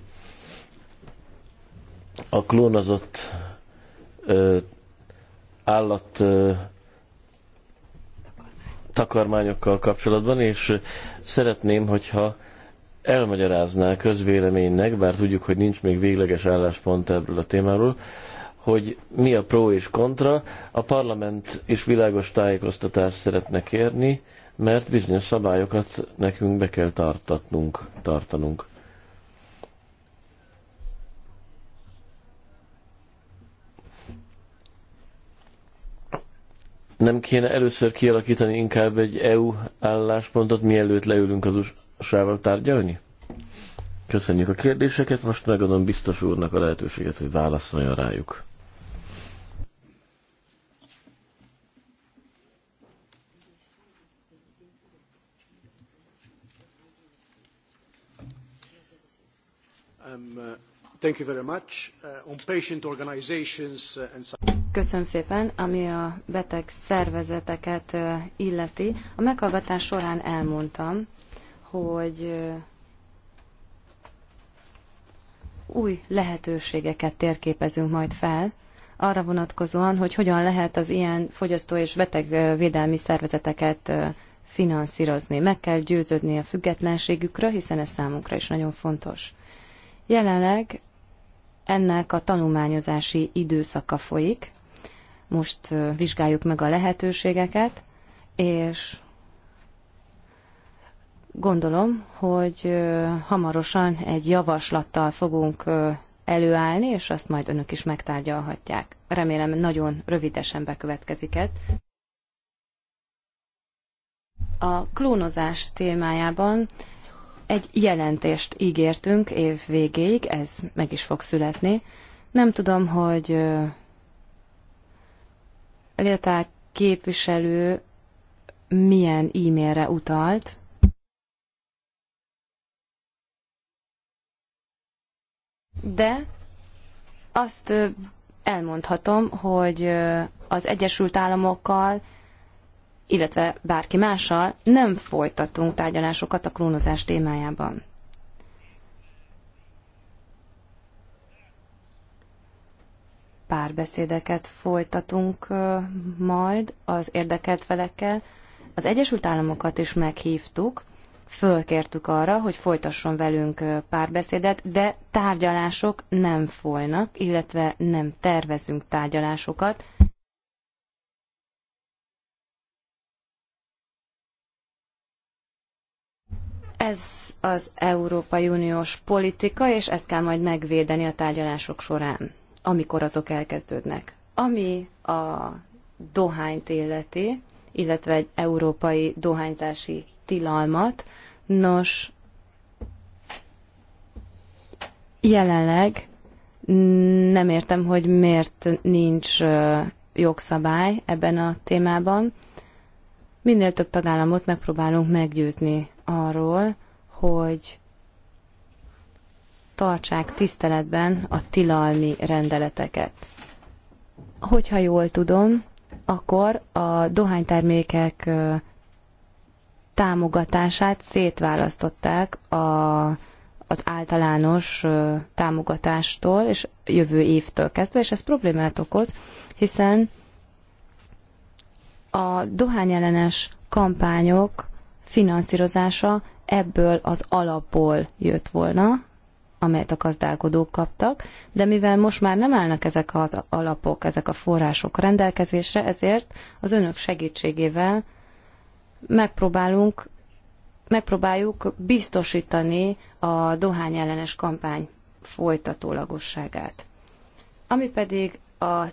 A klónozott állat takarmányokkal kapcsolatban, és szeretném, hogyha elmagyarázná a közvéleménynek, bár tudjuk, hogy nincs még végleges álláspont ebből a témáról, hogy mi a pro és kontra. A parlament is világos tájékoztatást szeretne kérni, mert bizonyos szabályokat nekünk be kell tartatnunk, tartanunk. nem kéne először kialakítani inkább egy EU álláspontot, mielőtt leülünk az USA-val tárgyalni? Köszönjük a kérdéseket, most megadom biztos úrnak a lehetőséget, hogy válaszoljon rájuk. Köszönöm szépen, ami a beteg szervezeteket uh, illeti. A meghallgatás során elmondtam, hogy uh, új lehetőségeket térképezünk majd fel, arra vonatkozóan, hogy hogyan lehet az ilyen fogyasztó és betegvédelmi uh, szervezeteket finanszírozni. Meg kell győződni a függetlenségükről, hiszen ez számunkra is nagyon fontos. Jelenleg ennek a tanulmányozási időszaka folyik. Most vizsgáljuk meg a lehetőségeket, és gondolom, hogy hamarosan egy javaslattal fogunk előállni, és azt majd önök is megtárgyalhatják. Remélem nagyon rövidesen bekövetkezik ez. A klónozás témájában egy jelentést ígértünk év végéig, ez meg is fog születni. Nem tudom, hogy Léltár képviselő milyen e-mailre utalt. De azt elmondhatom, hogy az Egyesült Államokkal illetve bárki mással nem folytatunk tárgyalásokat a klónozás témájában. Párbeszédeket folytatunk majd az érdekelt felekkel. Az Egyesült Államokat is meghívtuk, fölkértük arra, hogy folytasson velünk párbeszédet, de tárgyalások nem folynak, illetve nem tervezünk tárgyalásokat, Ez az Európai Uniós politika, és ezt kell majd megvédeni a tárgyalások során, amikor azok elkezdődnek. Ami a dohányt illeti, illetve egy európai dohányzási tilalmat, nos, jelenleg nem értem, hogy miért nincs jogszabály ebben a témában. Minél több tagállamot megpróbálunk meggyőzni arról, hogy tartsák tiszteletben a tilalmi rendeleteket. Hogyha jól tudom, akkor a dohánytermékek támogatását szétválasztották a, az általános támogatástól, és jövő évtől kezdve, és ez problémát okoz, hiszen a dohányellenes kampányok finanszírozása ebből az alapból jött volna, amelyet a gazdálkodók kaptak, de mivel most már nem állnak ezek az alapok, ezek a források rendelkezésre, ezért az önök segítségével megpróbálunk, megpróbáljuk biztosítani a Dohányellenes kampány folytatólagosságát. Ami pedig a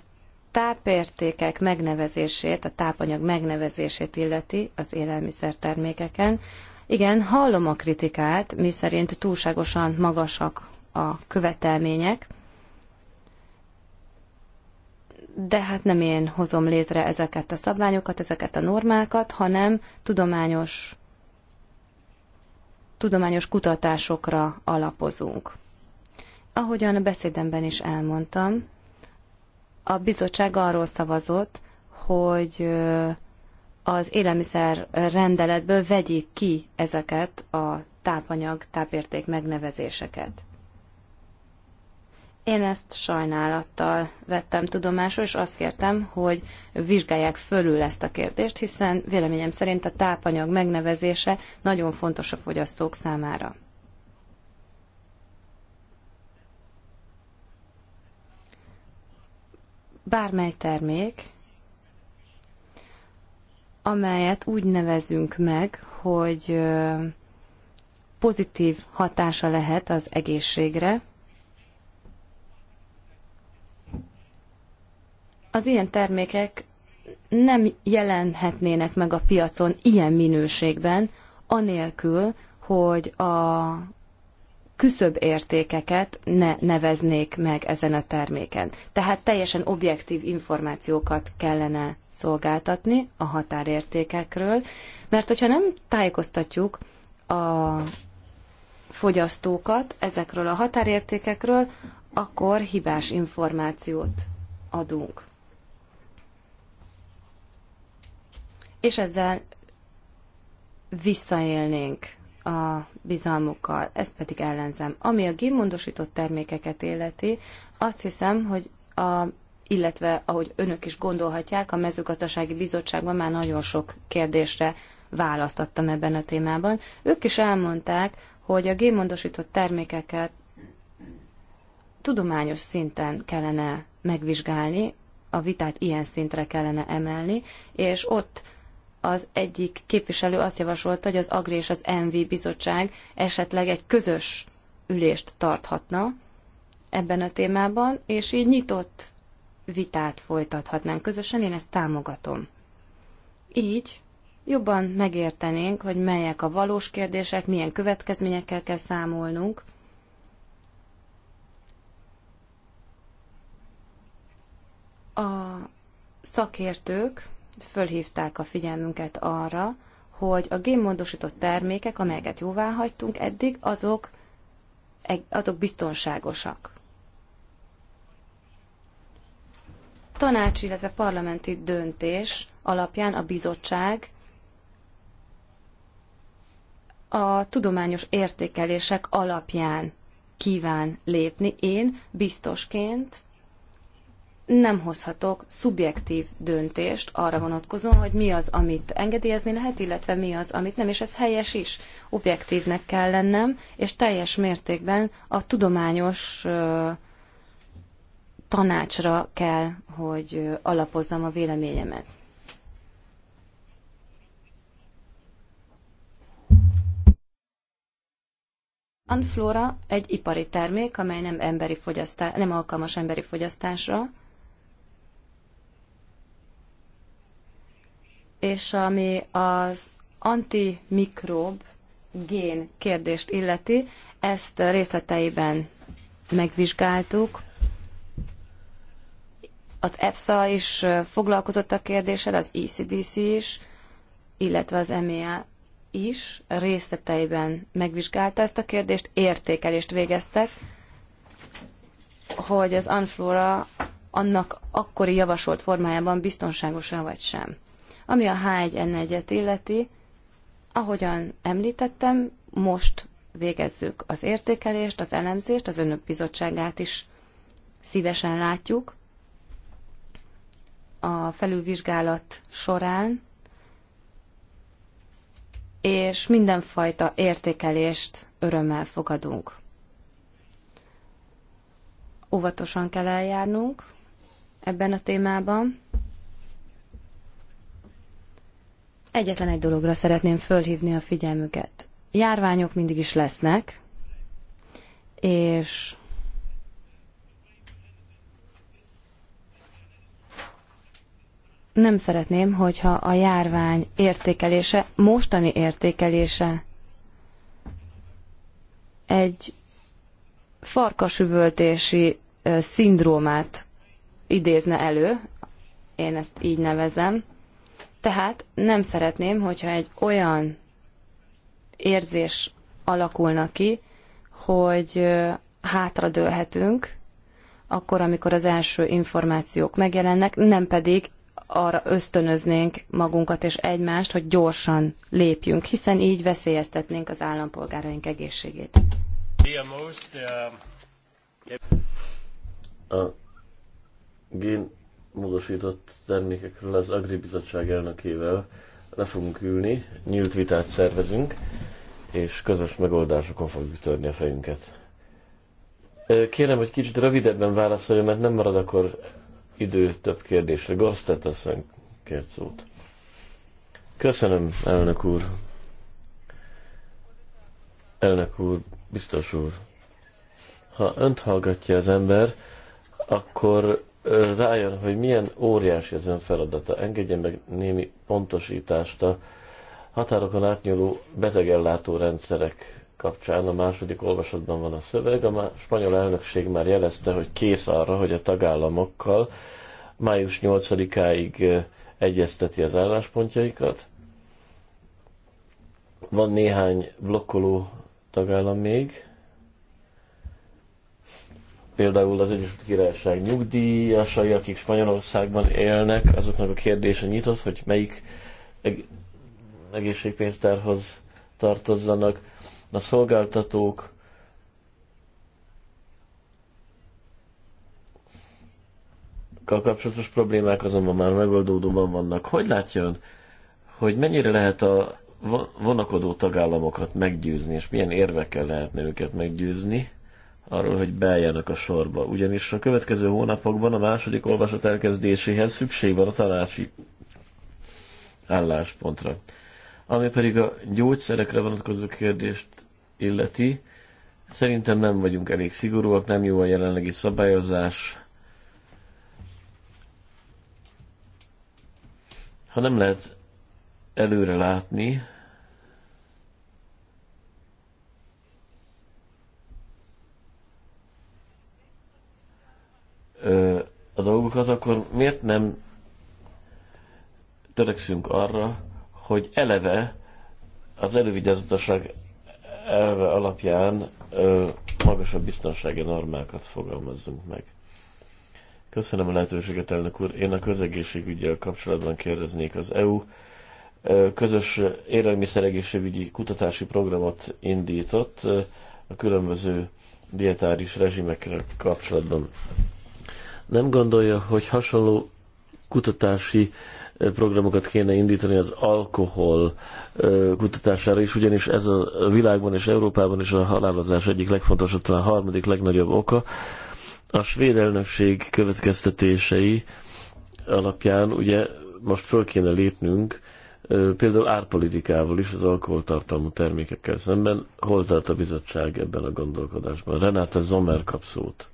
tápértékek megnevezését, a tápanyag megnevezését illeti az élelmiszertermékeken. Igen, hallom a kritikát, miszerint túlságosan magasak a követelmények, de hát nem én hozom létre ezeket a szabványokat, ezeket a normákat, hanem tudományos, tudományos kutatásokra alapozunk. Ahogyan a beszédemben is elmondtam, a bizottság arról szavazott, hogy az élelmiszer rendeletből vegyék ki ezeket a tápanyag, tápérték megnevezéseket. Én ezt sajnálattal vettem tudomásul, és azt kértem, hogy vizsgálják fölül ezt a kérdést, hiszen véleményem szerint a tápanyag megnevezése nagyon fontos a fogyasztók számára. bármely termék, amelyet úgy nevezünk meg, hogy pozitív hatása lehet az egészségre. Az ilyen termékek nem jelenhetnének meg a piacon ilyen minőségben, anélkül, hogy a küszöb értékeket ne neveznék meg ezen a terméken. Tehát teljesen objektív információkat kellene szolgáltatni a határértékekről, mert hogyha nem tájékoztatjuk a fogyasztókat ezekről a határértékekről, akkor hibás információt adunk. És ezzel visszaélnénk a bizalmukkal, ezt pedig ellenzem. Ami a gimmondosított termékeket életi, azt hiszem, hogy a, illetve ahogy önök is gondolhatják, a mezőgazdasági bizottságban már nagyon sok kérdésre választattam ebben a témában. Ők is elmondták, hogy a gémmondosított termékeket tudományos szinten kellene megvizsgálni, a vitát ilyen szintre kellene emelni, és ott az egyik képviselő azt javasolta, hogy az Agri és az NV bizottság esetleg egy közös ülést tarthatna ebben a témában, és így nyitott vitát folytathatnánk közösen, én ezt támogatom. Így jobban megértenénk, hogy melyek a valós kérdések, milyen következményekkel kell számolnunk, a szakértők fölhívták a figyelmünket arra, hogy a génmódosított termékek, amelyeket jóvá hagytunk eddig, azok, azok biztonságosak. Tanács, illetve parlamenti döntés alapján a bizottság a tudományos értékelések alapján kíván lépni. Én biztosként nem hozhatok szubjektív döntést arra vonatkozóan, hogy mi az, amit engedélyezni lehet, illetve mi az, amit nem, és ez helyes is. Objektívnek kell lennem, és teljes mértékben a tudományos tanácsra kell, hogy alapozzam a véleményemet. Anflora egy ipari termék, amely nem, emberi fogyasztá, nem alkalmas emberi fogyasztásra, és ami az antimikrób gén kérdést illeti, ezt részleteiben megvizsgáltuk. Az EFSA is foglalkozott a kérdéssel, az ECDC is, illetve az EMEA is részleteiben megvizsgálta ezt a kérdést, értékelést végeztek, hogy az Anflora annak akkori javasolt formájában biztonságosan vagy sem. Ami a H1N1-et illeti, ahogyan említettem, most végezzük az értékelést, az elemzést, az önök bizottságát is szívesen látjuk a felülvizsgálat során, és mindenfajta értékelést örömmel fogadunk. Óvatosan kell eljárnunk ebben a témában, Egyetlen egy dologra szeretném fölhívni a figyelmüket. Járványok mindig is lesznek, és nem szeretném, hogyha a járvány értékelése, mostani értékelése egy farkasüvöltési szindrómát idézne elő, én ezt így nevezem, tehát nem szeretném, hogyha egy olyan érzés alakulna ki, hogy hátradőlhetünk, akkor, amikor az első információk megjelennek, nem pedig arra ösztönöznénk magunkat és egymást, hogy gyorsan lépjünk, hiszen így veszélyeztetnénk az állampolgáraink egészségét. A gén módosított termékekről az Agri Bizottság elnökével le fogunk ülni, nyílt vitát szervezünk, és közös megoldásokon fogjuk törni a fejünket. Kérem, hogy kicsit rövidebben válaszoljon, mert nem marad akkor idő több kérdésre. Gorsztet aztán kért szót. Köszönöm, elnök úr. Elnök úr, biztos úr. Ha önt hallgatja az ember, akkor rájön, hogy milyen óriási az ön feladata. Engedjen meg némi pontosítást a határokon átnyúló betegellátó rendszerek kapcsán. A második olvasatban van a szöveg. A spanyol elnökség már jelezte, hogy kész arra, hogy a tagállamokkal május 8-áig egyezteti az álláspontjaikat. Van néhány blokkoló tagállam még, például az Egyesült Királyság nyugdíjasai, akik Spanyolországban élnek, azoknak a kérdése nyitott, hogy melyik egészségpénztárhoz tartozzanak. A szolgáltatók kapcsolatos problémák azonban már megoldódóban vannak. Hogy látja ön, hogy mennyire lehet a vonakodó tagállamokat meggyőzni, és milyen érvekkel lehetne őket meggyőzni? arról, hogy beálljanak a sorba. Ugyanis a következő hónapokban a második olvasat elkezdéséhez szükség van a tanácsi álláspontra. Ami pedig a gyógyszerekre vonatkozó kérdést illeti, szerintem nem vagyunk elég szigorúak, nem jó a jelenlegi szabályozás. Ha nem lehet előre látni, a dolgokat, akkor miért nem törekszünk arra, hogy eleve az elővigyázatosság elve alapján ö, magasabb biztonsági normákat fogalmazzunk meg. Köszönöm a lehetőséget, elnök úr. Én a közegészségügyel kapcsolatban kérdeznék az EU közös élelmiszeregészségügyi kutatási programot indított a különböző dietáris rezsimekkel kapcsolatban nem gondolja, hogy hasonló kutatási eh, programokat kéne indítani az alkohol eh, kutatására is, ugyanis ez a világban és Európában is a halálozás egyik legfontosabb, talán harmadik legnagyobb oka. A svéd elnökség következtetései alapján ugye most föl kéne lépnünk eh, például árpolitikával is az alkoholtartalmú termékekkel szemben. Hol tart a bizottság ebben a gondolkodásban? Renáta Zomer kap szót.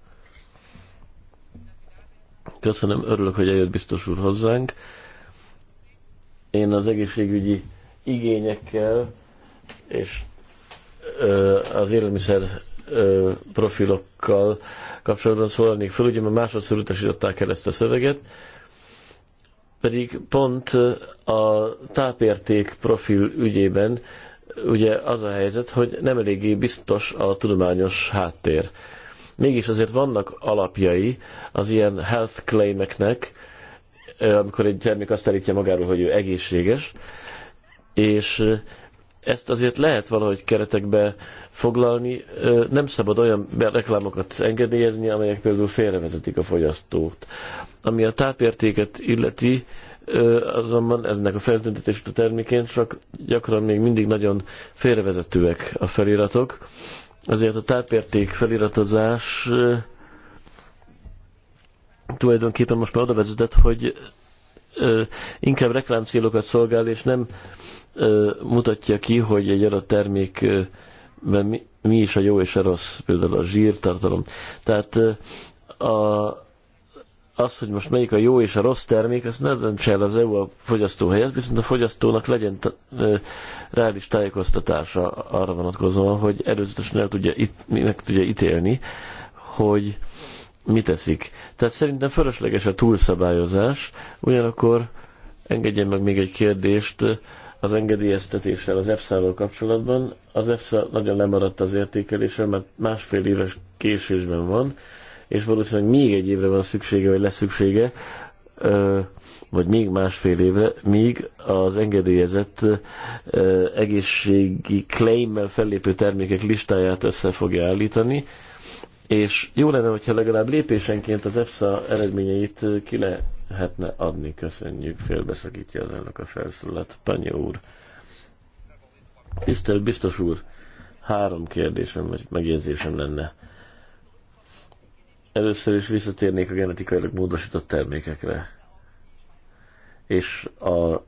Köszönöm, örülök, hogy eljött biztos úr hozzánk. Én az egészségügyi igényekkel és az élelmiszer profilokkal kapcsolatban szólnék fel, ugye már másodszor utasították el ezt a szöveget, pedig pont a tápérték profil ügyében ugye az a helyzet, hogy nem eléggé biztos a tudományos háttér. Mégis azért vannak alapjai az ilyen health claimeknek, amikor egy termék azt állítja magáról, hogy ő egészséges, és ezt azért lehet valahogy keretekbe foglalni, nem szabad olyan reklámokat engedélyezni, amelyek például félrevezetik a fogyasztót. Ami a tápértéket illeti, azonban ennek a feltüntetését a termékén csak gyakran még mindig nagyon félrevezetőek a feliratok, Azért a tápérték feliratozás tulajdonképpen most már oda vezetett, hogy inkább reklámcélokat szolgál, és nem mutatja ki, hogy egy adott termékben mi, mi is a jó és a rossz, például a zsírtartalom. Tehát a az, hogy most melyik a jó és a rossz termék, az nem döntse el az EU a fogyasztó helyett, viszont a fogyasztónak legyen reális tájékoztatása arra vonatkozóan, hogy előzetesen el tudja, it, meg tudja ítélni, hogy mit teszik. Tehát szerintem fölösleges a túlszabályozás, ugyanakkor engedjen meg még egy kérdést az engedélyeztetéssel az EFSA-val kapcsolatban. Az EFSA nagyon lemaradt az értékelésre, mert másfél éves késésben van, és valószínűleg még egy évre van szüksége, vagy lesz szüksége, vagy még másfél évre, míg az engedélyezett egészségi claimmel fellépő termékek listáját össze fogja állítani, és jó lenne, hogyha legalább lépésenként az EFSA eredményeit ki lehetne adni. Köszönjük, félbeszakítja az elnök a felszólalat. Panya úr. Tisztelt biztos úr, három kérdésem vagy megjegyzésem lenne. Először is visszatérnék a genetikailag módosított termékekre, és a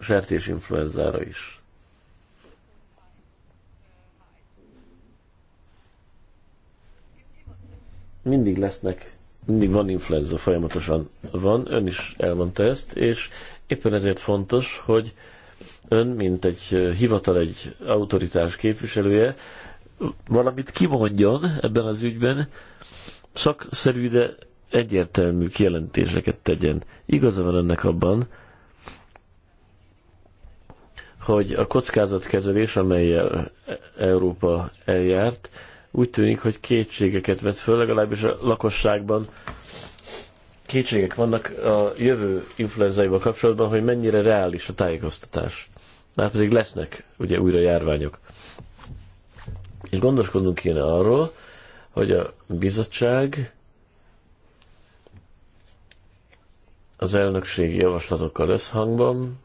sertésinfluenzára is. Mindig lesznek, mindig van influenza, folyamatosan van, ön is elmondta ezt, és éppen ezért fontos, hogy ön, mint egy hivatal, egy autoritás képviselője, valamit kimondjon ebben az ügyben, szakszerű, de egyértelmű kijelentéseket tegyen. Igaza van ennek abban, hogy a kockázatkezelés, amelyel Európa eljárt, úgy tűnik, hogy kétségeket vet föl, legalábbis a lakosságban kétségek vannak a jövő influenzaival kapcsolatban, hogy mennyire reális a tájékoztatás. Márpedig lesznek ugye újra járványok. És gondoskodnunk kéne arról, hogy a bizottság az elnökségi javaslatokkal összhangban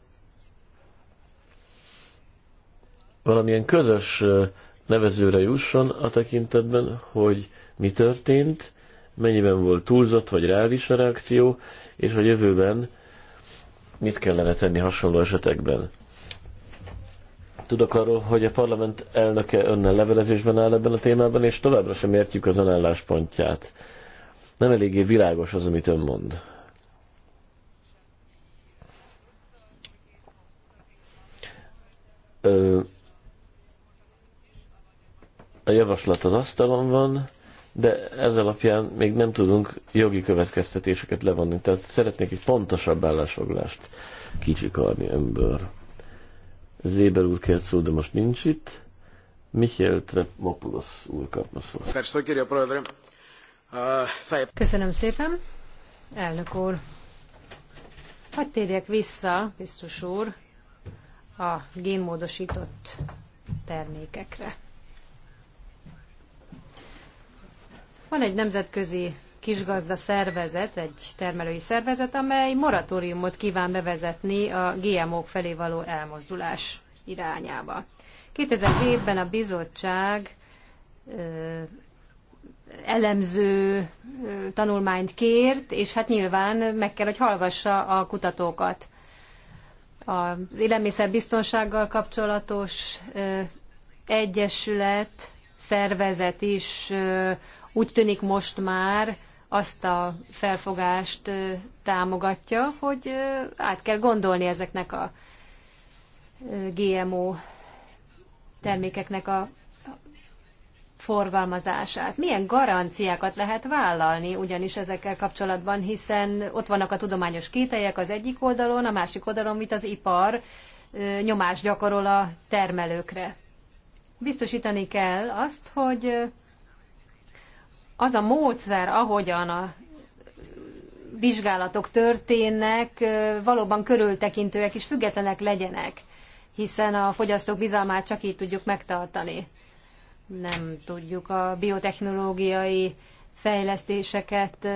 valamilyen közös nevezőre jusson a tekintetben, hogy mi történt, mennyiben volt túlzott vagy reális a reakció, és a jövőben mit kellene tenni hasonló esetekben tudok arról, hogy a parlament elnöke önnel levelezésben áll ebben a témában, és továbbra sem értjük az önálláspontját. Nem eléggé világos az, amit ön mond. Ö, a javaslat az asztalon van, de ez alapján még nem tudunk jogi következtetéseket levonni. Tehát szeretnék egy pontosabb állásfoglalást kicsikarni önből. Zéber úr kért szó, de most nincs itt. Michael Tremopulos úr kapna szót. Köszönöm szépen, elnök úr. Hogy térjek vissza, biztos úr, a génmódosított termékekre. Van egy nemzetközi kisgazda szervezet, egy termelői szervezet, amely moratóriumot kíván bevezetni a GMO-k felé való elmozdulás irányába. 2007-ben a bizottság elemző tanulmányt kért, és hát nyilván meg kell, hogy hallgassa a kutatókat. Az élelmiszerbiztonsággal kapcsolatos egyesület, szervezet is úgy tűnik most már, azt a felfogást támogatja, hogy át kell gondolni ezeknek a GMO termékeknek a forgalmazását. Milyen garanciákat lehet vállalni ugyanis ezekkel kapcsolatban, hiszen ott vannak a tudományos kételyek az egyik oldalon, a másik oldalon, mit az ipar nyomást gyakorol a termelőkre. Biztosítani kell azt, hogy az a módszer, ahogyan a vizsgálatok történnek, valóban körültekintőek és függetlenek legyenek, hiszen a fogyasztók bizalmát csak így tudjuk megtartani. Nem tudjuk a biotechnológiai fejlesztéseket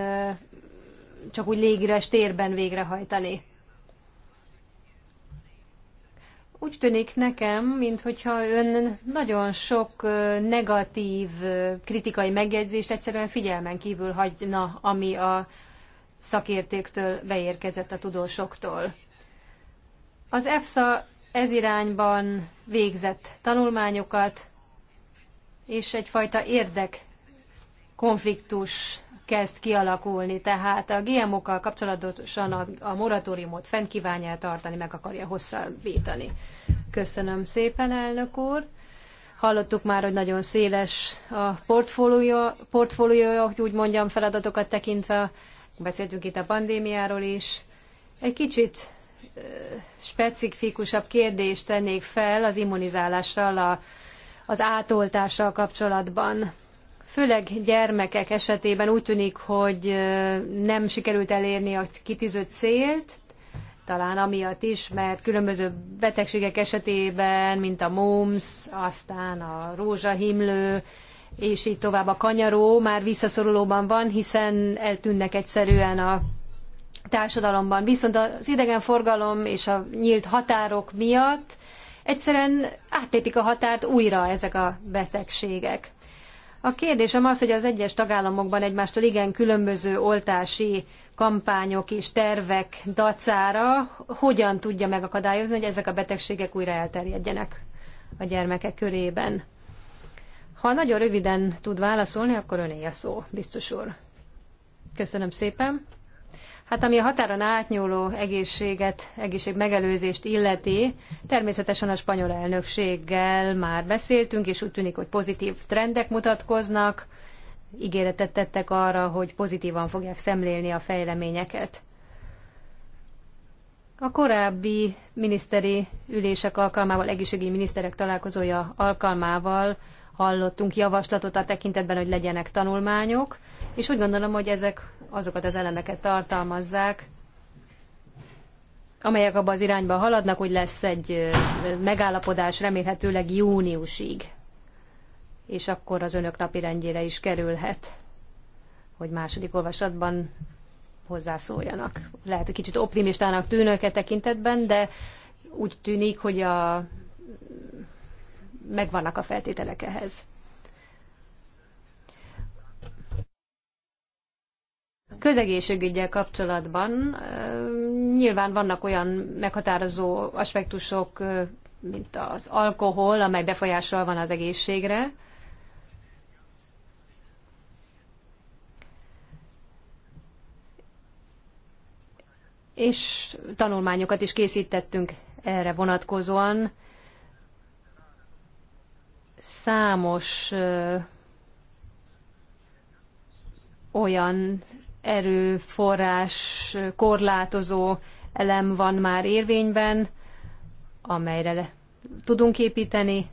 csak úgy légires térben végrehajtani. Úgy tűnik nekem, hogyha ön nagyon sok negatív kritikai megjegyzést egyszerűen figyelmen kívül hagyna, ami a szakértéktől beérkezett a tudósoktól. Az EFSA ez irányban végzett tanulmányokat, és egyfajta érdek konfliktus kezd kialakulni, tehát a GMO-kkal kapcsolatosan a, a moratóriumot fent kívánja tartani, meg akarja hosszabbítani. Köszönöm szépen, elnök úr! Hallottuk már, hogy nagyon széles a portfóliója, hogy úgy mondjam, feladatokat tekintve. Beszéltünk itt a pandémiáról is. Egy kicsit specifikusabb kérdést tennék fel az immunizálással, a, az átoltással kapcsolatban Főleg gyermekek esetében úgy tűnik, hogy nem sikerült elérni a kitűzött célt, talán amiatt is, mert különböző betegségek esetében, mint a MOMS, aztán a rózsahimlő, és így tovább a kanyaró már visszaszorulóban van, hiszen eltűnnek egyszerűen a társadalomban. Viszont az idegenforgalom és a nyílt határok miatt egyszerűen áttépik a határt újra ezek a betegségek. A kérdésem az, hogy az egyes tagállamokban egymástól igen különböző oltási kampányok és tervek dacára hogyan tudja megakadályozni, hogy ezek a betegségek újra elterjedjenek a gyermekek körében. Ha nagyon röviden tud válaszolni, akkor öné a szó, biztos úr. Köszönöm szépen. Hát ami a határon átnyúló egészséget, egészség megelőzést illeti, természetesen a spanyol elnökséggel már beszéltünk, és úgy tűnik, hogy pozitív trendek mutatkoznak. Ígéretet tettek arra, hogy pozitívan fogják szemlélni a fejleményeket. A korábbi miniszteri ülések alkalmával, egészségügyi miniszterek találkozója alkalmával hallottunk javaslatot a tekintetben, hogy legyenek tanulmányok, és úgy gondolom, hogy ezek azokat az elemeket tartalmazzák, amelyek abba az irányba haladnak, hogy lesz egy megállapodás remélhetőleg júniusig. És akkor az önök napirendjére is kerülhet, hogy második olvasatban hozzászóljanak. Lehet, hogy kicsit optimistának tűnök e tekintetben, de úgy tűnik, hogy a... megvannak a feltételek ehhez. közegészségügyel kapcsolatban nyilván vannak olyan meghatározó aspektusok, mint az alkohol, amely befolyással van az egészségre. És tanulmányokat is készítettünk erre vonatkozóan. Számos olyan erőforrás korlátozó elem van már érvényben, amelyre tudunk építeni,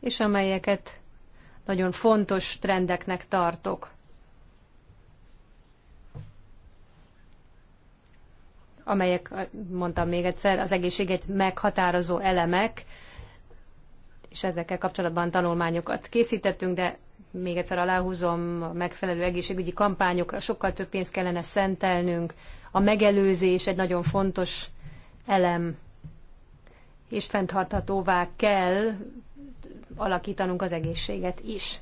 és amelyeket nagyon fontos trendeknek tartok. amelyek, mondtam még egyszer, az egészséget meghatározó elemek, és ezekkel kapcsolatban tanulmányokat készítettünk, de még egyszer aláhúzom, a megfelelő egészségügyi kampányokra sokkal több pénzt kellene szentelnünk. A megelőzés egy nagyon fontos elem, és fenntarthatóvá kell alakítanunk az egészséget is.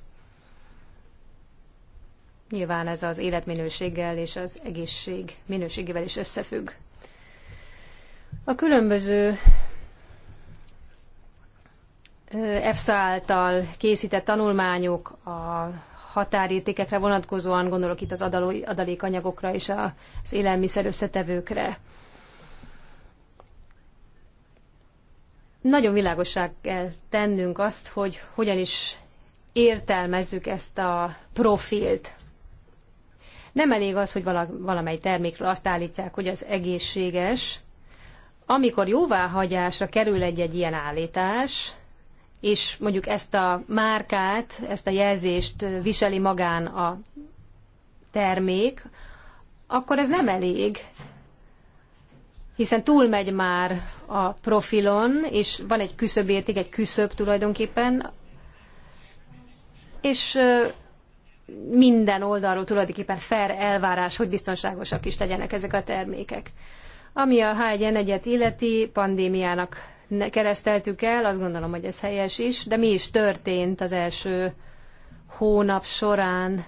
Nyilván ez az életminőséggel és az egészség minőségével is összefügg. A különböző EFSA által készített tanulmányok a határértékekre vonatkozóan, gondolok itt az adalékanyagokra és az élelmiszer összetevőkre. Nagyon világosá kell tennünk azt, hogy hogyan is értelmezzük ezt a profilt. Nem elég az, hogy valamely termékről azt állítják, hogy az egészséges. Amikor jóváhagyásra kerül egy-egy ilyen állítás, és mondjuk ezt a márkát, ezt a jelzést viseli magán a termék, akkor ez nem elég, hiszen túlmegy már a profilon, és van egy küszöbérték, egy küszöb tulajdonképpen, és minden oldalról tulajdonképpen fair elvárás, hogy biztonságosak is legyenek ezek a termékek. Ami a H1N1-et illeti, pandémiának kereszteltük el, azt gondolom, hogy ez helyes is, de mi is történt az első hónap során.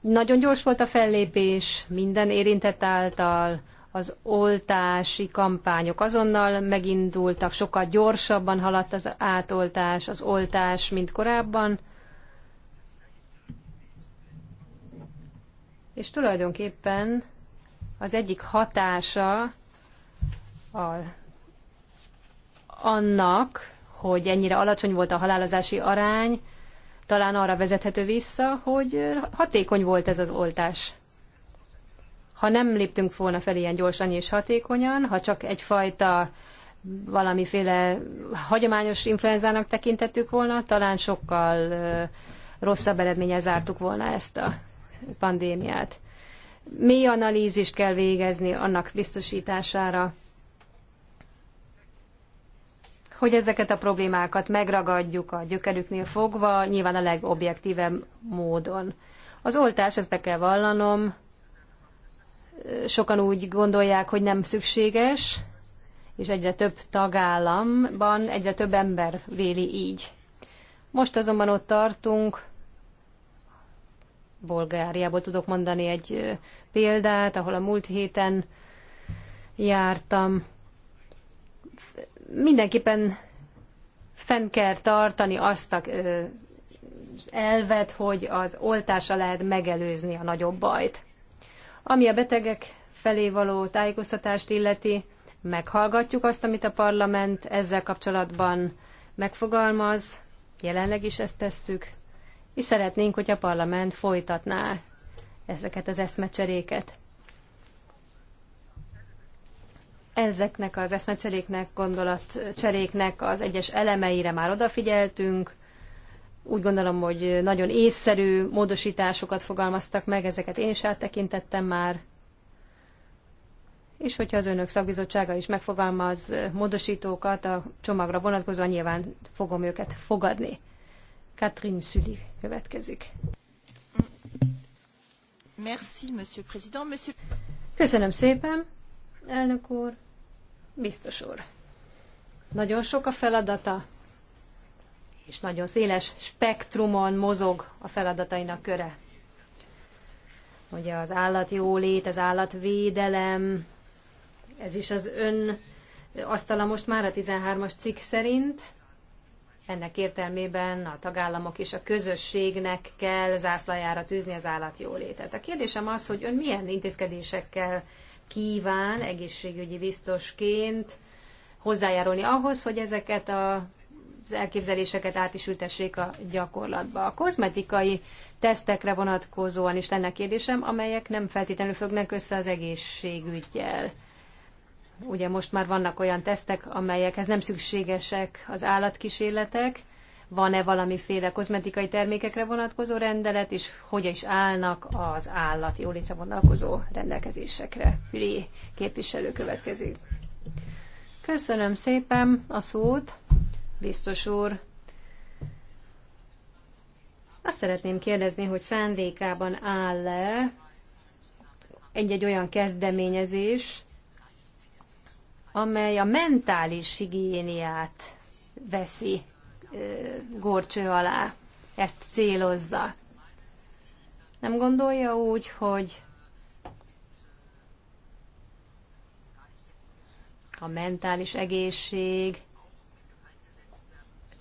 Nagyon gyors volt a fellépés, minden érintett által, az oltási kampányok azonnal megindultak, sokkal gyorsabban haladt az átoltás, az oltás, mint korábban. És tulajdonképpen az egyik hatása a annak, hogy ennyire alacsony volt a halálozási arány, talán arra vezethető vissza, hogy hatékony volt ez az oltás. Ha nem léptünk volna fel ilyen gyorsan és hatékonyan, ha csak egyfajta valamiféle hagyományos influenzának tekintettük volna, talán sokkal rosszabb eredménye zártuk volna ezt a pandémiát. Mély analízist kell végezni annak biztosítására, hogy ezeket a problémákat megragadjuk a gyökerüknél fogva, nyilván a legobjektívebb módon. Az oltás, ezt be kell vallanom, sokan úgy gondolják, hogy nem szükséges, és egyre több tagállamban egyre több ember véli így. Most azonban ott tartunk, Bolgáriából tudok mondani egy példát, ahol a múlt héten jártam mindenképpen fenn kell tartani azt a, az elvet, hogy az oltása lehet megelőzni a nagyobb bajt. Ami a betegek felé való tájékoztatást illeti, meghallgatjuk azt, amit a parlament ezzel kapcsolatban megfogalmaz, jelenleg is ezt tesszük, és szeretnénk, hogy a parlament folytatná ezeket az eszmecseréket. Ezeknek az eszmecseréknek, gondolatcseréknek az egyes elemeire már odafigyeltünk. Úgy gondolom, hogy nagyon észszerű módosításokat fogalmaztak meg, ezeket én is áttekintettem már. És hogyha az önök szakbizottsága is megfogalmaz módosítókat a csomagra vonatkozóan, nyilván fogom őket fogadni. Katrin Szüli következik. Merci, Monsieur Président. Monsieur... Köszönöm szépen, elnök úr. Biztos úr, nagyon sok a feladata, és nagyon széles spektrumon mozog a feladatainak köre. Ugye az állatjólét, az állatvédelem, ez is az ön asztala most már a 13-as cikk szerint. Ennek értelmében a tagállamok és a közösségnek kell zászlajára tűzni az állatjólétet. A kérdésem az, hogy ön milyen intézkedésekkel kíván egészségügyi biztosként hozzájárulni ahhoz, hogy ezeket a az elképzeléseket át is ültessék a gyakorlatba. A kozmetikai tesztekre vonatkozóan is lenne kérdésem, amelyek nem feltétlenül fognak össze az egészségügyjel. Ugye most már vannak olyan tesztek, amelyekhez nem szükségesek az állatkísérletek, van-e valamiféle kozmetikai termékekre vonatkozó rendelet, és hogy is állnak az állat jólétre vonatkozó rendelkezésekre. Üli képviselő következik. Köszönöm szépen a szót, biztos úr. Azt szeretném kérdezni, hogy szándékában áll-e egy-egy olyan kezdeményezés, amely a mentális higiéniát veszi górcső alá. Ezt célozza. Nem gondolja úgy, hogy a mentális egészség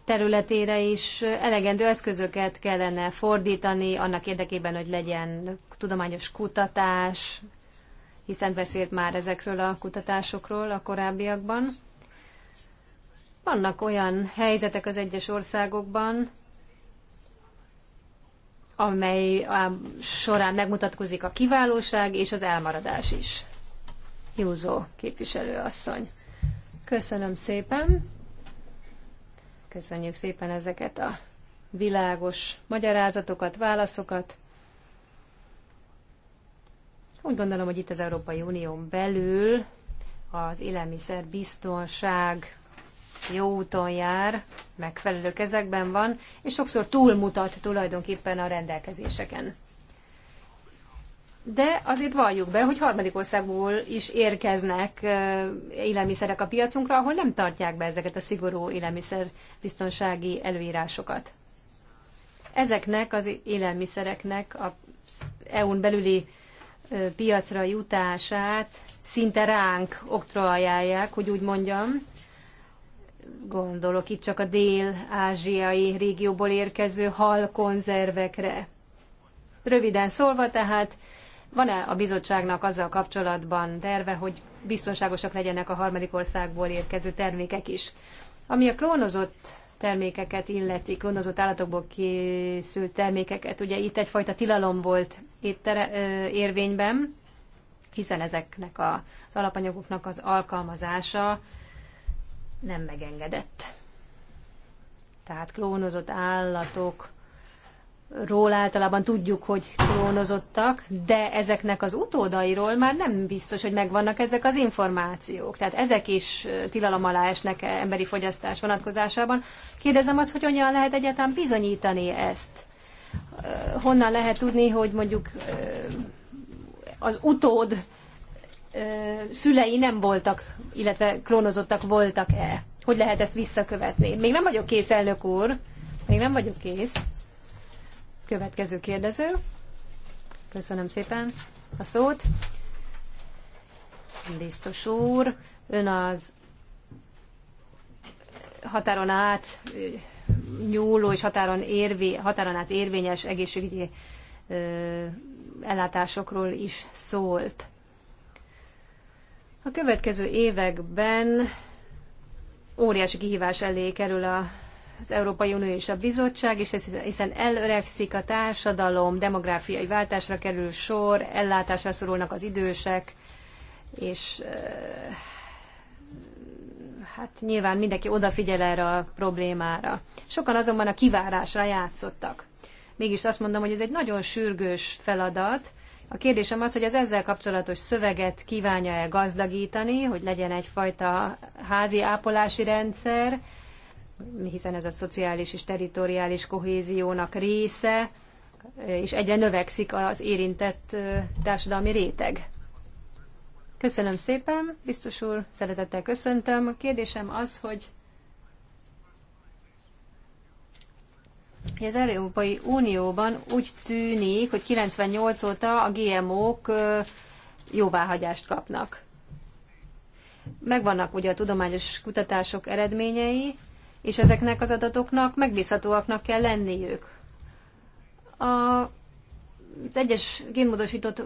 területére is elegendő eszközöket kellene fordítani annak érdekében, hogy legyen tudományos kutatás, hiszen beszélt már ezekről a kutatásokról a korábbiakban. Vannak olyan helyzetek az egyes országokban, amely során megmutatkozik a kiválóság és az elmaradás is. Júzó képviselőasszony. Köszönöm szépen. Köszönjük szépen ezeket a világos magyarázatokat, válaszokat. Úgy gondolom, hogy itt az Európai Unión belül az élelmiszer biztonság jó úton jár, megfelelő kezekben van, és sokszor túlmutat tulajdonképpen a rendelkezéseken. De azért valljuk be, hogy harmadik országból is érkeznek élelmiszerek a piacunkra, ahol nem tartják be ezeket a szigorú élelmiszerbiztonsági előírásokat. Ezeknek az élelmiszereknek a EU-n belüli piacra jutását szinte ránk oktrojálják, hogy úgy mondjam, gondolok itt csak a dél-ázsiai régióból érkező hal konzervekre. Röviden szólva tehát, van-e a bizottságnak azzal kapcsolatban terve, hogy biztonságosak legyenek a harmadik országból érkező termékek is? Ami a klónozott termékeket illeti, klónozott állatokból készült termékeket, ugye itt egyfajta tilalom volt éttere, érvényben, hiszen ezeknek az alapanyagoknak az alkalmazása nem megengedett. Tehát klónozott állatok ról általában tudjuk, hogy klónozottak, de ezeknek az utódairól már nem biztos, hogy megvannak ezek az információk. Tehát ezek is tilalom alá esnek e emberi fogyasztás vonatkozásában. Kérdezem azt, hogy hogyan lehet egyáltalán bizonyítani ezt? Honnan lehet tudni, hogy mondjuk az utód szülei nem voltak, illetve klónozottak voltak-e? Hogy lehet ezt visszakövetni? Még nem vagyok kész, elnök úr. Még nem vagyok kész. Következő kérdező. Köszönöm szépen a szót. Biztos úr, ön az határon át nyúló és határon, érvé, határon át érvényes egészségügyi ö, ellátásokról is szólt. A következő években óriási kihívás elé kerül a az Európai Unió és a Bizottság, és hiszen elöregszik a társadalom, demográfiai váltásra kerül sor, ellátásra szorulnak az idősek, és hát nyilván mindenki odafigyel erre a problémára. Sokan azonban a kivárásra játszottak. Mégis azt mondom, hogy ez egy nagyon sürgős feladat, a kérdésem az, hogy az ezzel kapcsolatos szöveget kívánja-e gazdagítani, hogy legyen egyfajta házi ápolási rendszer, hiszen ez a szociális és teritoriális kohéziónak része, és egyre növekszik az érintett társadalmi réteg. Köszönöm szépen, biztos úr, szeretettel köszöntöm. A kérdésem az, hogy hogy az Európai Unióban úgy tűnik, hogy 98 óta a GMO-k jóváhagyást kapnak. Megvannak ugye a tudományos kutatások eredményei, és ezeknek az adatoknak megbízhatóaknak kell lenniük. A, az egyes génmódosított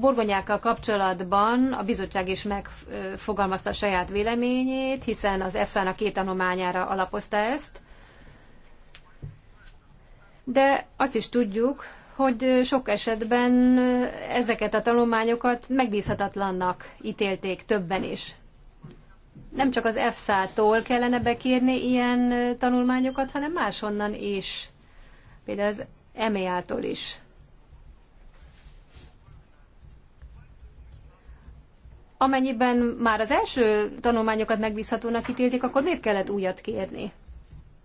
borgonyákkal kapcsolatban a bizottság is megfogalmazta a saját véleményét, hiszen az EFSA-nak két tanulmányára alapozta ezt, de azt is tudjuk, hogy sok esetben ezeket a tanulmányokat megbízhatatlannak ítélték többen is. Nem csak az EFSA-tól kellene bekérni ilyen tanulmányokat, hanem máshonnan is, például az EMEA-tól is. Amennyiben már az első tanulmányokat megbízhatónak ítélték, akkor miért kellett újat kérni?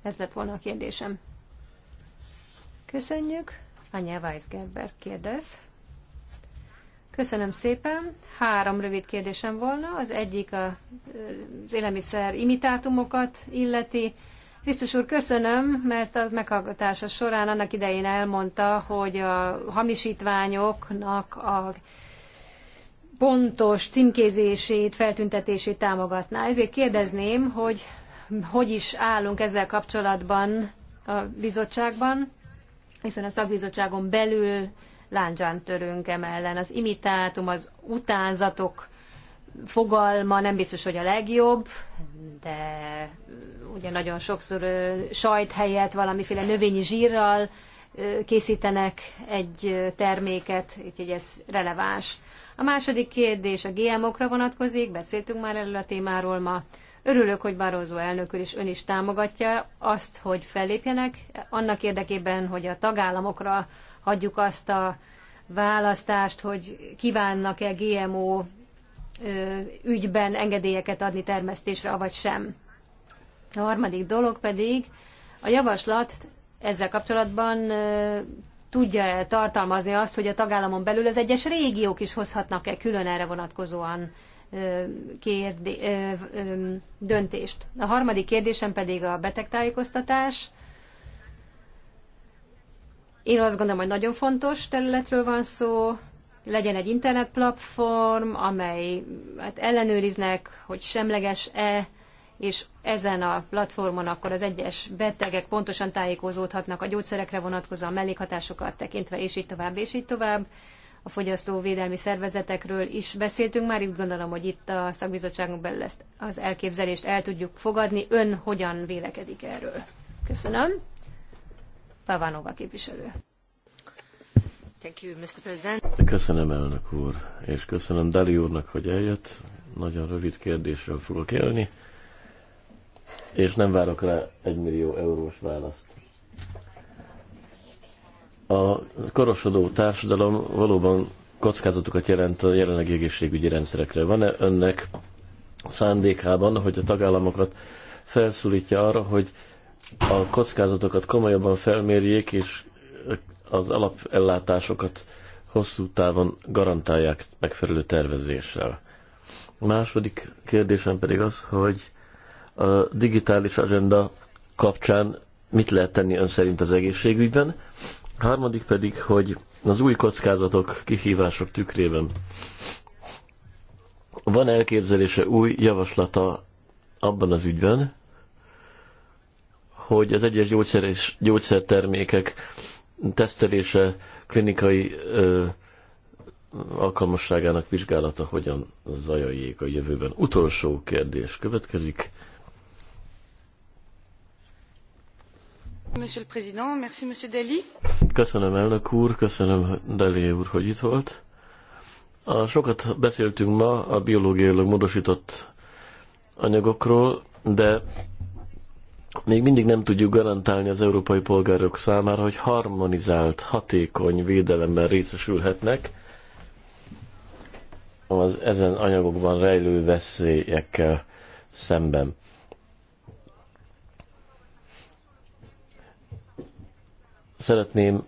Ez lett volna a kérdésem. Köszönjük. Anya Weisgerber kérdez. Köszönöm szépen. Három rövid kérdésem volna. Az egyik a, az élelmiszer imitátumokat illeti. Biztos úr, köszönöm, mert a meghallgatása során annak idején elmondta, hogy a hamisítványoknak a pontos címkézését, feltüntetését támogatná. Ezért kérdezném, hogy hogy is állunk ezzel kapcsolatban a bizottságban, hiszen a szakbizottságon belül láncsán törünk emellen. Az imitátum, az utánzatok fogalma nem biztos, hogy a legjobb, de ugye nagyon sokszor sajt helyett valamiféle növényi zsírral készítenek egy terméket, úgyhogy ez releváns. A második kérdés a GMO-kra vonatkozik, beszéltünk már erről a témáról ma. Örülök, hogy Barroso elnök úr is ön is támogatja azt, hogy fellépjenek, annak érdekében, hogy a tagállamokra hagyjuk azt a választást, hogy kívánnak-e GMO ügyben engedélyeket adni termesztésre, avagy sem. A harmadik dolog pedig a javaslat ezzel kapcsolatban tudja -e tartalmazni azt, hogy a tagállamon belül az egyes régiók is hozhatnak-e külön erre vonatkozóan kérdé, döntést. A harmadik kérdésem pedig a betegtájékoztatás. Én azt gondolom, hogy nagyon fontos területről van szó, legyen egy internetplatform, amely hát ellenőriznek, hogy semleges-e, és ezen a platformon akkor az egyes betegek pontosan tájékozódhatnak a gyógyszerekre vonatkozóan, mellékhatásokat tekintve, és így tovább, és így tovább a fogyasztóvédelmi szervezetekről is beszéltünk már, úgy gondolom, hogy itt a szakbizottságunk belül ezt az elképzelést el tudjuk fogadni. Ön hogyan vélekedik erről? Köszönöm. Pavanova képviselő. Thank you, Mr. President. Köszönöm, elnök úr, és köszönöm Dali úrnak, hogy eljött. Nagyon rövid kérdésről fogok élni, és nem várok rá egy millió eurós választ a korosodó társadalom valóban kockázatokat jelent a jelenlegi egészségügyi rendszerekre. Van-e önnek szándékában, hogy a tagállamokat felszólítja arra, hogy a kockázatokat komolyabban felmérjék, és az alapellátásokat hosszú távon garantálják megfelelő tervezéssel. A második kérdésem pedig az, hogy a digitális agenda kapcsán mit lehet tenni ön szerint az egészségügyben, a harmadik pedig, hogy az új kockázatok, kihívások tükrében van elképzelése, új javaslata abban az ügyben, hogy az egyes gyógyszer és gyógyszertermékek tesztelése, klinikai ö, alkalmasságának vizsgálata hogyan zajoljék a jövőben. Utolsó kérdés következik. Monsieur le Président, merci Monsieur Köszönöm elnök úr, köszönöm Deli úr, hogy itt volt. A, sokat beszéltünk ma a biológiailag módosított anyagokról, de még mindig nem tudjuk garantálni az európai polgárok számára, hogy harmonizált, hatékony védelemben részesülhetnek az ezen anyagokban rejlő veszélyekkel szemben. szeretném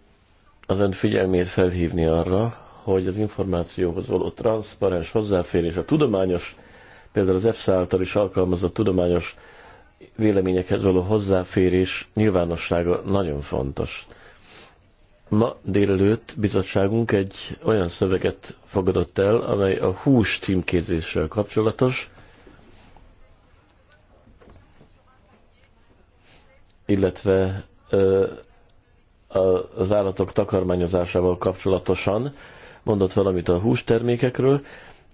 az ön figyelmét felhívni arra, hogy az információhoz való transzparens hozzáférés, a tudományos, például az EFSA által is alkalmazott tudományos véleményekhez való hozzáférés nyilvánossága nagyon fontos. Ma délelőtt bizottságunk egy olyan szöveget fogadott el, amely a hús címkézéssel kapcsolatos, illetve az állatok takarmányozásával kapcsolatosan mondott valamit a hústermékekről,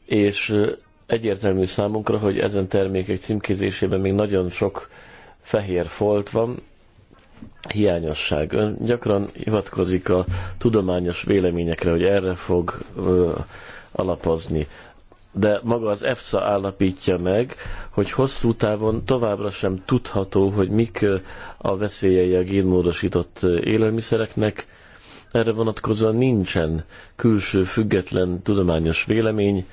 és egyértelmű számunkra, hogy ezen termékek címkézésében még nagyon sok fehér folt van, hiányosság. Ön gyakran hivatkozik a tudományos véleményekre, hogy erre fog ö, alapozni de maga az EFSA állapítja meg, hogy hosszú távon továbbra sem tudható, hogy mik a veszélyei a génmódosított élelmiszereknek. Erre vonatkozóan nincsen külső független tudományos vélemény.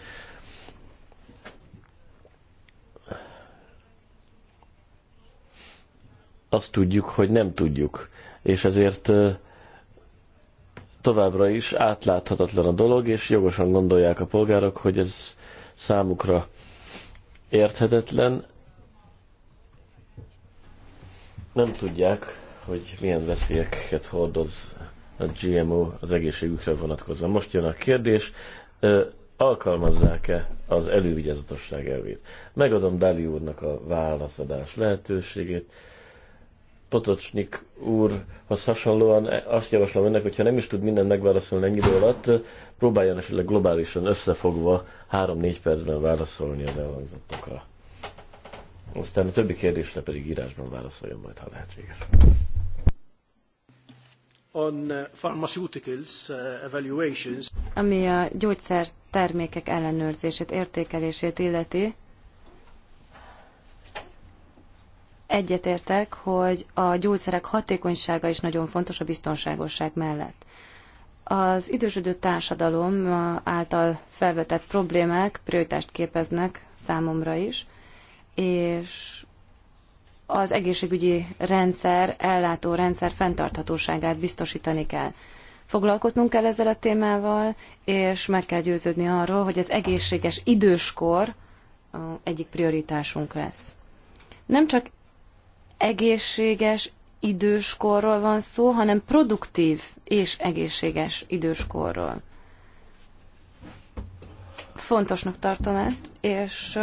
Azt tudjuk, hogy nem tudjuk, és ezért továbbra is átláthatatlan a dolog, és jogosan gondolják a polgárok, hogy ez számukra érthetetlen. Nem tudják, hogy milyen veszélyeket hordoz a GMO az egészségükre vonatkozóan. Most jön a kérdés, alkalmazzák-e az elővigyázatosság elvét. Megadom Dali úrnak a válaszadás lehetőségét. Potocsnik úrhoz hasonlóan e, azt javaslom önnek, hogyha nem is tud mindent megválaszolni ennyi idő alatt, próbáljon esetleg globálisan összefogva 3-4 percben válaszolni az elhangzottakra. Aztán a többi kérdésre pedig írásban válaszoljon majd, ha lehetséges. On uh, pharmaceuticals uh, evaluations. Ami a gyógyszer termékek ellenőrzését, értékelését illeti, egyetértek, hogy a gyógyszerek hatékonysága is nagyon fontos a biztonságosság mellett. Az idősödő társadalom által felvetett problémák prioritást képeznek számomra is, és az egészségügyi rendszer, ellátó rendszer fenntarthatóságát biztosítani kell. Foglalkoznunk kell ezzel a témával, és meg kell győződni arról, hogy az egészséges időskor egyik prioritásunk lesz. Nem csak egészséges időskorról van szó, hanem produktív és egészséges időskorról. Fontosnak tartom ezt, és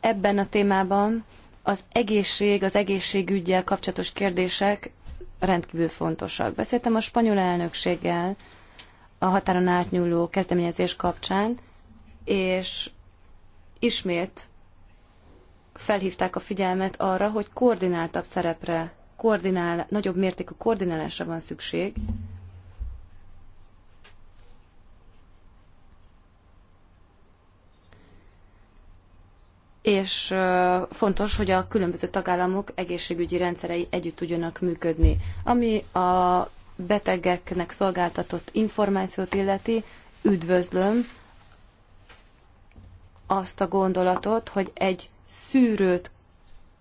ebben a témában az egészség, az egészségügyel kapcsolatos kérdések rendkívül fontosak. Beszéltem a spanyol elnökséggel a határon átnyúló kezdeményezés kapcsán, és ismét felhívták a figyelmet arra, hogy koordináltabb szerepre koordinál, nagyobb mértékű koordinálásra van szükség. És fontos, hogy a különböző tagállamok egészségügyi rendszerei együtt tudjanak működni. Ami a betegeknek szolgáltatott információt illeti, üdvözlöm azt a gondolatot, hogy egy szűrőt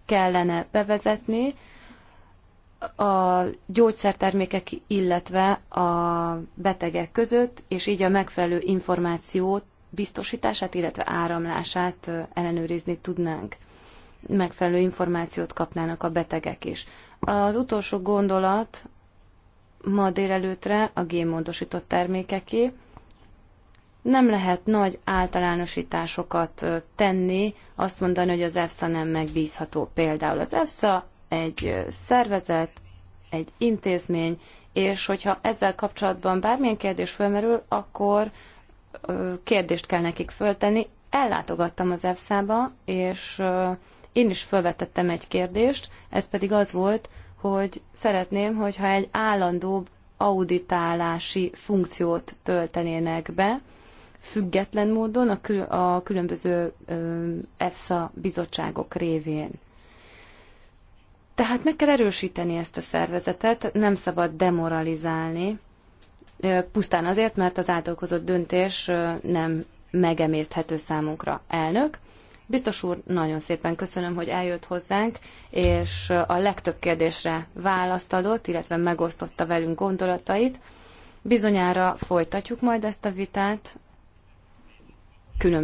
kellene bevezetni, a gyógyszertermékek, illetve a betegek között, és így a megfelelő információt biztosítását, illetve áramlását ellenőrizni tudnánk. Megfelelő információt kapnának a betegek is. Az utolsó gondolat ma délelőtre a gémondosított termékeké. Nem lehet nagy általánosításokat tenni, azt mondani, hogy az EFSA nem megbízható. Például az EFSA egy szervezet, egy intézmény, és hogyha ezzel kapcsolatban bármilyen kérdés felmerül, akkor kérdést kell nekik föltenni. Ellátogattam az EFSA-ba, és én is felvetettem egy kérdést, ez pedig az volt, hogy szeretném, hogyha egy állandóbb auditálási funkciót töltenének be, független módon a, kül- a különböző EFSA bizottságok révén. Tehát meg kell erősíteni ezt a szervezetet, nem szabad demoralizálni, pusztán azért, mert az átolkozott döntés nem megemészthető számunkra. Elnök, biztos úr, nagyon szépen köszönöm, hogy eljött hozzánk, és a legtöbb kérdésre választ adott, illetve megosztotta velünk gondolatait. Bizonyára folytatjuk majd ezt a vitát, külön